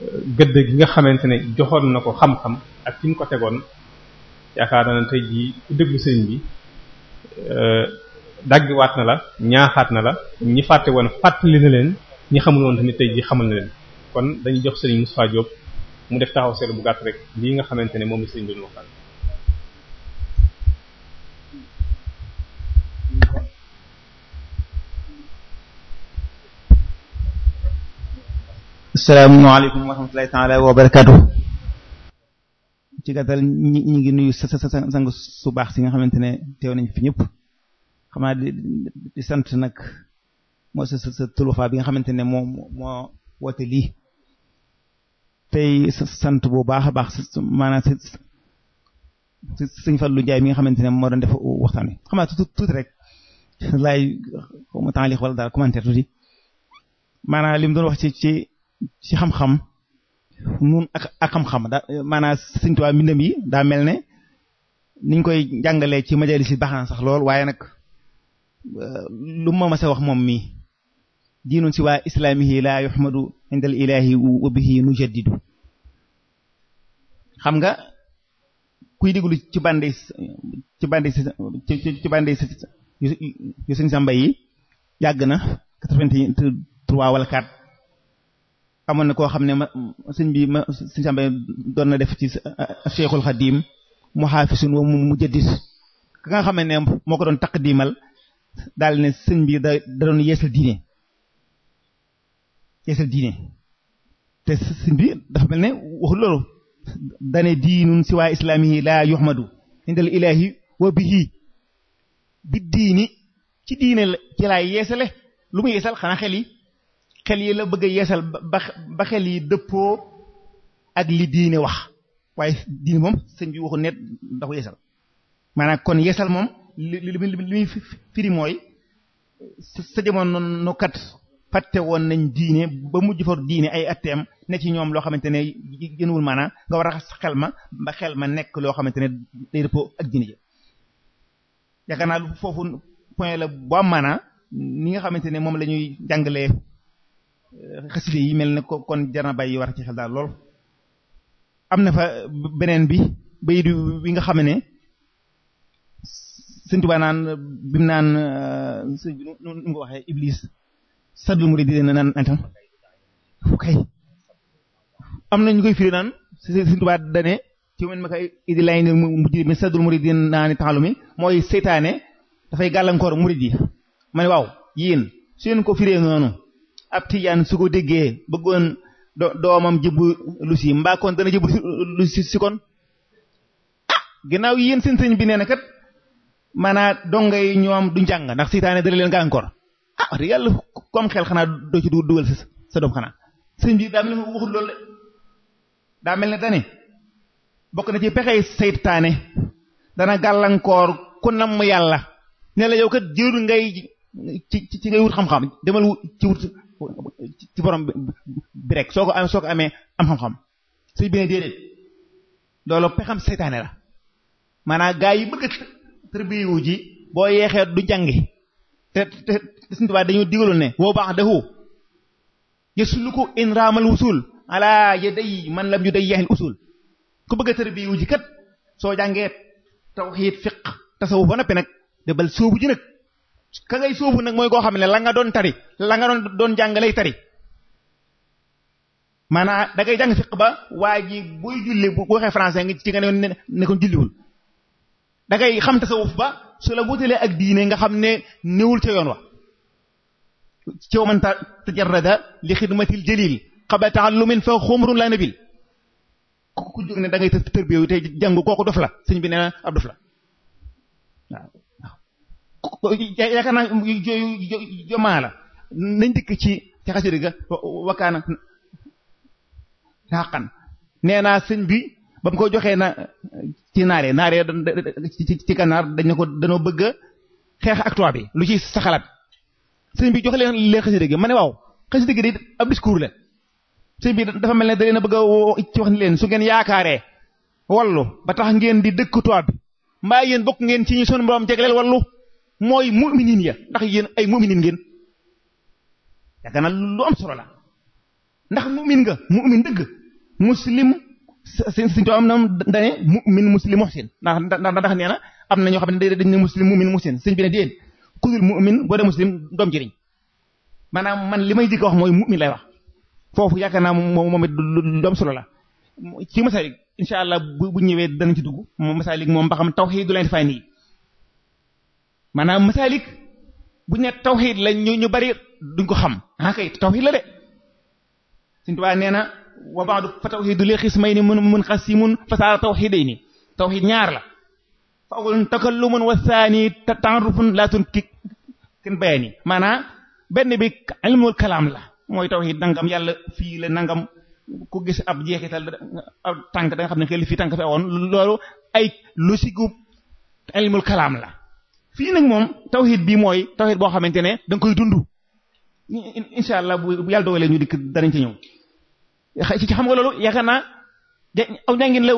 euh, gëdd gi nga xamante ne joxoon na ko xam-xam ak fi mu ko tegoon yaakaar naa ne tey jii ku déglu bi euh, daggiwaat na la ñaaxaat na la ñi fàtte woon fàttali na leen ñi xamul woon tamit tey ji xamal na leen kon dañuy jox Serigne Moustapha Diop mu def taxaw seetlu bu gàtt rek lii nga xamante ne moom la Serigne doon waxtaan asalaamaaleykum wa rahmatulahi taala wa barakatuh ci sa sa sang su baax si nga xamante ne teew nañ fi ñëpp xam naa di sant nag moo sa sa tulufa bi nga xamante ne moo moo woote lii tey sant bu baax a baax maanaam sëñ Fallou Ndiaye mi nga xamante ne moo doon def waxtaan wi xam naa tuuti rek laay xaw ma taalix wala daal commentaire tuuti maanaam li mu doon wax ci ci ci xam-xam nun ak ak xam-xam da maanaam sëñ yi daa mel ne niñ koy jàngalee ci majalis yi baax na sax lool waaye nag lu ma masa wax moom mii diinun si waa islaamihi laa yuhmadu indal ilaahi wa bihi xam nga kuy déglu ci bande ci bande ci bande yu sëñ Samba yi yàgg na quatre-vingt-trois wala amoon na koo xam ne ma sëñ bi ma sëñ Samba doon na def ci Cheikhul Xadim muhaafisun wa mujaddid ka nga xam ne moo ko doon taqdimal daal ne sëñ bi da da doon yeesal diine yeesal diine te sëñ dafa mel ne waxul loolu dane diinun si waa islaami laa yuhmadu indal ilaahi wa bihi bi diini ci diine ci laa yeesale lu mu yeesal xanaa xel yi xel yi la bëgg a yeesal ba xel yi dëppoo ak li diine wax waaye diine moom sëñ bi waxu net yeesal maanaam kon yeesal moom li li muy firi mooy sa jamono kat patte woon nañ diine ba mujj for diine ay atteem ne ci ñoom loo xamante ne yënwul maanaam nga war a xas xel ma ba xel ma nekk loo xamante ne day dëppoo ak diine ji yaakaar naa foofu point la bu am maanaam ni nga xamante ne moom la ñuy jàngalee euh, xaside yi mel ne ko kon jar na bàyyi war ci xel daal lool am na fa beneen bi bayit wi nga xam ne sëñ Tuba naan bi mu naan euh, sëñ bi nu mu ko waxee Iblis sadul murid di leen naan itam kay am na ñu koy firi naan sëñ Tuba dane ci man ma koy idi lay ni mujj mi sadul murid di naan taalu mi mooy seytaane dafay gàllankoor murid yi ma ne waaw yéen su leen ko firee noonu ab tijaan su ko déggee bëggoon doomam jëbbu lu si mbaa kon dana jëbbu lu si kon ah ginnaaw yéen seen sëñ bi nee na kat maanaa donga yi ñoom du njàng ndax seytaane dana leen gànkoor ah wax dëgg yàlla comme xel xanaa doo ci du dugal sa sa doom xanaa sëñ bi daa mel ne waxul loolu daa mel ne bokk na ci pexey seytaane dana gàllankoor ku namm yàlla ne la yow kat jëru ngay ci ci ngay wut xam-xam demal ci wut ci borom bi rek soo ko am soo amee am xam-xam sëñ bi ne déedéet loolu pexam seytaane la maanaa gaa yi bëgg tërbiwu ji boo yeexee du jàngi te te Sëriñ Tuubaa dañu digalu ne woo baax dahu yasluku in raamal wusul ala yaday man day yudayyihil usul ku bëgg a tërbiwu ji kat soo jàngee tawxiid fiq tasawuf ba noppi nag da bal sóobu ji nag ka ngay sóobu nag mooy koo xam ne la nga doon tari la nga doon doon jàng lay tari maanaam da ngay jàng fiq ba waa ji buy julli bu waxee français nga ci nga ne ne ko julliwul da ngay xam tasawuf ba su la wutalee ak diine nga xam ne néewul ca yoon wa cew man tajarrada li xidmatil jalil xaba taallumin fa xumrun la nabil ku jóg ne da ngay tërbiya yu tey jàng kooku dof la sëñ bi nee na dof la waaw yaakaar nañ dikk ci ca xasida ga wakaana xaqan nee naa bi ba mu ko joxee na ci naar yi ci gànnaar dañ ne ko danoo bëgg a xeex ak tubaab bi lu ci sa xalaat sëñ bi jox leen leen xasida gi ma ne waaw xasida gi de ab discours la sëñ bi dafa mel ne da leen a bëgg a ci wax ni leen su ngeen yaakaaree wallu ba tax ngeen di dëkk tubaab bi mbaa yéen bokk ngeen ci ñu sunu borom jegleel wallu mooy muminin ya ndax yéen ay muminin ngeen yaakaar naa lu am solo la ndax mumin nga mumin dëgg muslim seen suñu am na dane mu'min muslim muhsin ndax ndax ndax nee na am na ñoo xam ne dañ ne muslim mu'min muhsin sëñ bi ne déedéet ku dul mu'min boo dee muslim doom jëriñ maanaam man li may jëkk wax mooy mu mu'min lay wax foofu yaakaar naa moom moom it lu am solo la ci masaalik incha allah bu bu ñëwee danañ ci dugg moom masaalik moom ba xam tawxiid du leen fay nii maanaam masaalik bu ñu ne tawxiid ñu bari duñ ko xam ah kay tawxiid la de Sëñ Tuubaa nee wa ba'du fa tawxiidu li xismayni mun munqasimun fa saara tawxiidayni tawxiid ñaar la fa awwalun takallumun wa saani ta'arufun laa ki kenn bayaani maanaam benn bi ilmul kalaam la mooy tawxiid nangam yàlla fii la nangam ku gis ab jeexital ab tànk da xam ne que li fi tànk fi awoon loolu ay lu sigu ilmul kalaam la fii nag moom tawxiid bi mooy tawxiid boo xamante ne da nga koy dund. incha allah bu yàlla dogalee ñu dikk danañ ci ñëw. ci xam nga loolu yaakaar naa de aw njàngin la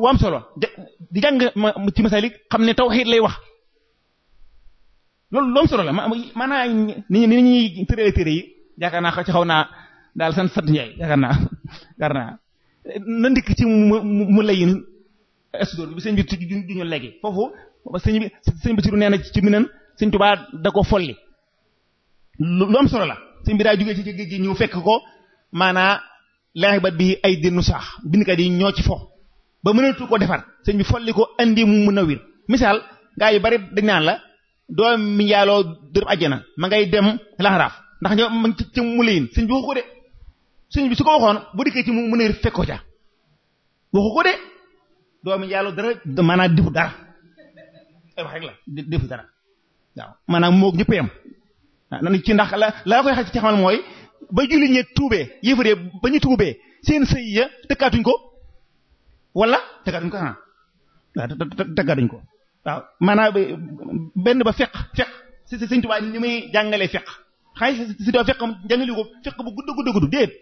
wu am solo di jàng ma ci masalik xam ne tawxiid lay wax loolu lu solo la maanaam ni ni ñuy tërale yi yaakaar naa ci xaw naa daal san sant na ndikk ci mu mu layin asudóor bi sëñ bi ju ñu léegi foofu sëñ bi da ko folli lu solo la sëñ bi daa gi ñu fekk ko maanaa laaxibat bi ay dinu saax bindkat yi ñoo ci fo ba mën mënatu ko defar sëñ bi folli ko andi mu mun a wir misaal gaa yu bari dañ naan la doom mi njaaloo dërëb àjjana ma ngay dem laxaraaf ndax ñoo ma ci ci mu bi su ko waxoon bu dikkee mën a ko ca waxu ko de doom mi njaaloo dara maanaam defu dara ay wax rek maanaam moo ñëpp yam na ci ndax la la koy xas ci xamal mooy ba jullit ñi tuubee yëfëree ba ñu tuubee seen sëy ya tëkkaatuñ ko wala tëkkaatuñ ko ah waaw tëkkaatuñ ko waaw maanaam benn ba feq feq si si Sëriñ Tuubaa ni jàngalee feq xay si si feq ko feq bu gudd gudd gudd déet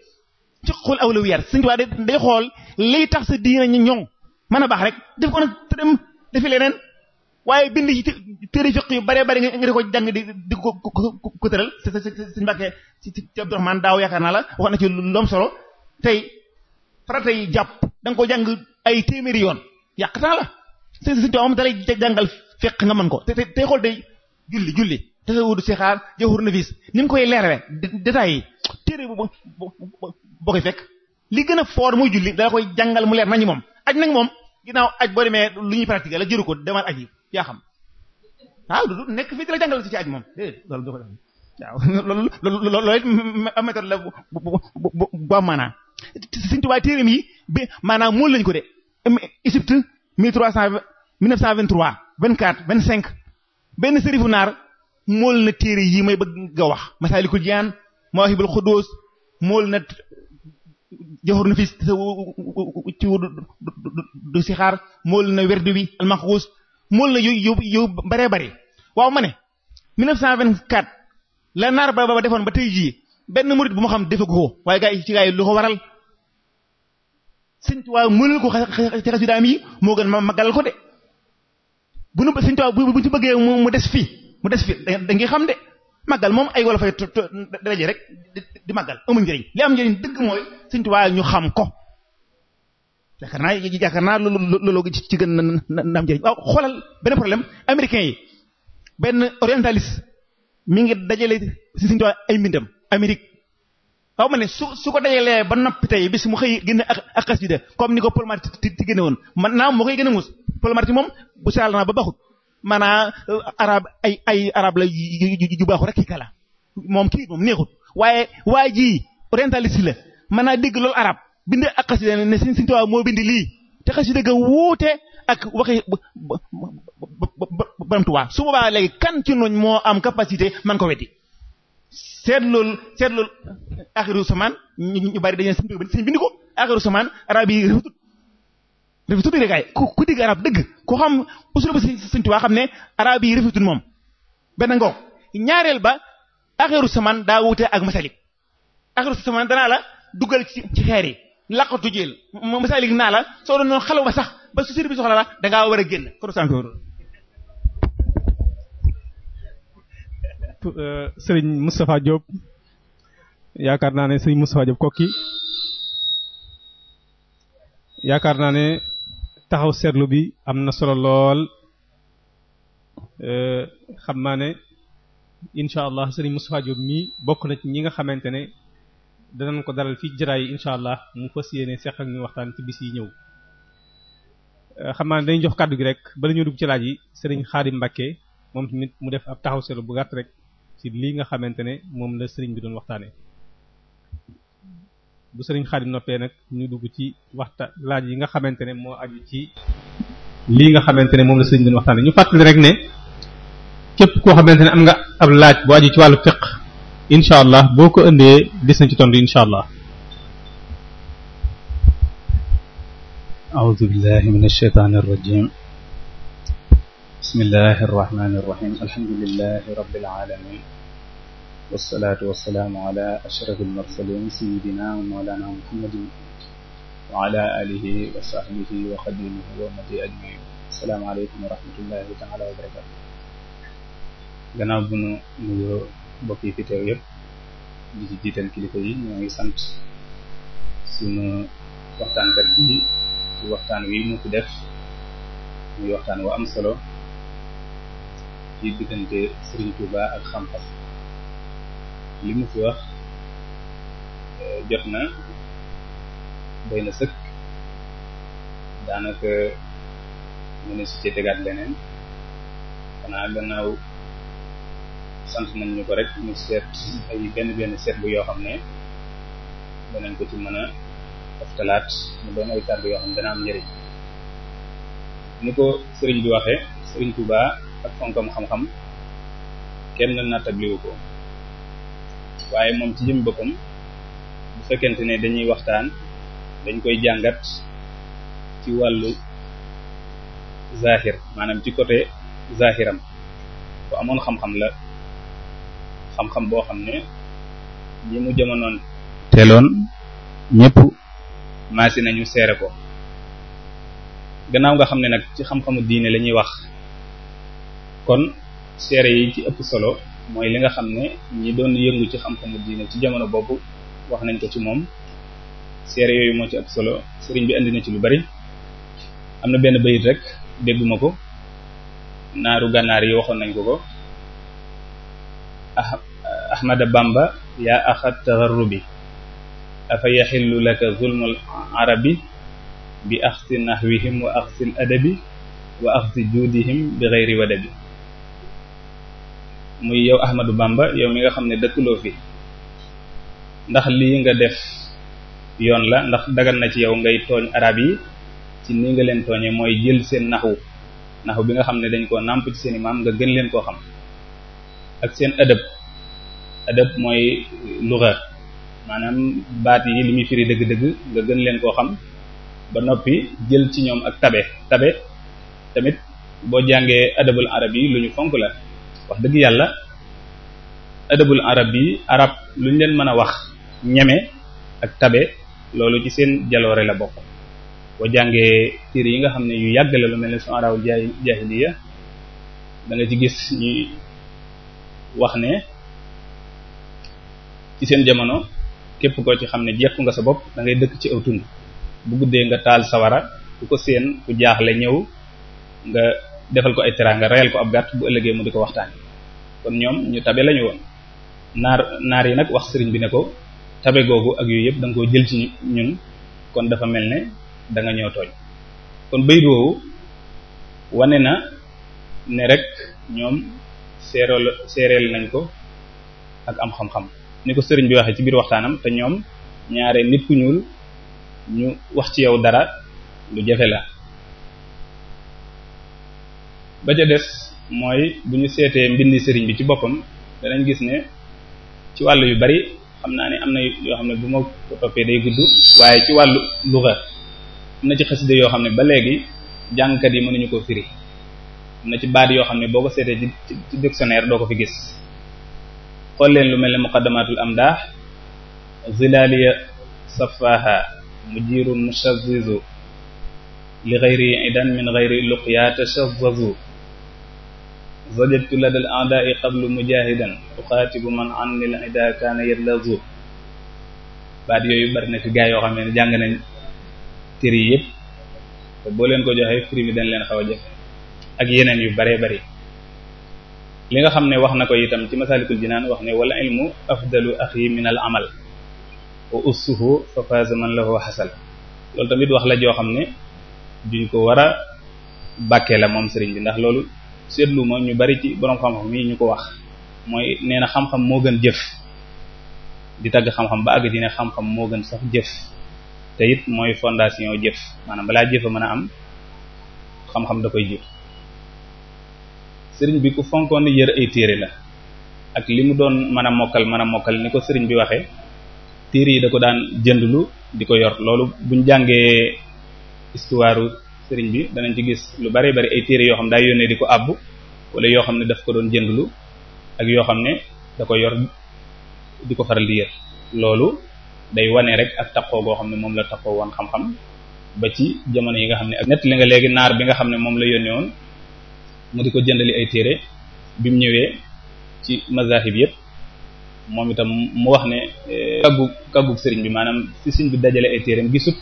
ci xul awlawiyaat Sëriñ Tuubaa day xool liy tax sa diina ñu ñoŋ mën a baax rek def ko te dem defi leneen waaye bind yi téere fiq yu bare bare nga nga di ko jàng di di ko ko tëral si si Mbàkke si si Abdourahmane daaw yaakaar naa la wax na ci solo tey farata yi jàpp danga ko jàng ay téeméeri yoon yàq naa la si si toom da lay jàngal fiq nga mën ko te tey xool day julli julli te sa wudu si xaar jawhur nafis ni mu koy leerale détails yi téere bu boo koy fekk li gën a foor muy julli dala koy jàngal mu leer nañu moom aj nag moom ginnaaw aj boo demee lu ñuy pratiquer la jëru ko demal aj yi yaa xam nekk fii di la jàngal ci ci moom loolu ko def waaw loolu loolu loolu it la bu bu bu bu am maanaam Sëriñ Tuubaa téereem yi bi maanaam mool lañ ko de Égypte mille trois cent mille neuf cent vingt-trois vingt cinq benn sërifu naar mool na téere yi may bëgg a wax Masaalikul Jinaan Mawaahibul Quddus mool na joxor na fi ci du sixaar mool na werdu bi mool na yu yu yu baree bari waaw ma ne 1924 la naar ba ba defoon ba tey jii benn murid bu mu xam defagu ko waaye gaa yi ci gaa yi lu ko waral Sëriñ Tuubaa mënul ko ci xasidaam yi moo gën ma magalal ko de bu nu Sëriñ Tuubaa bu bu ci bëggee mu des fii mu des fii da ngay xam de magal moom ay wala fay daje rek di magal amul njëriñ li am njëriñ dëgg mooy Sëriñ Tuubaa ñu xam ko yaakaar naa yaakaar naa loolu loolu ci gën na na am njëriñ waaw xoolal benn problème américain yi benn orientaliste mi dajale si ay mbindam Amérique. waaw ma ne su su ko dajalee ba noppi tey bis mu xëy génne ak ak xasida comme ni ko Paul Marty ti génne woon man naa moo koy gën a muus Paul Marty moom bu saal naa ba baxut maanaa euh, arab ay ay arab la ju baaxu rek kii kala moom kii moom neexut waaye waa ji la mën naa dégg arab bind ak xasida ne Sëriñ moo bindi lii te xasida ga wuute ak waxi Borom Tuubaa su boobaa léegi kan ci nooñ moo am capacité man ko weddi seet loolu seet loolu axiru samaan ñu bari dañu sëñ bind ko axiru samaan arab yi rafetut rafetut rek ay ku ku digg arab dëgg ku xam usul ba Sëriñ Tuubaa xam ne arab yi rafetut moom benn ngoog ñaareel ba axiru samaan daa wuute ak masalik axiru samaan danaa la dugal ci ci yi laqatu jël masaalik naa la soo doon noonu xalaw sax ba su sir bi soxla la dangaa war a génn kon sànq sëriñ euh, yaakaar naa ne sëriñ Moustapha Diop kokki yaakaar naa ne taxaw seetlu bi am na solo lool euh, xam naa ne incha allah sëriñ Moustapha Diop mii bokk na ci ñi nga xamante ne danañ ko daral fii jaraay yi incha allah mu fas yéene seq ak ñu waxtaan ci bis yi ñëw euh, xam naa ne jox kàddu gi rek bala ñu dugg ci laaj yi sëriñ Xaadim Mbàkke moom tamit mu def taxaw selo bu gàtt rek ci lii nga xamante ne moom la sëriñ bi doon waxtaane bu sëriñ Xaadim noppee nag ñu dugg ci waxta laaj yi nga xamante ne moo aju ci lii nga xamante ne moom la sëriñ bi doon waxtaanee ñu fàttali rek ne képp koo xamante ne am nga ab laaj bu aju ci wàllu fiqh incha allah boo ko indee des na ci tontu incha allah. أعوذ بالله من الشيطان الرجيم بسم الله الرحمن الرحيم الحمد لله رب العالمين والصلاة والسلام على أشرف المرسلين سيدنا ومولانا محمد وعلى آله وصحبه وخديمه ومتي أجمعين السلام عليكم ورحمة الله تعالى وبركاته gannaaw bu nu nuyoo mbokk yi fi teew yëpp di ci jiital kilifa yi ñoo ngi sant sunu waxtaankat bi ci waxtaan wi mu fi def muy waxtaan wu am solo ci diggante Serigne Touba ak xam-xam li mu fi wax eh, jot na doy na sëkk daanaka mu ne su ci tegaat xanaa gannaaw sant nañ ñu ko rek ñu seet ay benn benn seetlu yoo xam ne danañ ko ci mën a toftalaat mu doon ay kàddu yoo xam dana am njëriñ ni ko sëriñ bi waxe sëriñ baa ak fonkam xam-xam kenn nattabliwu ko waaye moom ci jëm boppam bu fekkente ne dañuy waxtaan dañ koy jàngat ci wàllu zahir maanaam ci côté zahiram bu amoon xam-xam la xam-xam boo xam ne ñi mu jamonoon teeloon ñëpp maasi nañu seere ko gannaaw nga xam ne nag ci xam-xamu diine la ñuy wax kon seere yi ci ëpp solo mooy li nga xam ne ñi doon yëngu ci xam-xamu diine ci jamono boobu wax nañ ko ci moom seere yooyu moo ci ëpp solo sëriñ bi indi na ci lu bari am na benn bayit rek dégguma ko naaru gànnaar yi waxoon nañ ko ko ahmada bàmba yaa axa taxarrubi afa yaxillu laka zulmul arabi bi axsi nahwihim wa axsi adabi wa axsi juudihim bi xeyri wadabi muy yow ahmadu bàmba yow mi nga xam ne dëkkuloo fi ndax li nga def yoon la ndax dagan na ci yow ngay tooñ arab yi ci ni nga leen tooñee mooy jël seen naxu naxu bi nga xam ne dañ ko nàmp ci seeni maam nga gën leen koo xam ak seen adab adab mooy luga maanaam baat yi li muy firi dëgg-dëgg nga gën leen koo xam ba noppi jël ci ñoom ak tabe tabe tamit boo jàngee adabul arab yi lu ñu fonk la wax dëgg yàlla adabul arab yi arab lu ñu leen mën a wax ñeme ak tabe loolu ci seen jaloore la bokk boo jàngee tiir yi nga xam ne yu yàgg la lu mel ne suaraawul jaahiliya da nga ci gis ñuy wax ne ci seen jamono képp koo ci xam ne jekku nga sa bopp dangay ngay dëkk ci aw tund bu guddee nga taal sawara ku ko seen ku jaaxle ñëw nga defal ko ay teraanga reyal ko ab gàtt bu ëllëgee mu di ko waxtaan kon ñoom ñu tabe lañu woon naar naar yi nag wax sëriñ bi ne ko tabe googu ak yooyu yëpp danga nga koo jël ci ñun kon dafa mel ne da nga ñoo tooñ kon bayit woowu wane na ne rek ñoom seereel seereel nañ ko ak am xam-xam ni ko sëriñ bi waxee ci biir waxtaanam te ñoom ñaare nit ku ñuul ñu wax ci yow dara lu jafe la ba ca des mooy bu ñu seetee mbindi sëriñ bi ci boppam danañ gis ne ci wàllu yu bari xam naa ne am na yoo xam ne bu ma ko toppee day gudd waaye ci wàllu luga am na ci xasida yoo xam ne ba léegi jàngkat yi mënuñu koo firi am na ci baat yoo xam ne boo ko seetee ci ci dictionnaire doo ko fi gis xool leen lu mel ne muqaddamatul amdaax zilaaliya safaha mujiru mushazizu li geyri idan min geyri luqyaata shazazu zajabtu lada al qablu mujahidan uqaatibu man anni al ida kaana yadlazu baat yooyu bari na fi gaa yoo xam ne jàng nañ tiri yëpp boo leen ko joxe firi mi dañ leen xaw a jafe ak yeneen yu baree bari li nga xam ne wax na ko itam ci masalikul jinaan wax ne wal ilmu afdalu axi min al amal wa ussuhu fa faza man lahu xasal loolu tamit wax la joo xam ne duñ ko war a bàkkee la moom sëriñ bi ndax loolu seetlu ma ñu bari ci borom xam-xam yi ñu ko wax mooy nee na xam-xam moo gën jëf di tagg xam-xam ba àgg ci ne xam-xam moo gën sax jëf te it mooy fondation jëf maanaam balaa jëf mën a am xam-xam da koy jiitu sëriñ bi ku fonkoon yér ay téere la ak li mu doon mën a mokkal mën a mokkal ni ko sëriñ bi waxe téere yi da ko daan jëndlu di ko yor loolu buñ jàngee histoire sëriñ bi danañ ci gis lu bari bari ay téere yoo xam daay yónnee di ko àbb wala yoo xam ne daf ko doon jëndlu ak yoo xam ne da ko yor di ko faral di yër loolu day wane rek ak taqoo goo xam ne moom la taqoo woon xam-xam ba ci jamono yi nga xam ne ak nett li nga léegi naar bi nga xam ne moom la yónnee woon mu di ko jëndali ay téere bi mu ñëwee ci mazahib yëpp moom itam mu wax ne eh, kàggu kàggu sëriñ bi maanaam si sëriñ bi dajale ay bi gisut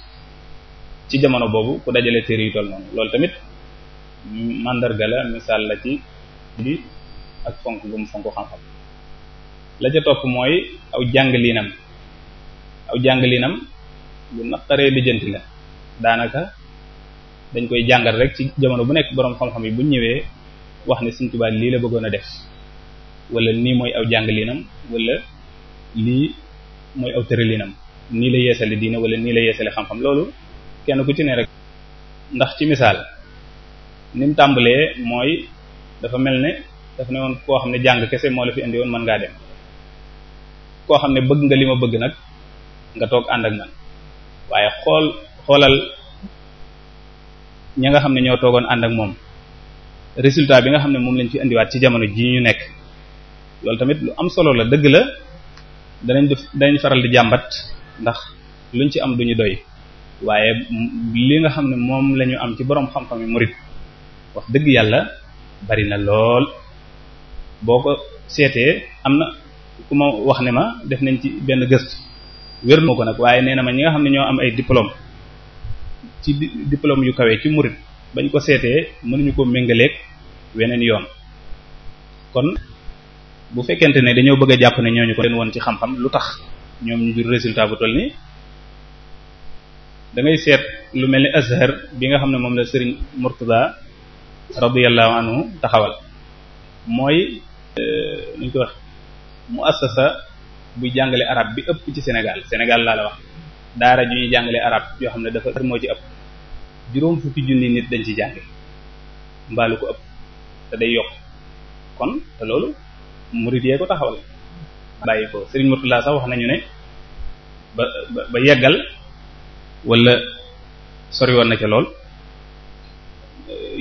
ci jamono boobu ku dajale téere yu toll noonu loolu tamit mandarga la misaal la ci bi ak fonk gu mu fonk xam-xam la ca topp mooy aw jàngaliinam aw jàngaliinam lu naqaree lijjanti la daanaka dañ koy jàngal rek ci jamono bu nekk boroom xam-xam yi bu ñëwee wax ne Sëriñ Tuubaa lii la bëggoon a def walla nii mooy aw jàngaliinam wala lii mooy aw tëraliinam nii la yeesale diina wala nii la yeesale xam-xam loolu kenn ku ci ne rek ndax ci misaal ni mu tàmbalee mooy dafa mel ne dafa ne woon koo xam ne jàng kese moo la fi indi woon mën ngaa dem koo xam ne bëgg nga li ma bëgg nag nga toog ànd ak man waaye xool xoolal ña nga xam ne ñoo toogoon ànd ak moom résultat bi nga xam ne moom lañ fi indiwaat ci jamono jii ñu nekk loolu tamit lu am solo la dëgg la danañ def danañ faral di jàmbat ndax luñ ci am duñu doy waaye li nga xam ne moom lañu am ci borom xam-xam yi murid wax dëgg yàlla bari na lool boo ko seetee am na ku ma wax ne ma def nañ ci benn gëstu wér moo ko nag waaye nee na ma ñi nga xam ne ñoo am ay diplôme ci diplôme yu kawee ci murid bañ ko seetee mënuñu ko méngaleeg weneen yoon kon bu fekkente ne dañoo bëgg a jàpp ne ñoo ñu ko leen woon ci xam-xam lu tax ñoom ñu jur résultat bu toll nii da seet lu mel ni bi nga xam ne moom la Serigne Murtada radiyallahu anhu taxawal mooy euh, nuñ ko wax muassasa buy jàngale arab bi ëpp ci Sénégal Sénégal laa la wax daara ju ñuy jàngale arab yoo xam ne dafa moo ci ëpp juróom fukki junni nit dañ ci jànge mbaalu ko ëpp te day yokk kon te loolu murid yee ko taxawal bàyyi ko Serigne Mourtala sax wax nañu ne ba ba yeggal wala sori woon na ca lool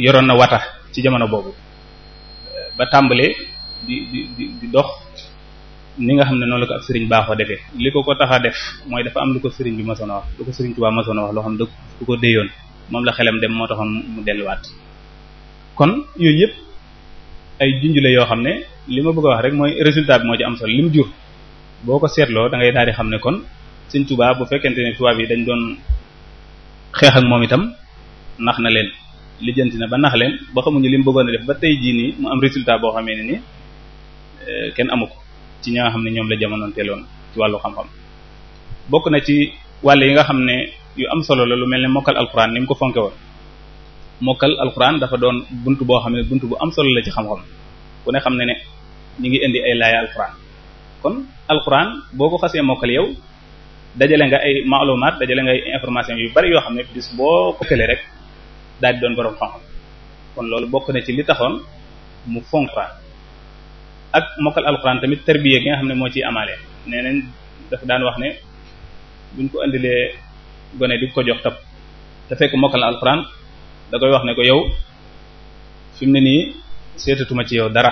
yoroon na wata ci jamono boobu ba tàmbalee di di di di dox ni nga xam ne noonu la ko ab sëriñ baaxoo defee li ko ko tax def mooy dafa am lu ko sëriñ bi masoon a wax lu ko sëriñ Tuubaa a wax loo xam ne da ko déyoon moom la xelam dem moo taxoon mu delluwaat kon yooyu yëpp ay junj yoo xam ne li ma bëgg wax rek mooy résultat bi moo ci am solo li mu jur boo ko seetloo da ngay daal di xam ne kon Sëriñ tubaab bu fekkente ne tubaab yi dañ doon xeex ak moom itam nax na leen lijjanti na ba nax leen ba xamuñu li mu bëggoon a def ba tey jii nii mu am résultat boo xamee ne ni euh, kenn amu ko ci ñi xam ne ñoom la jamonoon teeloon ci wàllu xam-xam bokk na ci wàll yi nga xam ne yu am solo la lu mel ne mokkal alquran ni mu ko fonke woon mokkal alquran dafa doon bunt boo xam ne bunt bu am solo la ci xam-xam ku ne xam ne ne ñu ngi indi ay laaya alquran kon alquran boo ko xasee mokkal yow dajale nga ay maalumaat dajale nga ay information yu bari yoo xam ne bis boo ko këlee rek daal doon borom xam-xam kon loolu bokk na ci li taxoon mu fonk alquran ak mokkal alquran tamit tarbiya gi nga xam ne moo ciy amaale nee nañ dafa daan wax ne buñ ko indilee gone di ko jox tab te fekk mokkal alxuraan da koy wax ne ko yow fi ne nii seetatuma ci yow dara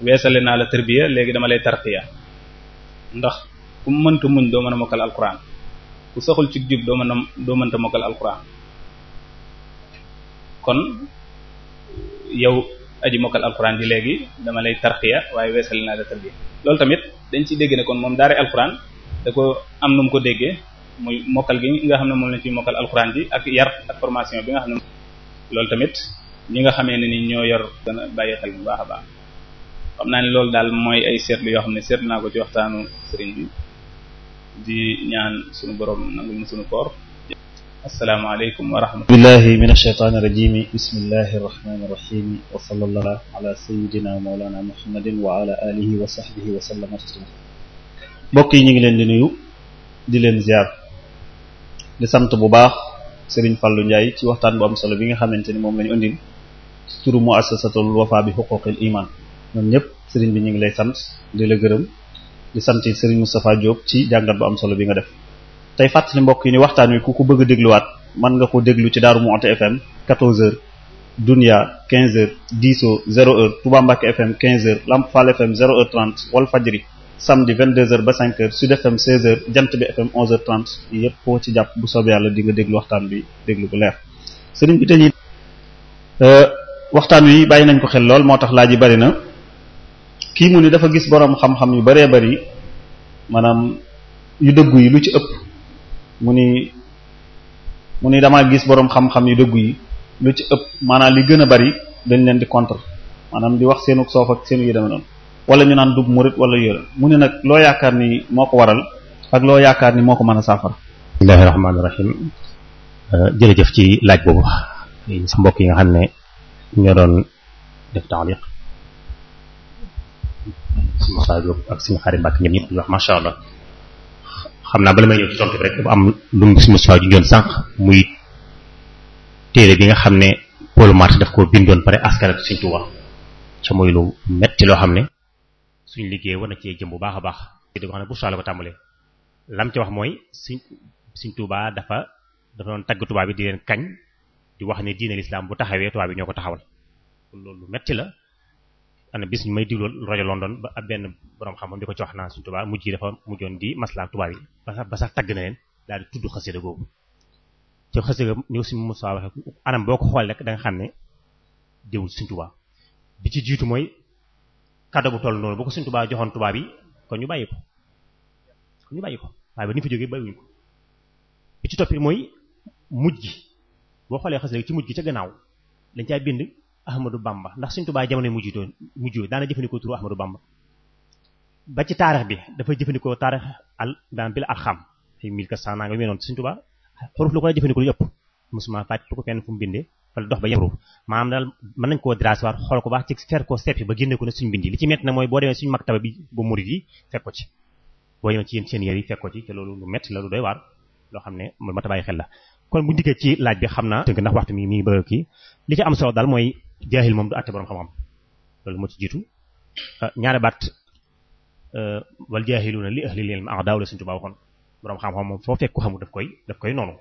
weesale naa la tarbiya léegi dama lay tarqiya ndax ku mënta muñ doo mën a mokkal alxuraan ku ci jub doo mën a doo mënta mokkal alxuraan kon yow aji mokkal alxuraan ji léegi dama lay tarqiya waaye weesale naa la tarbiya loolu tamit dañ ciy dégg ne kon moom daara alxuraan da ko am nu mu ko déggee muy mokkal gi nga xam ne moom lañ ci mokkal alxuraan ji ak yar ak formation bi nga xam loolu tamit ñi nga xamee ni ñoo yor gën bàyyi xel bu baax a baax naa ne loolu daal mooy ay seetlu yoo xam ne seetlu naa ko ci waxtaanu di ñaan sunu borom nangul mu sunu koor asalaamaaleykum wa rahmatullahi min ashaytaani rajim bismillahi rahmaani rahim wa sallallahu ala sayidina wa mawlana muhammadin mbokk yi ñu ngi leen di nuyu di leen ziar di sant bu baax Serigne Fallou Ndiaye ci waxtaan bu am solo bi nga xamante ni moom lañu indil ci turu muassasatul wafa bi xuquqil iman ñoom ñëpp Serigne bi ñu ngi lay sant di la gërëm di sant Serigne Moustapha Diop ci jàngat bu am solo bi nga def tey fàttali mbokk yi ni waxtaan wi ku ko bëgg dégluwaat mën nga ko déglu ci Darou Moukhty FM 14h Dunia 15h Diso 0h Touba Mbacke FM 15h Lamp Fall FM 0 h samedi 22h ba 5h Sud FM 16h jant bi FM 11h30 yëpp koo ci jàpp bu soobee yàlla di nga déglu waxtaan bi déglu bu leer. sëriñ bi tey euh, waxtaan wi bàyyi nañ ko xel lool moo tax laaj yi bari na kii mu ni dafa gis boroom xam-xam yu baree bari maanaam yu dëggu yi lu ci ëpp mu ni mu ni damaa gis borom xam-xam yu dëggu yi lu ci ëpp maanaam li gën a bari dañ leen di contre maanaam di wax seenu soof ak seenu yu demee noonu. wala ñu naan dub murit wala yooyu mu ne nag loo yaakaar ni moo ko waral ak loo yaakaar ni moo ko mën a saafara. bismillahi rahmaani rahim euh, jërëjëf ci laaj boobu mbokk yi nga xam ne ñoo doon def taaliq ak suñu xarit Mbàkke ñoom xam naa bala may ñëw ci tontu rek sànq muy téere bi nga xam ne Paul Marty daf ko bindoon pare askan ak Sëriñ Tuubaa ca muy lu metti loo xam ne suñu liggéey war na cee jëm bu baax a baax di wax ne bu soxla ko tàmbalee lam ci wax mooy suñ suñ Tuubaa dafa dafa doon tagg tubaab bi di leen kañ di wax ne diine lislaam bu taxawee tubaab bi ñoo ko taxawal loolu metti la ana bis ñu may diglool rajo London ba ab benn borom xam-xam di ko ci wax naa naan suñu Tuubaa mujj yi dafa mujjoon di maslaak tubaab yi ba sax ba sax tagg na leen daal di tudd xasida googu ci xasida ni suñu Musaa waxe anam boo ko xool rek da xam ne déwul suñu Tuubaa kado bu toll noonu bu ko suñ tubaab joxoon tubaab yi kon ñu bàyyi ko kon ñu bàyyi ko waaye ba ni fa jógee bàyyiwuñ ko bi ci toppit mooy mujj gi boo xoolee xas léegi ci ca gannaaw dañ caa bind Ahmadou Bamba ndax suñ tubaab jamono mujj doon mujj daana jëfandikoo turu Ahmadou Bamba ba ci taarix bi dafay jëfandikoo taarix al daan bil arxam ay mille quatre cent naa nga mel noonu suñ tubaab xuruf lu ko la jëfandikoo lu ëpp mosuma fàcc ko kenn fu bindee wala dox ba yemru maanaam daal mën nañ koo drasé xool ko baax ci fer ko seppi ba génne ko ne suñ bind yi li ci métti nag mooy boo demee suñu maktaba bi ba murid yi fekk ko ci boo demee ci yéen seen yër yi fekk ko ci loolu lu métti la lu waar loo xam ne mat a bàyyi xel la kon bu dikkee ci laaj bi xam naa tënk ndax waxtu mi mi ba kii li ci am solo daal mooy jaahil moom du àtte borom xam-xam loolu moo ci jiitu ah, ñaari baat ah, wal jaahiluuna li ahlil ilm a'daa la suñ tubaa waxoon borom xam-xam moom foo fekk ko xamul daf koy daf koy noonu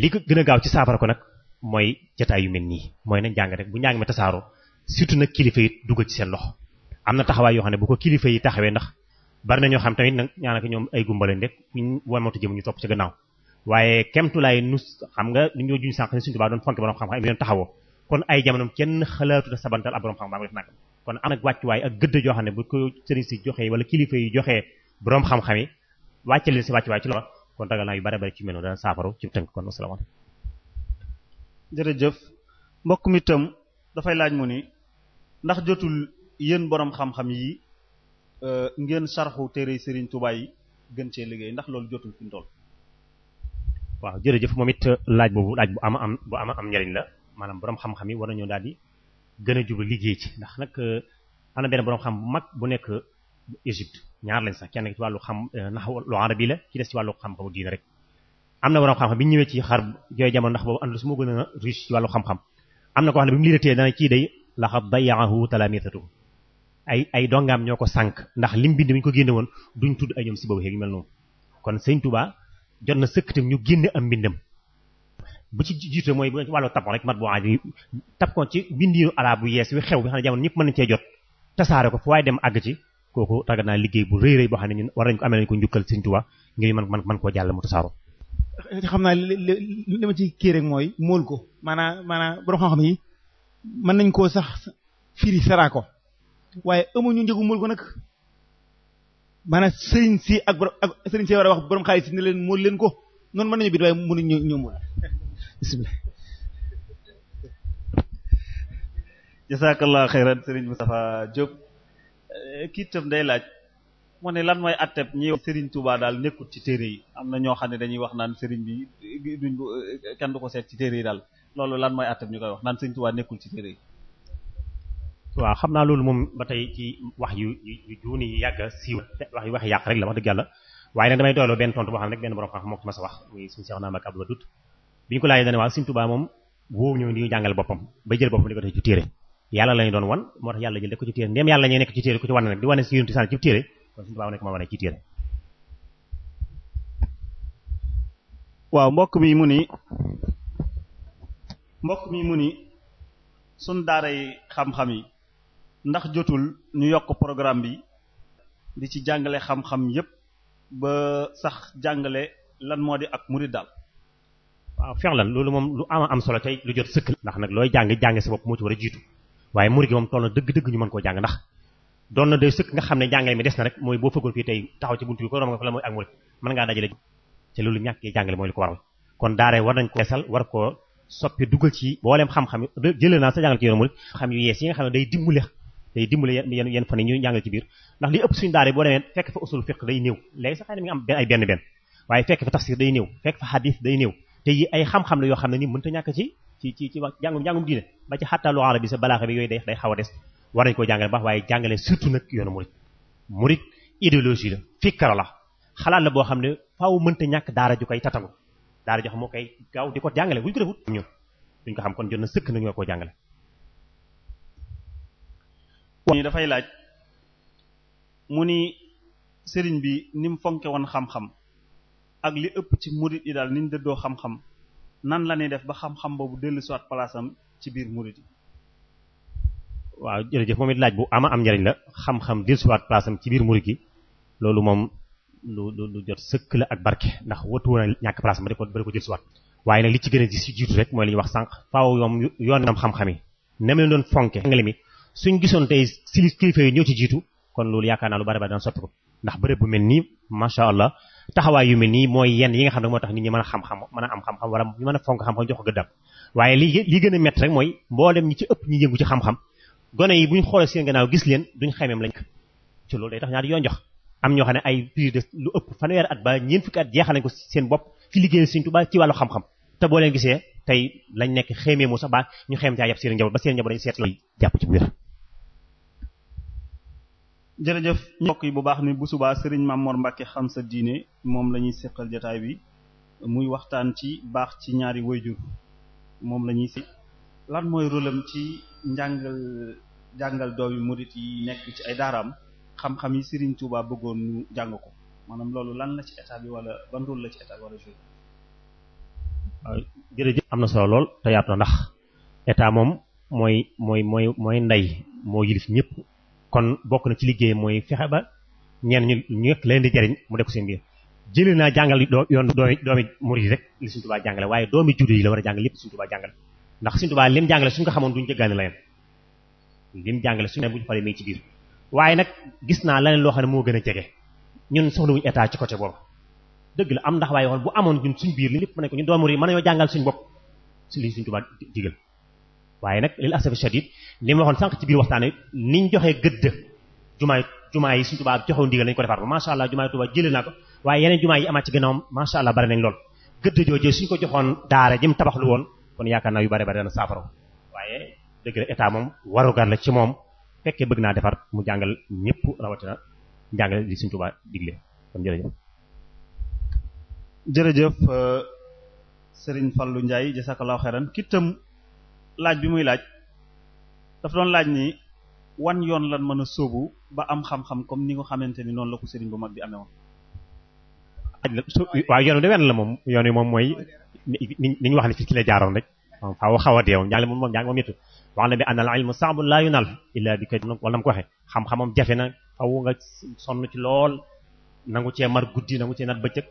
li a mooy jataay yu mel nii mooy nañ jàng rek bu njàng mi tasaaroo surtout nag kilifa yi duggal ci seen loxo am na taxawaay yoo xam ne bu ko kilifa yi taxawee ndax bari na ñoo xam tamit nag ñaanaka ñoom ay gumbaleen rek ñu wamatu jëm ñu topp ci gannaaw waaye kemtulaay nu xam nga lu ñoo juñ sànq ne suñu tubaab doon fonk borom xam-xam doon taxawoo kon ay kenn xalaatu da sabantal ab borom xam-xam def nag kon am nag wàccuwaay ak gëdd joo xam ne bu ko sëriñ si joxee wala kilifa yi joxee boroom xam-xam yi wàcce leen si wàccuwaay ci loolu kon ragal naa yu bari bari ci mel noonu dana saafaru ci tënk kon asalaamaaleykum jërëjëf mbokk mi itam dafay laaj mu ni ndax jotul yéen borom xam-xam yi euh, ngeen sarxu téere Serigne Touba yi gën cee liggéey ndax loolu jotul fi waaw jërëjëf moom it euh, laaj boobu laaj bu am bu ama am njariñ la maanaam borom xam-xam yi war nañoo daal di gën a jublu liggéey ci ndax nag euh, am na benn borom xam mag bu nekk Égypte ñaar lañ sax kenn ci wàllu xam naxu lu arabi la ci des ci wàllu xam-xamu diina rek. am na borom xam-xam bi ñu ñëwee ci xar jooy jamono ndax boobu Andalus moo gën a riche ci wàllu xam-xam am na ko xam ne bi mu liiratee dana ciy day laxad dayaahu talamitatu ay ay dongaam ñoo ko sànq ndax li bind bi ñu ko génne woon duñ tudd ay ñoom boobu xeeg mel noonu kon sëñ Touba jot na sëkkatam ñu génne am mbindam bu ci jiite mooy bu wàllu tab rek mat bu aaj tab ko ci bindiinu ala bu yees wi xew bi xam ne jamono ñëpp mën nañ cee jot tasaare ko fu waaye dem àgg ci kooku tàggat naa liggéey bu rëy rëy boo xam ne ñun war nañ ko amee nañ ko njukkal sëñ man man koo jàll mu tasaaro xam naa li ma ci kii rek mooy mool ko maanaam maanaam borom xam-xam yi mën nañ koo sax firi saraa ko waaye amuñu njëgu mool ko nag maanaam sëriñ si ak borom ak sëriñ si war a wax borom xaalis si ne leen mool leen ko noonu mën nañu bit waaye mënuñu ñu mool bismillah jazakallah xayran sëriñ Moustapha Diop kii itam day laaj mu ne lan mooy atteb ñi Serigne Touba daal nekkut ci téere yi am na ñoo xam ne dañuy wax naan Serigne bi duñ kenn du ko seet ci téere yi daal loolu lan mooy atteb ñu koy wax naan Serigne Touba nekkul ci téere yi. xam naa loolu moom ba tey ci wax yu yu juuni ko mas a wax muy suñu moom wóowu ñëw di jàngal boppam ba jël boppam di ko def ci téere yàlla lañu doon wan moo tax yàlla jël def ko ci téere ndéem yàlla ñuy nekk ci téere ku ci wan nag di wane si yunti san ci téere kon suñu tubaab nekk ma wane waaw mbokk mi mu ni mbokk mi mu ni suñ daaray xam-xam yi ndax jotul ñu yokk programme bi di ci jàngale xam-xam yépp ba sax jàngale lan moo di ak murid daal waaw fexlan loolu moom lu ama am solo tey lu jot sëkk ndax nag looy jàng jàng sa bopp moo ci war a jiitu waaye murid moom toll na dëgg-dëgg ñu mën koo jàng ndax doon na doy sëkk nga xam ne jàngale mi des na rek mooy boo fëggoon fii tey taxaw ci buntu bi ko romb nga fa la mooy ak murid mën ngaa dajale te jàngale mooy li ko waral kon daara war nañ ko esal war ko soppi dugal ci booleem xam jëlee naa nga xam ne day dimbale day dimbale yenn yenn fan yi ñu ndax li ëpp suñu daara boo demee fekk fa usul fiqh day néew léegi sax xëy na mi am xam-xam yoo xam ne ni mënta ñàkk ci ci ci ci jàngum jàngum diine ba ci xatta lu arabi sa balaaxa bi yooyu day day xaw a des war nañ ko jàngale baax waaye jàngale surtout nag yoonu murit murit idéologie la fikkara la xalaat la boo xam ne faaw mënta ñàkk daara ju koy tatalu daara jox xam moo koy gaaw di ko jàngale bu ñu ko defut ko xam kon jot na sëkk nañoo koo jàngale ñu dafay laaj mu ni sëriñ bi ni mu fonke woon xam-xam ak li ëpp ci murit yi daal ni ñu dëddoo xam-xam nan la def ba xam-xam boobu dellu siwaat palaasam ci biir murit yi waaw jërëjëf moom it laaj bu ama am njariñ la xam-xam dellusiwaat place am ci biir murid loolu moom lu lu jot sëkk la ak barke ndax wëtu na ñàkk place am ba di ko ba di ko dellusiwaat waaye nag li ci gën a jiitu xam-xam yi nem leen doon fonke gisoon tey si kilifa yi kon loolu yaakaar naa lu bari bari daan soppi ko ndax bërëb bu mel nii masha Allah taxawaay yu mel nii mooy yenn yi nga xam ne moo tax nit ñi mën a xam-xam mën a am xam-xam wala ñu mën a fonk xam-xam jox ko gëddam waaye mooy mboolem ñi ci ëpp ci xam-xam gone yi bu ñu xoolee seen gannaaw gis leen duñ xameem lañ ci loolu day tax ñaari yoon jox am ñoo xam ne ay plus de lu ëpp fanweer at ba ñeent fukki at jeexal nañ ko seen bopp ci liggéeyal Sëriñ Tuubaa ci wàllu xam-xam te boo leen gisee tey lañ nekk xéemee mu sax ba ñu xeem caa yàpp seen njaboot ba seen njaboot dañ seet looy jàpp ci bu mbokk yi bu baax ni bu subaa Serigne Mamor Mbacke xam sa diine moom la ñuy seqal jotaay bi muy waxtaan ci baax ci ñaari wayjur moom la ñuy mooy rôlam ci njàngal jàngal doomi murit yi nekk ci ay daaraam xam-xam yi sëriñ Touba bëggoon ñu jàng ko maanaam loolu lan la ci état bi wala ban rôle la ci état bi wala joué. waaw am na solo lool ndax état moom mooy mooy mooy mooy ndey moo yilif ñëpp kon bokk na ci liggéey mooy fexe ba ñenn ñu ñu leen mu def ko seen biir. jëlee naa jàngal yoon doomi murit yi rek li Serigne Touba jàngale waaye doomi juddu yi la war a jàngal lépp Serigne Touba jàngale. ndax Sëriñ Tuubaa lim jàngale suñ ko xamoon duñ jëggaani la yem lim jàngale suñ buñ xoolee mi ci biir gis naa leneen xam ne moo gën a jege ñun soxlawuñu état ci côté boobu dëgg la am ndax waaye waxoon bu amoon ñun suñ biir li lépp mën nañ ko ñun doomu yi jàngal suñ bopp si li Sëriñ Tuubaa waaye nag lil asafi shadid li ma waxoon sànq ci waxtaan wi niñ joxee gëdd jumaay jumaa yi Sëriñ Tuubaa joxewoon ndigal nañu ko defaat ba masha Allah jumaay Tuubaa jëlee naa ko waaye yeneen jumaa yi amaat ci gannaawam masha Allah bari nañ lool gëdd joojee suñ ko joxoon daara jëm tabax lu woon kon yaakaar naa yu bari bari dana saafara waaye dëgg la état moom warugar la ci moom fekkee bëgg naa defar mu jàngal ñëpp rawatina jàngale di Sëriñ Tuubaa digle kon jërëjëf. jërëjëf euh, Serigne Fallou Ndiaye jazakallahu xeeran ki itam laaj bi muy laaj dafa doon laaj ni wan yoon lan mën a sóobu ba am xam-xam comme ni nga xamante ni noonu la ko Serigne bu mag bi amee waaw yoon wi de la moom yoon wi moom mooy. niñ wax ne fi ki la jaaroon rek moom faaw xaw a dee moom jàngale moom moom jàng moom yëttu wax la bi anal ilmu sa'bun laa yunal illa bi ko wala nam ko waxe xam moom jafe na faaw nga sonn ci lool nangu cee mar guddi nangu cee nat bëccëg